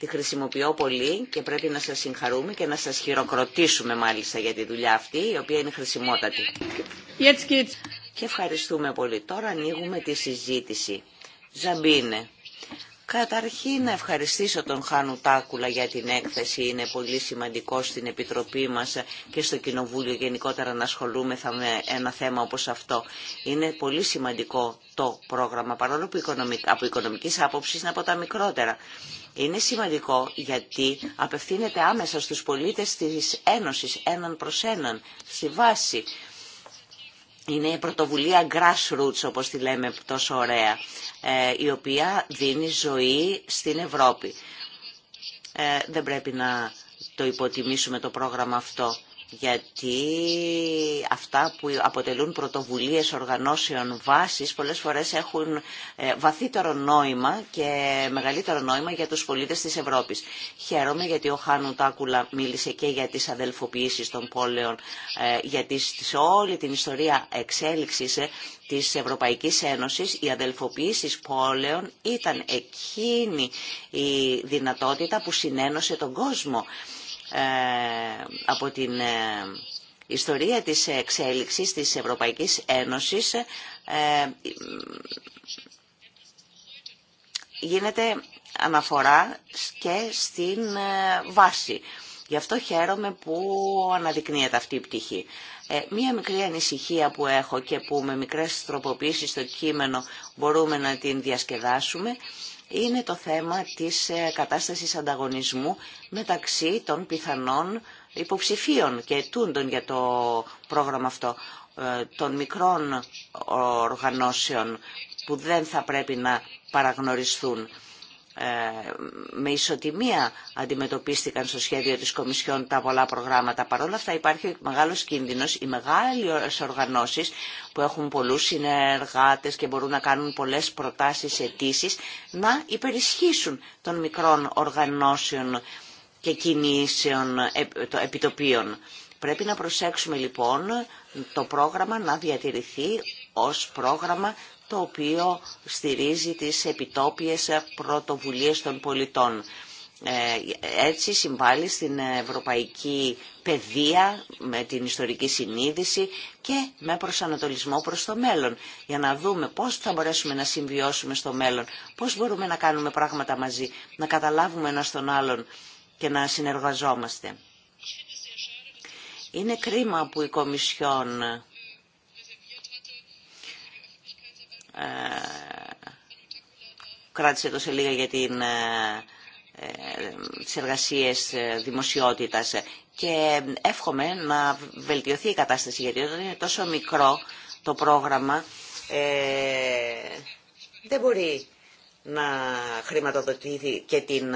Τη χρησιμοποιώ πολύ και πρέπει να σας συγχαρούμε και να σας χειροκροτήσουμε μάλιστα για τη δουλειά αυτή, η οποία είναι χρησιμότατη. Και ευχαριστούμε πολύ. Τώρα ανοίγουμε τη συζήτηση. Ζαμπίνε. Καταρχήν να ευχαριστήσω τον Χάνου Τάκουλα για την έκθεση. Είναι πολύ σημαντικό στην Επιτροπή μας και στο Κοινοβούλιο γενικότερα να ασχολούμεθα με ένα θέμα όπως αυτό. Είναι πολύ σημαντικό το πρόγραμμα, παρόλο που από οικονομικής άποψης είναι από τα μικρότερα. Είναι σημαντικό γιατί απευθύνεται άμεσα στους πολίτες της Ένωσης, έναν προς έναν, στη βάση. Είναι η πρωτοβουλία grassroots, όπως τη λέμε τόσο ωραία, ε, η οποία δίνει ζωή στην Ευρώπη. Ε, δεν πρέπει να το υποτιμήσουμε το πρόγραμμα αυτό γιατί αυτά που αποτελούν πρωτοβουλίες οργανώσεων βάσης πολλές φορές έχουν ε, βαθύτερο νόημα και μεγαλύτερο νόημα για τους πολίτες της Ευρώπης. Χαίρομαι γιατί ο Χάνου Τάκουλα μίλησε και για τις αδελφοποιήσεις των πόλεων, ε, γιατί σε όλη την ιστορία εξέλιξη ε, της Ευρωπαϊκής Ένωσης οι αδελφοποιήσεις πόλεων ήταν εκείνη η δυνατότητα που συνένωσε τον κόσμο. Ε, από την ε, ιστορία της εξέλιξης της Ευρωπαϊκής Ένωσης ε, γίνεται αναφορά και στην βάση. Γι' αυτό χαίρομαι που αναδεικνύεται αυτή η πτυχή. μία μικρή ανησυχία που έχω και που με μικρές τροποποίησεις στο κείμενο μπορούμε να την διασκεδάσουμε είναι το θέμα της ε, κατάστασης ανταγωνισμού μεταξύ των πιθανών υποψηφίων και ετούντων για το πρόγραμμα αυτό ε, των μικρών ε, οργανώσεων που δεν θα πρέπει να παραγνωριστούν. Ε, με ισοτιμία αντιμετωπίστηκαν στο σχέδιο της Κομισιόν τα πολλά προγράμματα. Παρ' όλα αυτά υπάρχει μεγάλος κίνδυνος. Οι μεγάλες οργανώσεις που έχουν πολλούς συνεργάτες και μπορούν να κάνουν πολλές προτάσεις αιτήσει να υπερισχύσουν των μικρών οργανώσεων και κινήσεων επιτοπίων. Πρέπει να προσέξουμε λοιπόν το πρόγραμμα να διατηρηθεί ως πρόγραμμα το οποίο στηρίζει τις επιτόπιες πρωτοβουλίες των πολιτών. Ε, έτσι συμβάλλει στην ευρωπαϊκή παιδεία με την ιστορική συνείδηση και με προσανατολισμό προς το μέλλον για να δούμε πώς θα μπορέσουμε να συμβιώσουμε στο μέλλον, πώς μπορούμε να κάνουμε πράγματα μαζί, να καταλάβουμε ένα τον άλλον και να συνεργαζόμαστε. Είναι κρίμα που η Κομισιόν Ε, κράτησε το σε λίγα για την, ε, ε, τις εργασίες δημοσιότητας και εύχομαι να βελτιωθεί η κατάσταση γιατί όταν είναι τόσο μικρό το πρόγραμμα δεν μπορεί να χρηματοδοτεί και την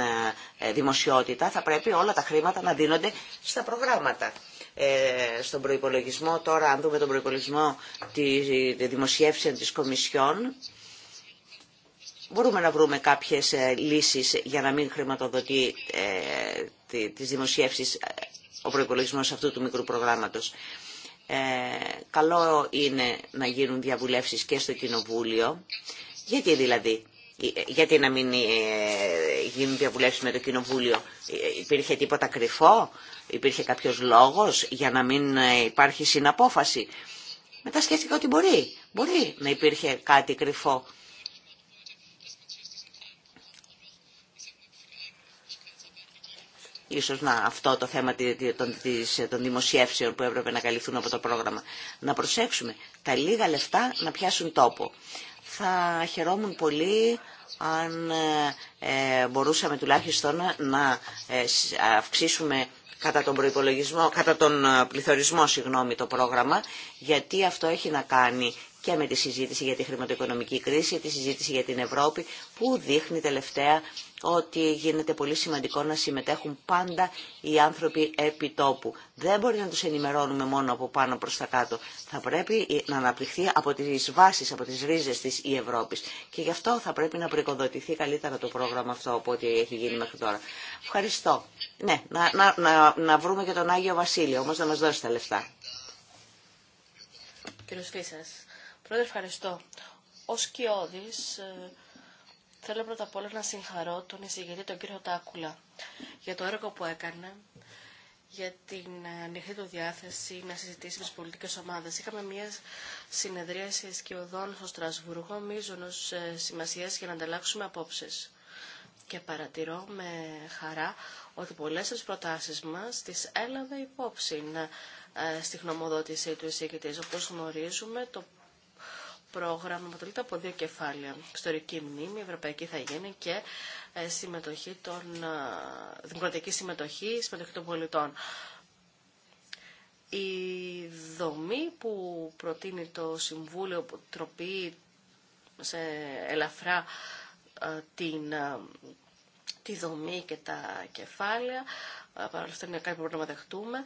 δημοσιότητα θα πρέπει όλα τα χρήματα να δίνονται στα προγράμματα ε, στον προϋπολογισμό, τώρα αν δούμε τον προϋπολογισμό τη δημοσιεύσεων της Κομισιόν, μπορούμε να βρούμε κάποιες ε, λύσεις για να μην χρηματοδοτεί ε, τις δημοσιεύσεις ο προϋπολογισμός αυτού του μικρού προγράμματος. καλό είναι να γίνουν διαβουλεύσεις και στο Κοινοβούλιο. Γιατί δηλαδή γιατί να μην ε, γίνουν διαβουλεύσει με το Κοινοβούλιο. Ε, υπήρχε τίποτα κρυφό, υπήρχε κάποιος λόγος για να μην ε, υπάρχει συναπόφαση. Μετά σκέφτηκα ότι μπορεί, μπορεί να υπήρχε κάτι κρυφό. ίσως να αυτό το θέμα των, των δημοσιεύσεων που έπρεπε να καλυφθούν από το πρόγραμμα. Να προσέξουμε τα λίγα λεφτά να πιάσουν τόπο. Θα χαιρόμουν πολύ αν ε, μπορούσαμε τουλάχιστον να ε, αυξήσουμε κατά τον, προϋπολογισμό, κατά τον ε, πληθωρισμό συγγνώμη, το πρόγραμμα, γιατί αυτό έχει να κάνει και με τη συζήτηση για τη χρηματοοικονομική κρίση, τη συζήτηση για την Ευρώπη, που δείχνει τελευταία ότι γίνεται πολύ σημαντικό να συμμετέχουν πάντα οι άνθρωποι επί τόπου. Δεν μπορεί να τους ενημερώνουμε μόνο από πάνω προς τα κάτω. Θα πρέπει να αναπτυχθεί από τις βάσεις, από τις ρίζες της η Ευρώπη. Και γι' αυτό θα πρέπει να προοικοδοτηθεί καλύτερα το πρόγραμμα αυτό από ό,τι έχει γίνει μέχρι τώρα. Ευχαριστώ. Ναι, να, να, να, να βρούμε και τον Άγιο Βασίλειο, όμως να μας δώσει τα λεφτά. Κύριο Φίσας, πρώτα ευχαριστώ. Ως ε, Θέλω πρώτα απ' όλα να συγχαρώ τον εισηγητή τον κύριο Τάκουλα για το έργο που έκανε για την ε, ανοιχτή του διάθεση να συζητήσει με τι πολιτικέ ομάδε. Είχαμε μια συνεδρία σε σκιωδών στο Στρασβούργο, μείζονο ε, σημασία για να ανταλλάξουμε απόψει. Και παρατηρώ με χαρά ότι πολλέ τι προτάσει μα τι έλαβε υπόψη ε, στη γνωμοδότησή του εισηγητή. Όπω γνωρίζουμε, το πρόγραμμα αποτελείται από δύο κεφάλαια. Ιστορική μνήμη, ευρωπαϊκή θα γίνει και ε, συμμετοχή των, ε, δημοκρατική συμμετοχή, συμμετοχή των πολιτών. Η δομή που προτείνει το Συμβούλιο που τροπεί σε ελαφρά ε, την, τη δομή και τα κεφάλαια, παρόλο αυτά είναι κάτι που μπορούμε να δεχτούμε.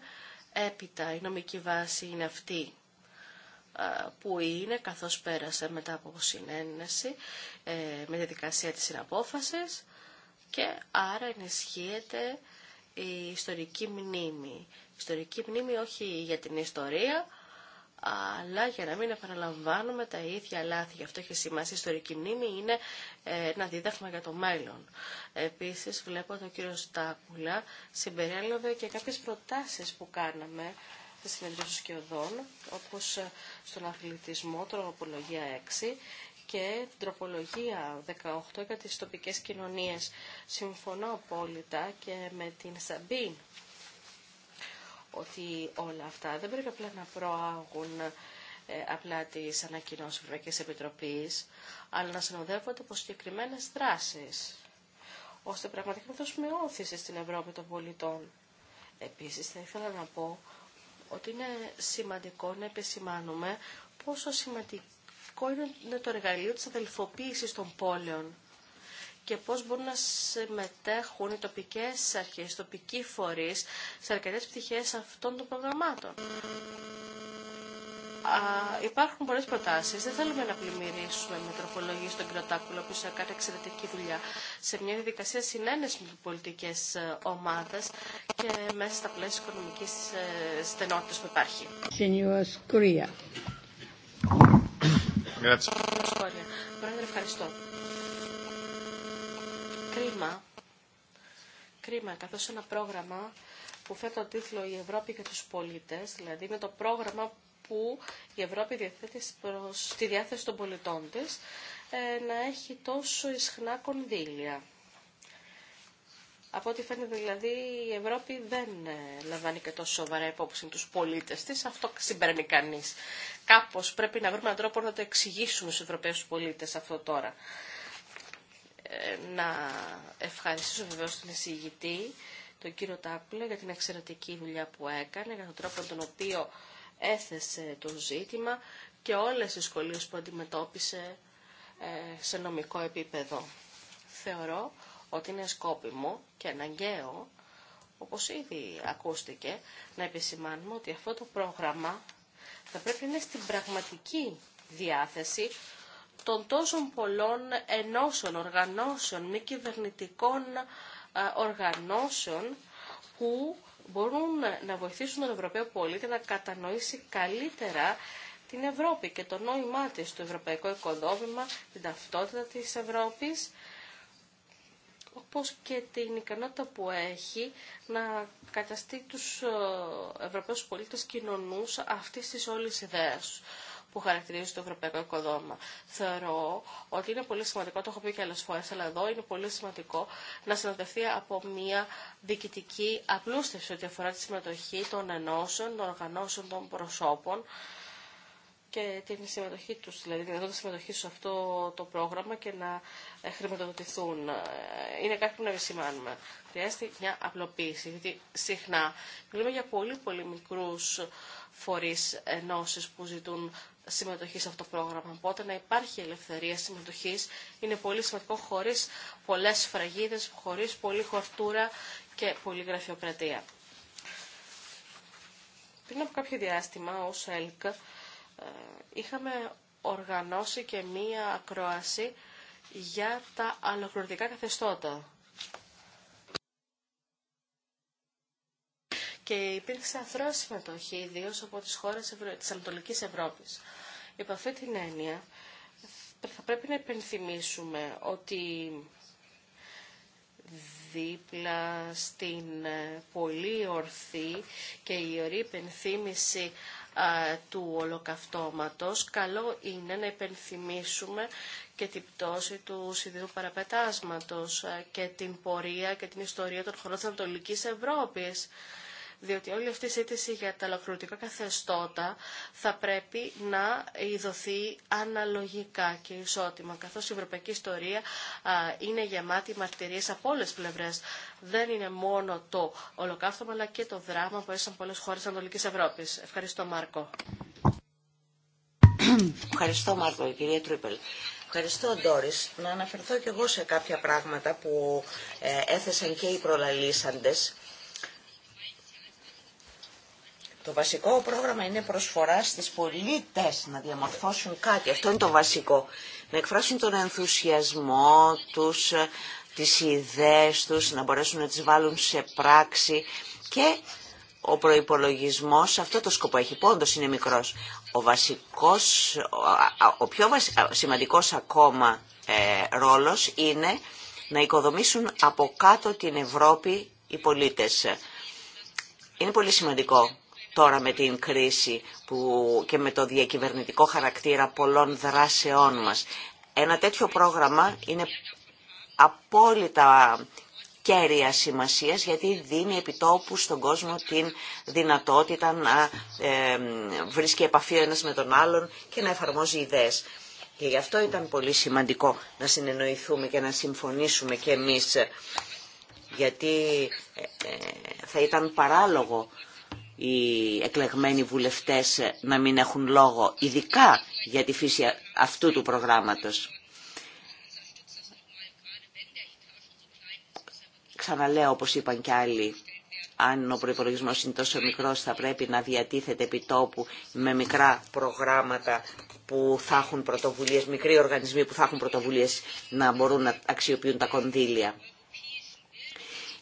Έπειτα η νομική βάση είναι αυτή που είναι καθώς πέρασε μετά από συνένεση ε, με τη δικασία της συναπόφασης και άρα ενισχύεται η ιστορική μνήμη. Η ιστορική μνήμη όχι για την ιστορία, αλλά για να μην επαναλαμβάνουμε τα ίδια λάθη. Γι' αυτό έχει σημασία η ιστορική μνήμη, είναι ε, ένα δίδαγμα για το μέλλον. Επίσης βλέπω ότι ο κύριος Στάκουλα συμπεριέλαβε και κάποιες προτάσεις που κάναμε τη συνεδρία και όπως ε, στον αθλητισμό, τροπολογία 6 και τροπολογία 18 για τις τοπικές κοινωνίες. Συμφωνώ απόλυτα και με την Σαμπίν ότι όλα αυτά δεν πρέπει απλά να προάγουν ε, απλά τις ανακοινώσεις Ευρωπαϊκής Επιτροπής, αλλά να συνοδεύονται από συγκεκριμένε δράσεις, ώστε πραγματικά να δώσουμε όθηση στην Ευρώπη των πολιτών. Επίσης, θα ήθελα να πω ότι είναι σημαντικό να επισημάνουμε πόσο σημαντικό είναι το εργαλείο της αδελφοποίησης των πόλεων και πώς μπορούν να συμμετέχουν οι τοπικές αρχές, οι τοπικοί φορείς σε αρκετές πτυχές αυτών των προγραμμάτων υπάρχουν πολλές προτάσεις. Δεν θέλουμε να πλημμυρίσουμε με τροφολογίες στον Κροτάκουλο που είσαι κάνει εξαιρετική δουλειά σε μια διαδικασία συνένεση με πολιτικές ε, ομάδες και μέσα στα πλαίσια οικονομικής ε, στενότητας που υπάρχει. Πρόεδρε, ευχαριστώ. Κρίμα. Κρίμα, καθώς ένα πρόγραμμα που φέρει τον τίτλο «Η Ευρώπη και τους πολίτες», δηλαδή είναι το πρόγραμμα που η Ευρώπη διαθέτει προς τη διάθεση των πολιτών της ε, να έχει τόσο ισχνά κονδύλια. Από ό,τι φαίνεται δηλαδή η Ευρώπη δεν ε, λαμβάνει και τόσο σοβαρά υπόψη τους πολίτες της. Αυτό συμπερνεί κανεί. Κάπως πρέπει να βρούμε έναν τρόπο να το εξηγήσουμε στους Ευρωπαίους πολίτες αυτό τώρα. Ε, να ευχαριστήσω βεβαίως τον εισηγητή, τον κύριο Τάπλε, για την εξαιρετική δουλειά που έκανε, για τον τρόπο τον οποίο έθεσε το ζήτημα και όλες οι σχολείες που αντιμετώπισε ε, σε νομικό επίπεδο. Θεωρώ ότι είναι σκόπιμο και αναγκαίο, όπως ήδη ακούστηκε, να επισημάνουμε ότι αυτό το πρόγραμμα θα πρέπει να είναι στην πραγματική διάθεση των τόσων πολλών ενώσεων, οργανώσεων, μη κυβερνητικών ε, οργανώσεων που μπορούν να βοηθήσουν τον Ευρωπαίο πολίτη να κατανοήσει καλύτερα την Ευρώπη και το νόημά της, το ευρωπαϊκό οικοδόμημα, την ταυτότητα της Ευρώπης, όπως και την ικανότητα που έχει να καταστεί τους ε, Ευρωπαίους πολίτες κοινωνούς αυτής της όλης ιδέας που χαρακτηρίζει το ευρωπαϊκό οικοδόμημα. Θεωρώ ότι είναι πολύ σημαντικό, το έχω πει και άλλε φορέ, αλλά εδώ είναι πολύ σημαντικό να συνοδευτεί από μια διοικητική απλούστευση ό,τι αφορά τη συμμετοχή των ενώσεων, των οργανώσεων, των προσώπων και την συμμετοχή τους, δηλαδή δυνατότητα συμμετοχή σε αυτό το πρόγραμμα και να ε, χρηματοδοτηθούν. Ε, είναι κάτι που να επισημάνουμε. Χρειάζεται μια απλοποίηση, γιατί συχνά μιλούμε για πολύ πολύ μικρούς φορείς ενώσεις που ζητούν συμμετοχή σε αυτό το πρόγραμμα. Οπότε να υπάρχει ελευθερία συμμετοχή, είναι πολύ σημαντικό χωρί πολλέ φραγίδε, χωρί πολλή χορτούρα και πολλή γραφειοκρατία. Πριν από κάποιο διάστημα, ω ΕΛΚ, ε, είχαμε οργανώσει και μία ακρόαση για τα αλλοκληρωτικά καθεστώτα. Και υπήρξε αθρώα συμμετοχή, ιδίω από τις χώρες της Ανατολικής Ευρώπης. Υπό αυτή την έννοια, θα πρέπει να υπενθυμίσουμε ότι δίπλα στην ε, πολύ ορθή και η υπενθύμηση του ολοκαυτώματος, καλό είναι να υπενθυμίσουμε και την πτώση του σιδηρού παραπετάσματος και την πορεία και την ιστορία των χωρών της Ανατολικής Ευρώπης διότι όλη αυτή η σύντηση για τα ολοκληρωτικά καθεστώτα θα πρέπει να ειδωθεί αναλογικά και ισότιμα, καθώς η ευρωπαϊκή ιστορία είναι γεμάτη μαρτυρίες από όλες τις πλευρές. Δεν είναι μόνο το ολοκαύτωμα, αλλά και το δράμα που έζησαν πολλές χώρες της Ανατολικής Ευρώπης. Ευχαριστώ, Μάρκο. Ευχαριστώ, Μάρκο, κυρία Τρούπελ. Ευχαριστώ, Ντόρι. Να αναφερθώ κι εγώ σε κάποια πράγματα που ε, έθεσαν και οι προλαλήσαντες Το βασικό πρόγραμμα είναι προσφορά στις πολίτες να διαμορφώσουν κάτι. Αυτό είναι το βασικό. Να εκφράσουν τον ενθουσιασμό τους, ε, τις ιδέες τους, να μπορέσουν να τις βάλουν σε πράξη και ο προϋπολογισμός αυτό το σκοπό έχει, πόντος είναι μικρός. Ο βασικός, ο πιο σημαντικός ακόμα ε, ρόλος είναι να οικοδομήσουν από κάτω την Ευρώπη οι πολίτες. Είναι πολύ σημαντικό τώρα με την κρίση που και με το διακυβερνητικό χαρακτήρα πολλών δράσεών μας. Ένα τέτοιο πρόγραμμα είναι απόλυτα κέρια σημασία γιατί δίνει επιτόπου στον κόσμο την δυνατότητα να βρίσκει επαφή ο ένας με τον άλλον και να εφαρμόζει ιδέες. Και γι' αυτό ήταν πολύ σημαντικό να συνεννοηθούμε και να συμφωνήσουμε και εμείς γιατί ε, ε, θα ήταν παράλογο οι εκλεγμένοι βουλευτές να μην έχουν λόγο, ειδικά για τη φύση αυτού του προγράμματος. Ξαναλέω, όπως είπαν κι άλλοι, αν ο προπολογισμό είναι τόσο μικρός θα πρέπει να διατίθεται επιτόπου με μικρά προγράμματα που θα έχουν πρωτοβουλίες, μικροί οργανισμοί που θα έχουν πρωτοβουλίες να μπορούν να αξιοποιούν τα κονδύλια.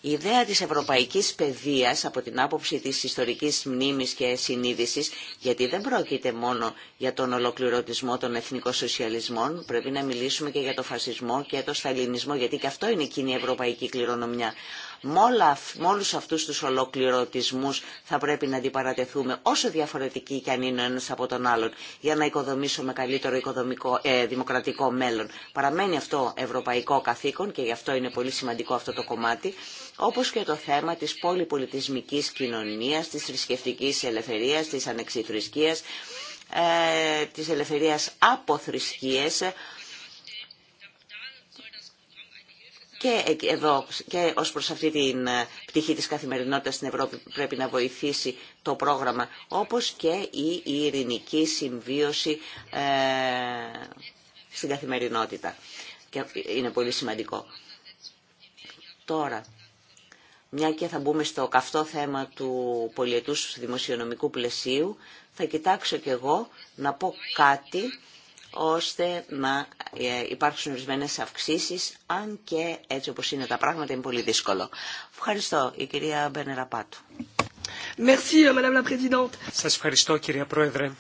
Η ιδέα της ευρωπαϊκής παιδείας από την άποψη της ιστορικής μνήμης και συνείδησης, γιατί δεν πρόκειται μόνο για τον ολοκληρωτισμό των εθνικών σοσιαλισμών, πρέπει να μιλήσουμε και για το φασισμό και το σταλινισμό, γιατί και αυτό είναι κοινή ευρωπαϊκή κληρονομιά. Με όλους αυτούς τους ολοκληρωτισμούς θα πρέπει να αντιπαρατεθούμε όσο διαφορετικοί και αν είναι ο ένας από τον άλλον για να οικοδομήσουμε καλύτερο οικοδομικό, ε, δημοκρατικό μέλλον. Παραμένει αυτό ευρωπαϊκό καθήκον και γι' αυτό είναι πολύ σημαντικό αυτό το κομμάτι όπως και το θέμα της πολυπολιτισμικής κοινωνίας, της θρησκευτική ελευθερίας, της ανεξιθρησκείας, ε, της ελευθερίας από θρησκείες, και εδώ και ως προς αυτή την ε, πτυχή της καθημερινότητας στην Ευρώπη πρέπει να βοηθήσει το πρόγραμμα, όπως και η ειρηνική συμβίωση ε, στην καθημερινότητα. Και είναι πολύ σημαντικό. Τώρα, μια και θα μπούμε στο καυτό θέμα του πολιετούς δημοσιονομικού πλαισίου, θα κοιτάξω κι εγώ να πω κάτι ώστε να ε, υπάρξουν ορισμένε αυξήσει, αν και έτσι όπω είναι τα πράγματα είναι πολύ δύσκολο. Ευχαριστώ, η κυρία Μπενεραπάτου. Merci, euh, Σας ευχαριστώ, κυρία Πρόεδρε.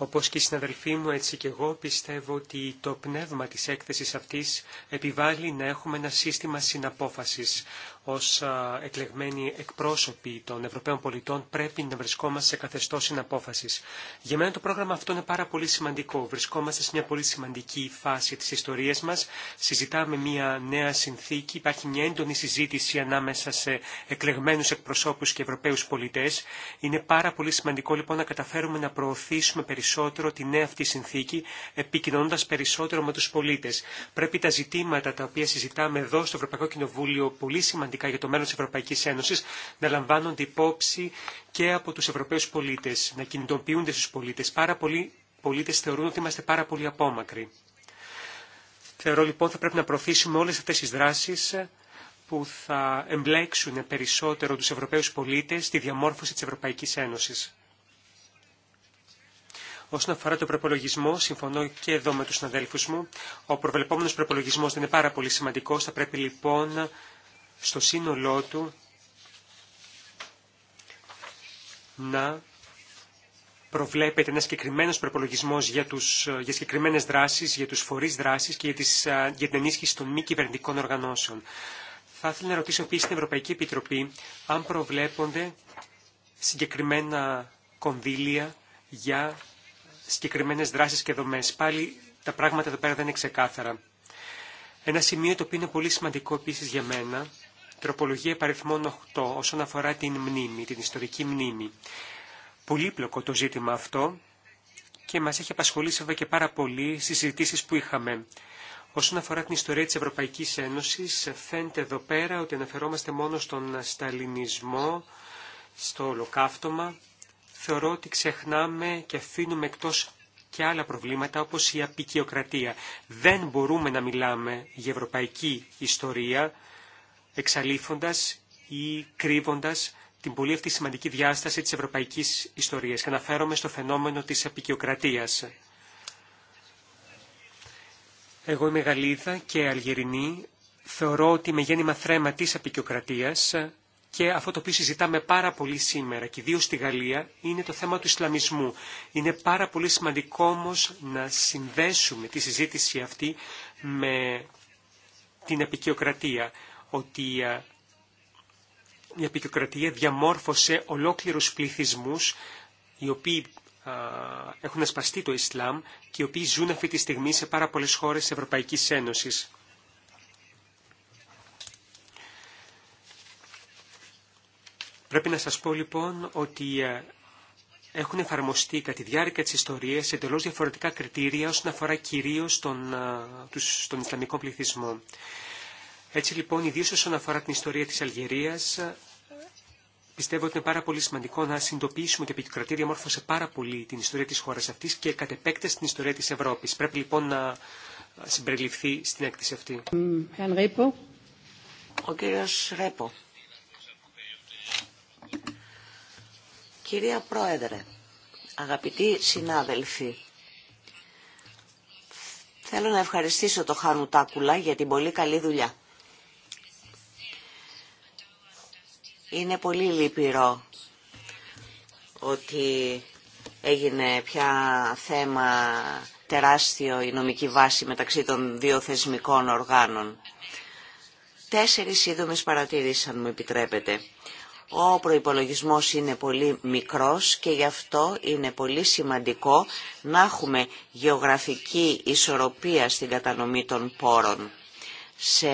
Όπως και οι συναδελφοί μου, έτσι και εγώ πιστεύω ότι το πνεύμα της έκθεσης αυτής επιβάλλει να έχουμε ένα σύστημα συναπόφασης. Ως εκλεγμένοι εκπρόσωποι των Ευρωπαίων πολιτών πρέπει να βρισκόμαστε σε καθεστώς συναπόφασης. Για μένα το πρόγραμμα αυτό είναι πάρα πολύ σημαντικό. Βρισκόμαστε σε μια πολύ σημαντική φάση της ιστορίας μας. Συζητάμε μια νέα συνθήκη. Υπάρχει μια έντονη συζήτηση ανάμεσα σε εκλεγμένους εκπροσώπους και Ευρωπαίους πολιτές. Είναι πάρα πολύ σημαντικό λοιπόν να καταφέρουμε να προωθήσουμε περισσότερο περισσότερο τη νέα αυτή συνθήκη, επικοινωνώντα περισσότερο με του πολίτες. Πρέπει τα ζητήματα τα οποία συζητάμε εδώ στο Ευρωπαϊκό Κοινοβούλιο, πολύ σημαντικά για το μέλλον της Ευρωπαϊκής Ένωσης, να λαμβάνονται υπόψη και από τους Ευρωπαίους πολίτες, να κινητοποιούνται στου πολίτες. Πάρα πολλοί πολίτες θεωρούν ότι είμαστε πάρα πολύ απόμακροι. Θεωρώ λοιπόν θα πρέπει να προωθήσουμε όλες αυτές τις δράσεις που θα εμπλέξουν περισσότερο τους Ευρωπαίους πολίτες στη διαμόρφωση της Ευρωπαϊκής Ένωσης. Όσον αφορά τον προπολογισμό, συμφωνώ και εδώ με του συναδέλφου μου. Ο προβλεπόμενος προπολογισμό δεν είναι πάρα πολύ σημαντικό. Θα πρέπει λοιπόν στο σύνολό του να προβλέπεται ένα συγκεκριμένο προπολογισμό για, τους, για συγκεκριμένε δράσει, για του φορεί δράση και για, τις, για την ενίσχυση των μη κυβερνητικών οργανώσεων. Θα ήθελα να ρωτήσω επίση την Ευρωπαϊκή Επιτροπή αν προβλέπονται συγκεκριμένα κονδύλια για συγκεκριμένε δράσει και δομέ. Πάλι τα πράγματα εδώ πέρα δεν είναι ξεκάθαρα. Ένα σημείο το οποίο είναι πολύ σημαντικό επίση για μένα, τροπολογία παριθμών 8, όσον αφορά την μνήμη, την ιστορική μνήμη. Πολύπλοκο το ζήτημα αυτό και μας έχει απασχολήσει εδώ και πάρα πολύ στις συζητήσει που είχαμε. Όσον αφορά την ιστορία της Ευρωπαϊκής Ένωσης, φαίνεται εδώ πέρα ότι αναφερόμαστε μόνο στον σταλινισμό, στο ολοκαύτωμα θεωρώ ότι ξεχνάμε και αφήνουμε εκτός και άλλα προβλήματα όπως η απεικιοκρατία. Δεν μπορούμε να μιλάμε για ευρωπαϊκή ιστορία εξαλείφοντας ή κρύβοντας την πολύ αυτή σημαντική διάσταση της ευρωπαϊκής ιστορίας. Και αναφέρομαι στο φαινόμενο της απεικιοκρατίας. Εγώ είμαι Γαλλίδα και Αλγερινή. Θεωρώ ότι με γέννημα θρέμα της απεικιοκρατίας και αυτό το οποίο συζητάμε πάρα πολύ σήμερα και ιδίω στη Γαλλία είναι το θέμα του Ισλαμισμού. Είναι πάρα πολύ σημαντικό όμω να συνδέσουμε τη συζήτηση αυτή με την απεικιοκρατία. Ότι η απεικιοκρατία διαμόρφωσε ολόκληρους πληθυσμούς οι οποίοι έχουν ασπαστεί το Ισλάμ και οι οποίοι ζουν αυτή τη στιγμή σε πάρα πολλές χώρες της Ευρωπαϊκής Ένωσης. Πρέπει να σας πω λοιπόν ότι ε, έχουν εφαρμοστεί κατά τη διάρκεια της ιστορίας εντελώς διαφορετικά κριτήρια όσον αφορά κυρίως τον, ε, τους, τον Ισλαμικό πληθυσμό. Έτσι λοιπόν, ιδίως όσον αφορά την ιστορία της Αλγερίας, ε, πιστεύω ότι είναι πάρα πολύ σημαντικό να συνειδητοποιήσουμε ότι η επικρατή διαμόρφωσε πάρα πολύ την ιστορία της χώρας αυτής και κατ' επέκταση την ιστορία της Ευρώπης. Πρέπει λοιπόν να συμπεριληφθεί στην έκθεση αυτή. Κυρία Πρόεδρε, αγαπητοί συνάδελφοι, θέλω να ευχαριστήσω το Χάνου Τάκουλα για την πολύ καλή δουλειά. Είναι πολύ λυπηρό ότι έγινε πια θέμα τεράστιο η νομική βάση μεταξύ των δύο θεσμικών οργάνων. Τέσσερις σύντομες παρατηρήσεις, αν μου επιτρέπετε. Ο προϋπολογισμός είναι πολύ μικρός και γι' αυτό είναι πολύ σημαντικό να έχουμε γεωγραφική ισορροπία στην κατανομή των πόρων σε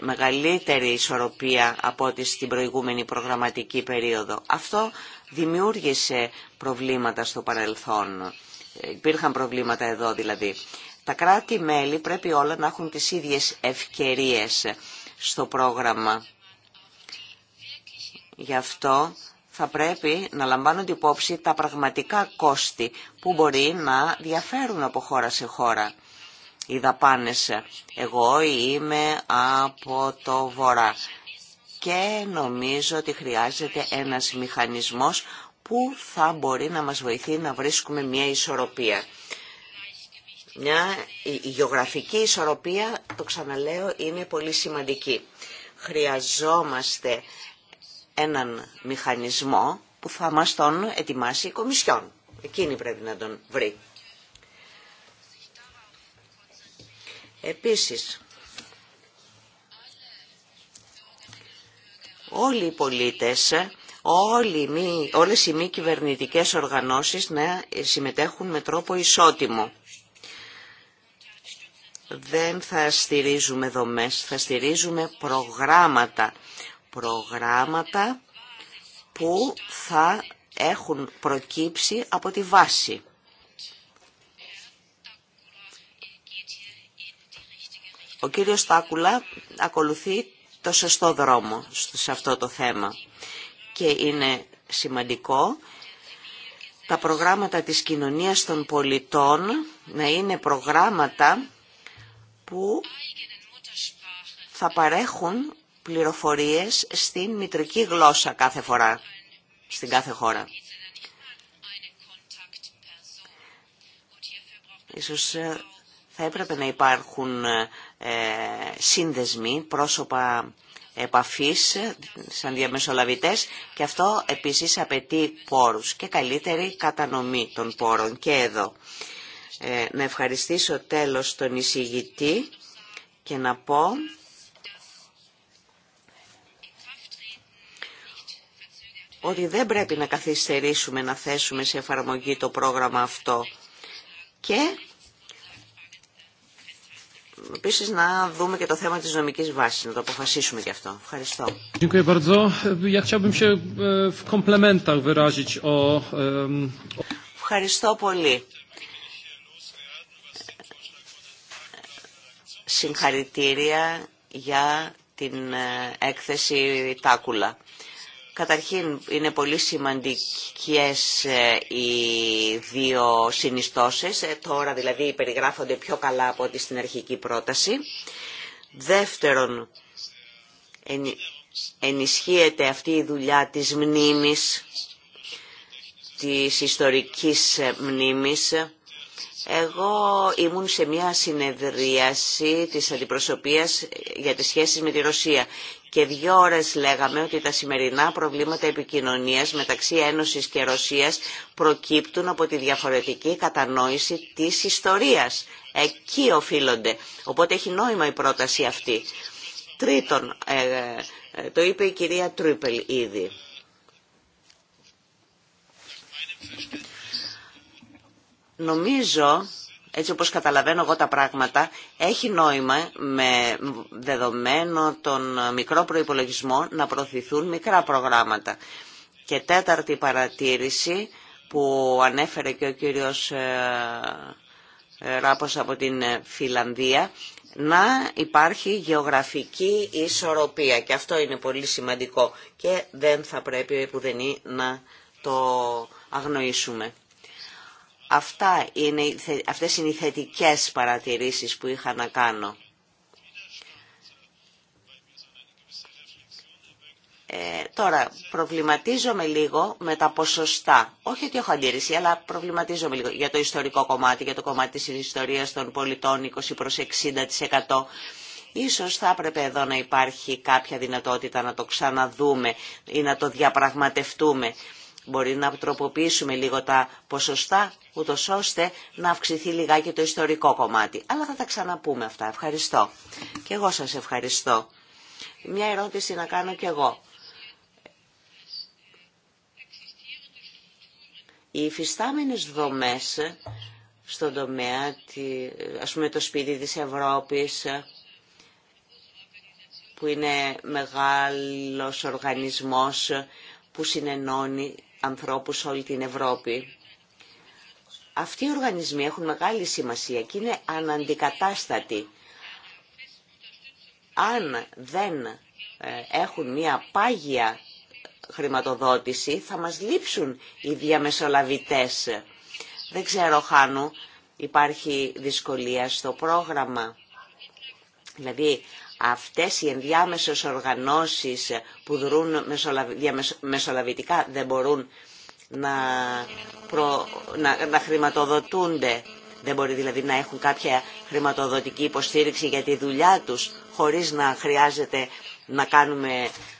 μεγαλύτερη ισορροπία από ό,τι στην προηγούμενη προγραμματική περίοδο. Αυτό δημιούργησε προβλήματα στο παρελθόν. Υπήρχαν προβλήματα εδώ δηλαδή. Τα κράτη-μέλη πρέπει όλα να έχουν τις ίδιες ευκαιρίες στο πρόγραμμα Γι' αυτό θα πρέπει να λαμβάνονται υπόψη τα πραγματικά κόστη που μπορεί να διαφέρουν από χώρα σε χώρα. Οι δαπάνες. Εγώ είμαι από το βορρά και νομίζω ότι χρειάζεται ένας μηχανισμός που θα μπορεί να μας βοηθεί να βρίσκουμε μια ισορροπία. Μια η γεωγραφική ισορροπία, το ξαναλέω, είναι πολύ σημαντική. Χρειαζόμαστε έναν μηχανισμό που θα μας τον ετοιμάσει η Κομισιόν. Εκείνη πρέπει να τον βρει. Επίσης, όλοι οι πολίτες, όλοι, μη, όλες οι μη κυβερνητικές οργανώσεις να συμμετέχουν με τρόπο ισότιμο. Δεν θα στηρίζουμε δομές, θα στηρίζουμε προγράμματα προγράμματα που θα έχουν προκύψει από τη βάση. Ο κύριος Στάκουλα ακολουθεί το σωστό δρόμο σε αυτό το θέμα και είναι σημαντικό τα προγράμματα της κοινωνίας των πολιτών να είναι προγράμματα που θα παρέχουν πληροφορίες στην μητρική γλώσσα κάθε φορά, στην κάθε χώρα. Ίσως ε, θα έπρεπε να υπάρχουν ε, σύνδεσμοι, πρόσωπα επαφής ε, σαν διαμεσολαβητές και αυτό επίσης απαιτεί πόρους και καλύτερη κατανομή των πόρων και εδώ. να ευχαριστήσω τέλος τον εισηγητή και να πω ότι δεν πρέπει να καθυστερήσουμε να θέσουμε σε εφαρμογή το πρόγραμμα αυτό. Και Επίση να δούμε και το θέμα της νομικής βάσης, να το αποφασίσουμε και αυτό. Ευχαριστώ. Ευχαριστώ πολύ. Συγχαρητήρια για την ε, έκθεση Τάκουλα. Καταρχήν είναι πολύ σημαντικές ε, οι δύο συνιστώσεις, ε, τώρα δηλαδή περιγράφονται πιο καλά από ό,τι στην αρχική πρόταση. Δεύτερον, ενισχύεται αυτή η δουλειά της μνήμης, της ιστορικής ε, μνήμης, εγώ ήμουν σε μια συνεδρίαση της αντιπροσωπείας για τις σχέσεις με τη Ρωσία και δύο ώρες λέγαμε ότι τα σημερινά προβλήματα επικοινωνίας μεταξύ Ένωσης και Ρωσίας προκύπτουν από τη διαφορετική κατανόηση της ιστορίας. Εκεί οφείλονται. Οπότε έχει νόημα η πρόταση αυτή. Τρίτον, ε, ε, το είπε η κυρία Τρούπελ ήδη. Νομίζω, έτσι όπως καταλαβαίνω εγώ τα πράγματα, έχει νόημα με δεδομένο τον μικρό προϋπολογισμό να προωθηθούν μικρά προγράμματα. Και τέταρτη παρατήρηση που ανέφερε και ο κύριος ε, ε, Ράπος από την Φιλανδία, να υπάρχει γεωγραφική ισορροπία και αυτό είναι πολύ σημαντικό και δεν θα πρέπει που δεν να το αγνοήσουμε. Αυτά είναι, αυτές είναι οι θετικές παρατηρήσεις που είχα να κάνω. Ε, τώρα, προβληματίζομαι λίγο με τα ποσοστά. Όχι ότι έχω αντίρρηση, αλλά προβληματίζομαι λίγο για το ιστορικό κομμάτι, για το κομμάτι της ιστορίας των πολιτών 20 προς 60%. Ίσως θα έπρεπε εδώ να υπάρχει κάποια δυνατότητα να το ξαναδούμε ή να το διαπραγματευτούμε. Μπορεί να τροποποιήσουμε λίγο τα ποσοστά, ούτω ώστε να αυξηθεί λιγάκι το ιστορικό κομμάτι. Αλλά θα τα ξαναπούμε αυτά. Ευχαριστώ. Και εγώ σας ευχαριστώ. Μια ερώτηση να κάνω κι εγώ. Οι υφιστάμενες δομές στον τομέα, ας πούμε το σπίτι της Ευρώπης, που είναι μεγάλος οργανισμός που συνενώνει ανθρώπους σε όλη την Ευρώπη. Αυτοί οι οργανισμοί έχουν μεγάλη σημασία και είναι αναντικατάστατοι. Αν δεν ε, έχουν μια πάγια χρηματοδότηση θα μας λείψουν οι διαμεσολαβητές. Δεν ξέρω, Χάνου, υπάρχει δυσκολία στο πρόγραμμα. Δηλαδή, αυτές οι ενδιάμεσες οργανώσεις που δρούν μεσολαβητικά δεν μπορούν να, να... χρηματοδοτούνται. Δεν μπορεί δηλαδή να έχουν κάποια χρηματοδοτική υποστήριξη για τη δουλειά τους χωρίς να χρειάζεται να κάνουμε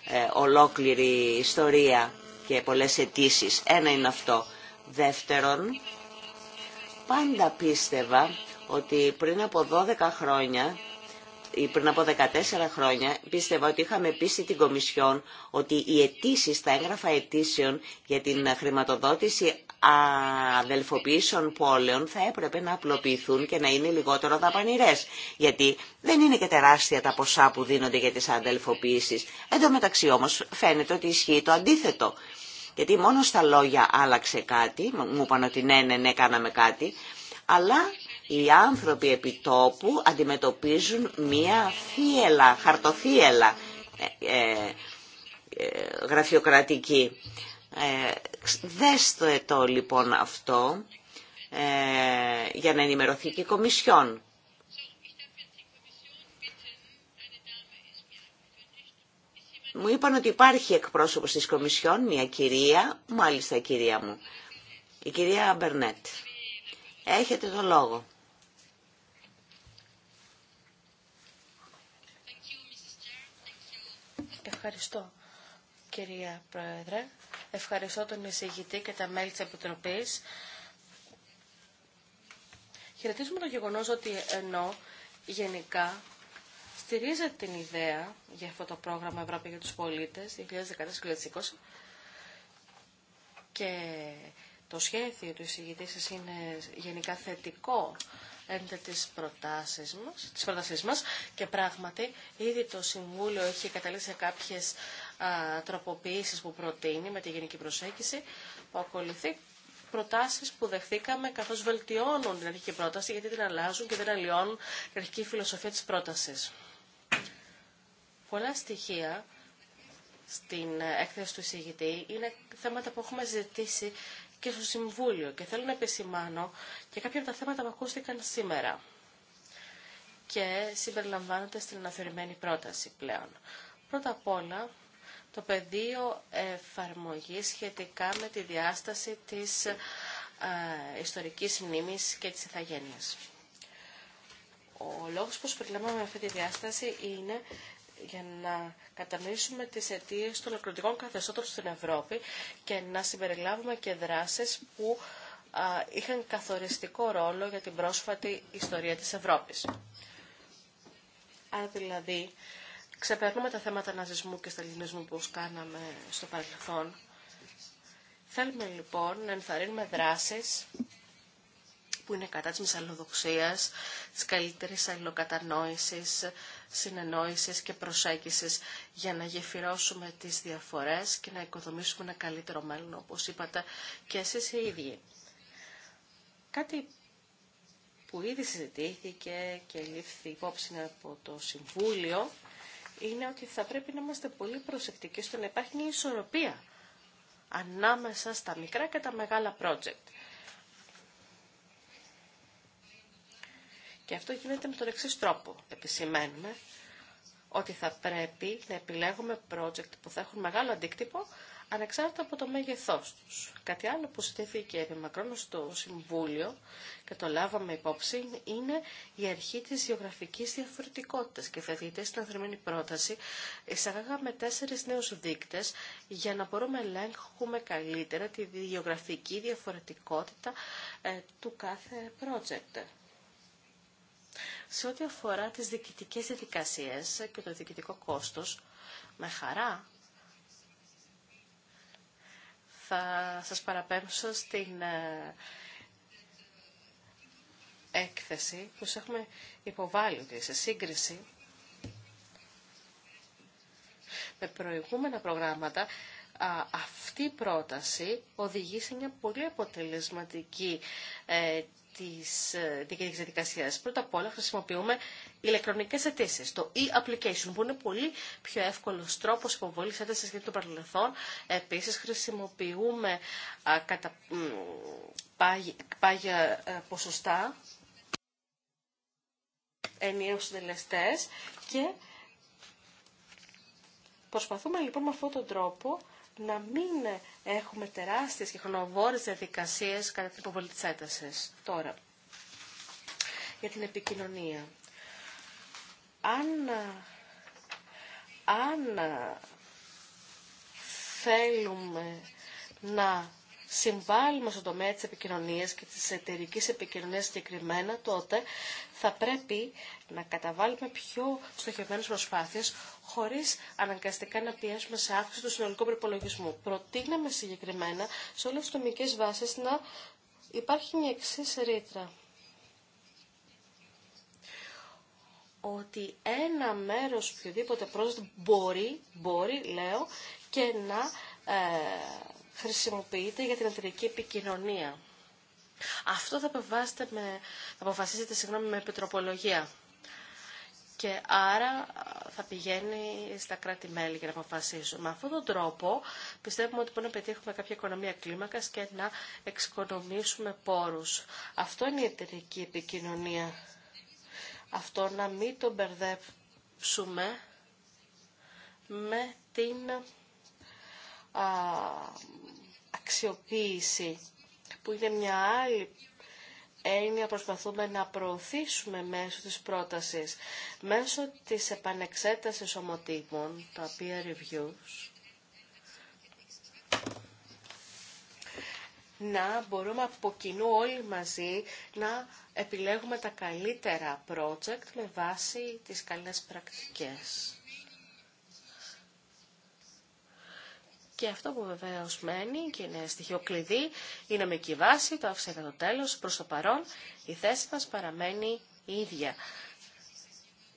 ε, ολόκληρη ιστορία και πολλές αιτήσει. Ένα είναι αυτό. Δεύτερον, πάντα πίστευα ότι πριν από 12 χρόνια πριν από 14 χρόνια πίστευα ότι είχαμε πείσει την Κομισιόν ότι οι αιτήσει, τα έγγραφα αιτήσεων για την χρηματοδότηση αδελφοποιήσεων πόλεων θα έπρεπε να απλοποιηθούν και να είναι λιγότερο δαπανηρές. Γιατί δεν είναι και τεράστια τα ποσά που δίνονται για τις αδελφοποίησει. Εν τω μεταξύ όμως φαίνεται ότι ισχύει το αντίθετο. Γιατί μόνο στα λόγια άλλαξε κάτι, μου είπαν ότι ναι, ναι, ναι, κάναμε κάτι, αλλά οι άνθρωποι επιτόπου αντιμετωπίζουν μία θύελα, χαρτοθύελα ε, ε, ε γραφειοκρατική. Ε, δέστε το λοιπόν αυτό ε, για να ενημερωθεί και η Κομισιόν. Μου είπαν ότι υπάρχει εκπρόσωπος της Κομισιόν, μια κυρία, μάλιστα κυρία μου, η κυρία Μπερνέτ. Έχετε το λόγο. Ευχαριστώ, κυρία Πρόεδρε. Ευχαριστώ τον εισηγητή και τα μέλη της Επιτροπής. Χαιρετίζουμε το γεγονός ότι ενώ γενικά στηρίζεται την ιδέα για αυτό το πρόγραμμα Ευρώπη για τους πολίτες 2014-2020 και το σχέδιο του εισηγητή σας είναι γενικά θετικό έντε τις προτάσεις μας, τις προτάσεις μας και πράγματι ήδη το Συμβούλιο έχει καταλήξει σε κάποιες α, τροποποιήσεις που προτείνει με τη γενική προσέγγιση που ακολουθεί προτάσεις που δεχθήκαμε καθώς βελτιώνουν την αρχική πρόταση γιατί την αλλάζουν και δεν αλλοιώνουν την αρχική φιλοσοφία της πρότασης. Πολλά στοιχεία στην ε, έκθεση του εισηγητή είναι θέματα που έχουμε ζητήσει και στο Συμβούλιο. Και θέλω να επισημάνω και κάποια από τα θέματα που ακούστηκαν σήμερα και συμπεριλαμβάνονται στην αναθεωρημένη πρόταση πλέον. Πρώτα απ' όλα, το πεδίο εφαρμογή σχετικά με τη διάσταση της ε, ιστορικής μνήμης και της ηθαγένειας. Ο λόγος που συμπεριλαμβάνουμε αυτή τη διάσταση είναι για να κατανοήσουμε τις αιτίε των ακροτικών καθεστώτων στην Ευρώπη και να συμπεριλάβουμε και δράσεις που είχαν καθοριστικό ρόλο για την πρόσφατη ιστορία της Ευρώπης. Άρα δηλαδή ξεπερνούμε τα θέματα ναζισμού και σταλινισμού που κάναμε στο παρελθόν. Θέλουμε λοιπόν να ενθαρρύνουμε δράσεις που είναι κατά της μυσαλλοδοξίας, της καλύτερης αλληλοκατανόησης, συνεννόησης και προσέγγισης για να γεφυρώσουμε τις διαφορές και να οικοδομήσουμε ένα καλύτερο μέλλον, όπως είπατε και εσείς οι ίδιοι. Κάτι που ήδη συζητήθηκε και λήφθη υπόψη από το Συμβούλιο είναι ότι θα πρέπει να είμαστε πολύ προσεκτικοί στο να υπάρχει μια ισορροπία ανάμεσα στα μικρά και τα μεγάλα project. Και αυτό γίνεται με τον εξή τρόπο. Επισημαίνουμε ότι θα πρέπει να επιλέγουμε project που θα έχουν μεγάλο αντίκτυπο ανεξάρτητα από το μέγεθός τους. Κάτι άλλο που στήθηκε επί μακρόν στο Συμβούλιο και το λάβαμε υπόψη είναι η αρχή της γεωγραφικής διαφορετικότητας και δείτε στην ανθρωπίνη πρόταση εισαγάγαμε τέσσερις νέους δείκτες για να μπορούμε να ελέγχουμε καλύτερα τη γεωγραφική διαφορετικότητα ε, του κάθε project. Σε ό,τι αφορά τις διοικητικές διαδικασίες και το διοικητικό κόστος, με χαρά θα σας παραπέμψω στην ε, έκθεση που σας έχουμε υποβάλει σε σύγκριση με προηγούμενα προγράμματα αυτή η πρόταση οδηγεί σε μια πολύ αποτελεσματική ε, της ε, δικαιωτικής διαδικασίας. Πρώτα απ' όλα χρησιμοποιούμε ηλεκτρονικές αιτήσει, το e-application, που είναι πολύ πιο εύκολος τρόπος υποβολής αίτησης για το παρελθόν. Επίσης χρησιμοποιούμε α, κατά πάγια, ε, ποσοστά ενιαίους συντελεστές και προσπαθούμε λοιπόν με αυτόν τον τρόπο να μην έχουμε τεράστιες και χρονοβόρες διαδικασίες κατά την υποβολή της έντασης. Τώρα, για την επικοινωνία. Αν, αν θέλουμε να συμβάλλουμε στον τομέα της επικοινωνίας και της εταιρική επικοινωνίας συγκεκριμένα, τότε θα πρέπει να καταβάλουμε πιο στοχευμένες προσπάθειες χωρίς αναγκαστικά να πιέσουμε σε αύξηση του συνολικού προπολογισμού. Προτείναμε συγκεκριμένα σε όλες τις τομικές βάσεις να υπάρχει μια εξή ρήτρα. ότι ένα μέρος οποιοδήποτε πρόσθετο μπορεί, μπορεί λέω, και να ε, χρησιμοποιείται για την εταιρική επικοινωνία. Αυτό θα, με, θα αποφασίσετε συγγνώμη, με επιτροπολογία. Και άρα θα πηγαίνει στα κράτη-μέλη για να αποφασίσουν. Με αυτόν τον τρόπο πιστεύουμε ότι μπορούμε να πετύχουμε κάποια οικονομία κλίμακας και να εξοικονομήσουμε πόρους. Αυτό είναι η εταιρική επικοινωνία. Αυτό να μην το μπερδέψουμε με την αξιοποίηση, που είναι μια άλλη έννοια προσπαθούμε να προωθήσουμε μέσω της πρότασης, μέσω της επανεξέτασης ομοτήμων, τα peer reviews, να μπορούμε από κοινού όλοι μαζί να επιλέγουμε τα καλύτερα project με βάση τις καλές πρακτικές. Και αυτό που βεβαίω μένει και είναι στοιχείο κλειδί είναι νομική βάση, το άφησα για το τέλος, προς το παρόν η θέση μας παραμένει ίδια.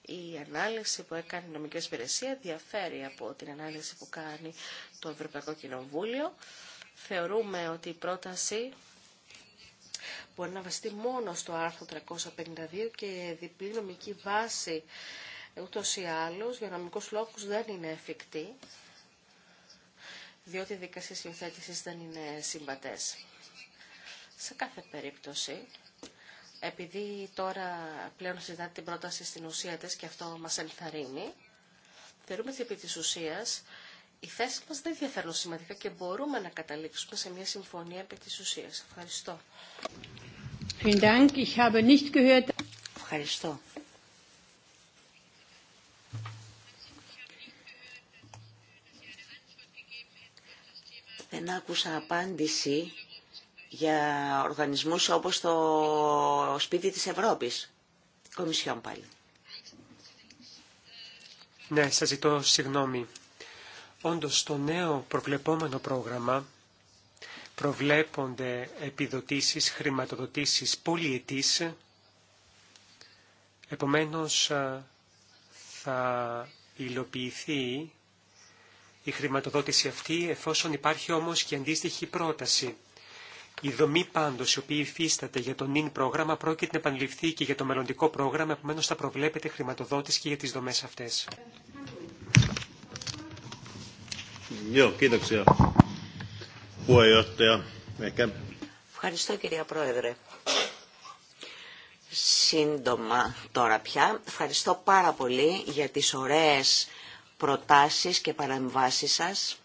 Η ανάλυση που έκανε η νομική υπηρεσία διαφέρει από την ανάλυση που κάνει το Ευρωπαϊκό Κοινοβούλιο. Θεωρούμε ότι η πρόταση μπορεί να βασιστεί μόνο στο άρθρο 352 και διπλή νομική βάση ούτως ή άλλως για νομικούς λόγους δεν είναι εφικτή διότι οι δικασίες υιοθέτησης δεν είναι συμβατές. Σε κάθε περίπτωση, επειδή τώρα πλέον συζητάτε την πρόταση στην ουσία της και αυτό μας ενθαρρύνει, θεωρούμε ότι επί της ουσίας οι θέσεις μας δεν διαφέρουν σημαντικά και μπορούμε να καταλήξουμε σε μια συμφωνία επί της ουσίας. Ευχαριστώ. Ευχαριστώ. Δεν άκουσα απάντηση για οργανισμούς όπως το σπίτι της Ευρώπης. Κομισιόν πάλι. Ναι, σας ζητώ συγγνώμη. Όντως, το νέο προβλεπόμενο πρόγραμμα προβλέπονται επιδοτήσεις, χρηματοδοτήσεις πολυετής. Επομένως, θα υλοποιηθεί η χρηματοδότηση αυτή, εφόσον υπάρχει όμως και αντίστοιχη πρόταση. Η δομή πάντω η οποία υφίσταται για το νυν πρόγραμμα πρόκειται να επανληφθεί και για το μελλοντικό πρόγραμμα, επομένω θα προβλέπεται χρηματοδότηση και για τι δομέ αυτέ. Ευχαριστώ κυρία Πρόεδρε. Σύντομα τώρα πια. Ευχαριστώ πάρα πολύ για τις ωραίες προτάσεις και παραμβάσεις σας.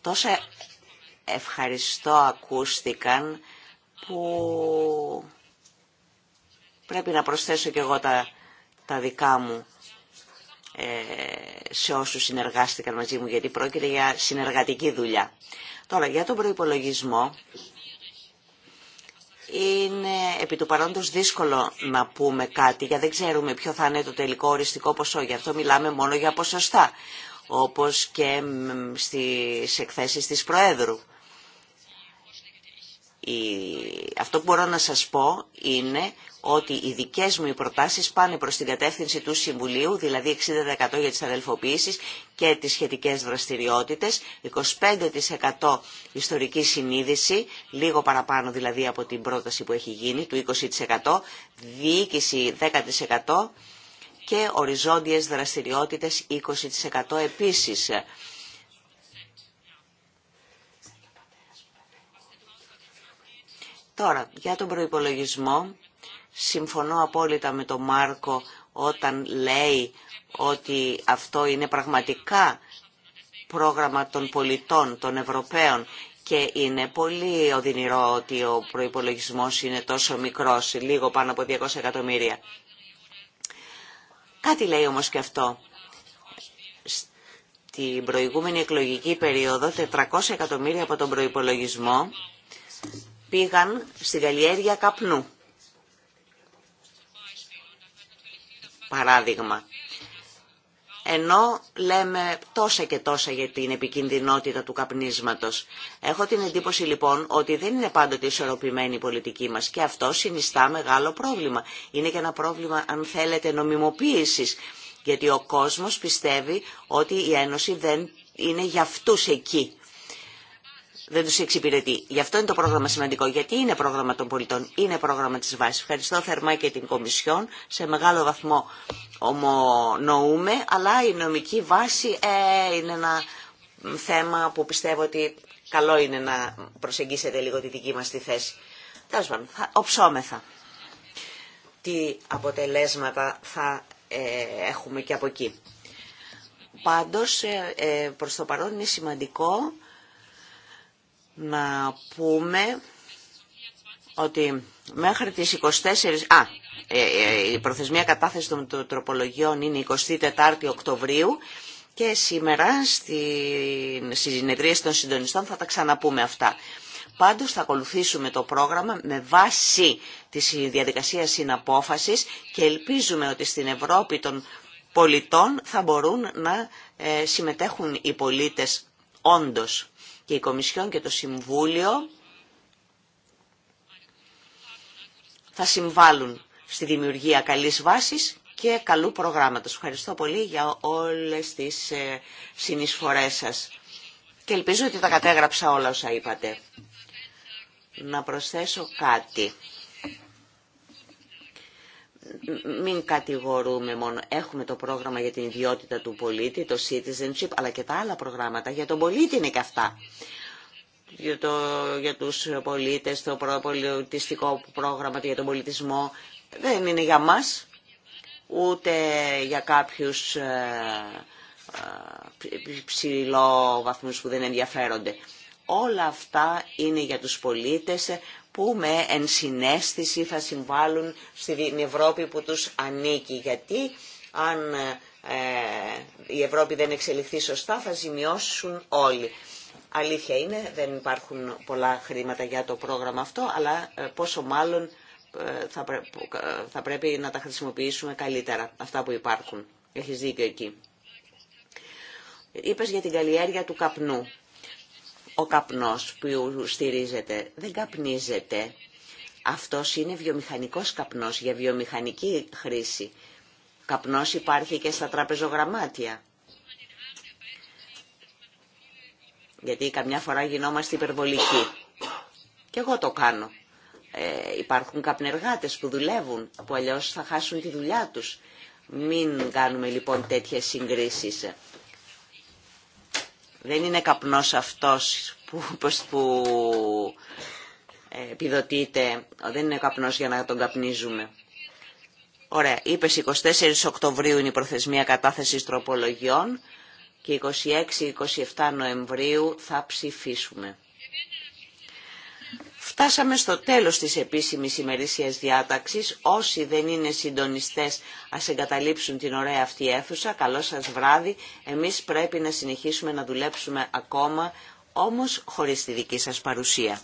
Τόσα ευχαριστώ ακούστηκαν που πρέπει να προσθέσω και εγώ τα, τα δικά μου ε, σε όσους συνεργάστηκαν μαζί μου, γιατί πρόκειται για συνεργατική δουλειά. Τώρα, για τον προϋπολογισμό, είναι επί του παρόντος δύσκολο να πούμε κάτι, γιατί δεν ξέρουμε ποιο θα είναι το τελικό οριστικό ποσό. Γι' αυτό μιλάμε μόνο για ποσοστά, όπως και στις εκθέσεις της Προέδρου. Αυτό που μπορώ να σας πω είναι ότι οι δικές μου οι προτάσεις πάνε προς την κατεύθυνση του Συμβουλίου, δηλαδή 60% για τις αδελφοποίησεις και τις σχετικές δραστηριότητες, 25% ιστορική συνείδηση, λίγο παραπάνω δηλαδή από την πρόταση που έχει γίνει, του 20%, διοίκηση 10% και οριζόντιες δραστηριότητες 20% επίσης. Τώρα, για τον προϋπολογισμό, συμφωνώ απόλυτα με τον Μάρκο όταν λέει ότι αυτό είναι πραγματικά πρόγραμμα των πολιτών, των Ευρωπαίων και είναι πολύ οδυνηρό ότι ο προϋπολογισμός είναι τόσο μικρός, λίγο πάνω από 200 εκατομμύρια. Κάτι λέει όμως και αυτό. Στην προηγούμενη εκλογική περίοδο 400 εκατομμύρια από τον προϋπολογισμό πήγαν στη καλλιέργεια καπνού. Παράδειγμα. Ενώ λέμε τόσα και τόσα για την επικινδυνότητα του καπνίσματος. Έχω την εντύπωση λοιπόν ότι δεν είναι πάντοτε ισορροπημένη η πολιτική μας και αυτό συνιστά μεγάλο πρόβλημα. Είναι και ένα πρόβλημα αν θέλετε νομιμοποίησης γιατί ο κόσμος πιστεύει ότι η Ένωση δεν είναι για αυτούς εκεί δεν τους εξυπηρετεί. Γι' αυτό είναι το πρόγραμμα σημαντικό, γιατί είναι πρόγραμμα των πολιτών, είναι πρόγραμμα της βάσης. Ευχαριστώ θερμά και την Κομισιόν, σε μεγάλο βαθμό ομονοούμε, αλλά η νομική βάση ε, είναι ένα θέμα που πιστεύω ότι καλό είναι να προσεγγίσετε λίγο τη δική μας τη θέση. Τέλος πάντων, θα οψόμεθα. Τι αποτελέσματα θα ε, έχουμε και από εκεί. Πάντως, ε, ε προς το παρόν είναι σημαντικό να πούμε ότι μέχρι τις 24... Α, ε, ε, η προθεσμία κατάθεση των τροπολογιών είναι 24 Οκτωβρίου και σήμερα στη συνεδρίαση των συντονιστών θα τα ξαναπούμε αυτά. Πάντως θα ακολουθήσουμε το πρόγραμμα με βάση τη διαδικασία συναπόφασης και ελπίζουμε ότι στην Ευρώπη των πολιτών θα μπορούν να ε, συμμετέχουν οι πολίτες όντως και η Κομισιόν και το Συμβούλιο θα συμβάλλουν στη δημιουργία καλής βάσης και καλού προγράμματος. Ευχαριστώ πολύ για όλες τις ε, συνεισφορές σας. Και ελπίζω ότι τα κατέγραψα όλα όσα είπατε. Να προσθέσω κάτι μην κατηγορούμε μόνο. Έχουμε το πρόγραμμα για την ιδιότητα του πολίτη, το citizenship, αλλά και τα άλλα προγράμματα για τον πολίτη είναι και αυτά. Για, το, για τους πολίτες, το πολιτιστικό πρόγραμμα για τον πολιτισμό δεν είναι για μας, ούτε για κάποιους ε, ε, ψηλό βαθμούς που δεν ενδιαφέρονται. Όλα αυτά είναι για τους πολίτες που με ενσυναίσθηση θα συμβάλλουν στην Ευρώπη που τους ανήκει. Γιατί αν ε, ε, η Ευρώπη δεν εξελιχθεί σωστά θα ζημιώσουν όλοι. Αλήθεια είναι, δεν υπάρχουν πολλά χρήματα για το πρόγραμμα αυτό, αλλά ε, πόσο μάλλον θα, πρέπει να τα χρησιμοποιήσουμε καλύτερα, αυτά που υπάρχουν. Έχεις δίκιο εκεί. Είπες για την καλλιέργεια του καπνού. Ο καπνός που στηρίζεται δεν καπνίζεται. Αυτός είναι βιομηχανικός καπνός για βιομηχανική χρήση. Καπνός υπάρχει και στα τραπεζογραμμάτια. Γιατί καμιά φορά γινόμαστε υπερβολικοί. Και εγώ το κάνω. Ε, υπάρχουν καπνεργάτες που δουλεύουν, που αλλιώς θα χάσουν τη δουλειά τους. Μην κάνουμε λοιπόν τέτοιες συγκρίσεις. Δεν είναι καπνός αυτός που, που ε, επιδοτείται, δεν είναι καπνός για να τον καπνίζουμε. Ωραία, είπε 24 Οκτωβρίου είναι η προθεσμία κατάθεσης τροπολογιών και 26-27 Νοεμβρίου θα ψηφίσουμε. Φτάσαμε στο τέλος της επίσημης ημερησίας διάταξης. Όσοι δεν είναι συντονιστές ας εγκαταλείψουν την ωραία αυτή αίθουσα. Καλό σας βράδυ. Εμείς πρέπει να συνεχίσουμε να δουλέψουμε ακόμα, όμως χωρίς τη δική σας παρουσία.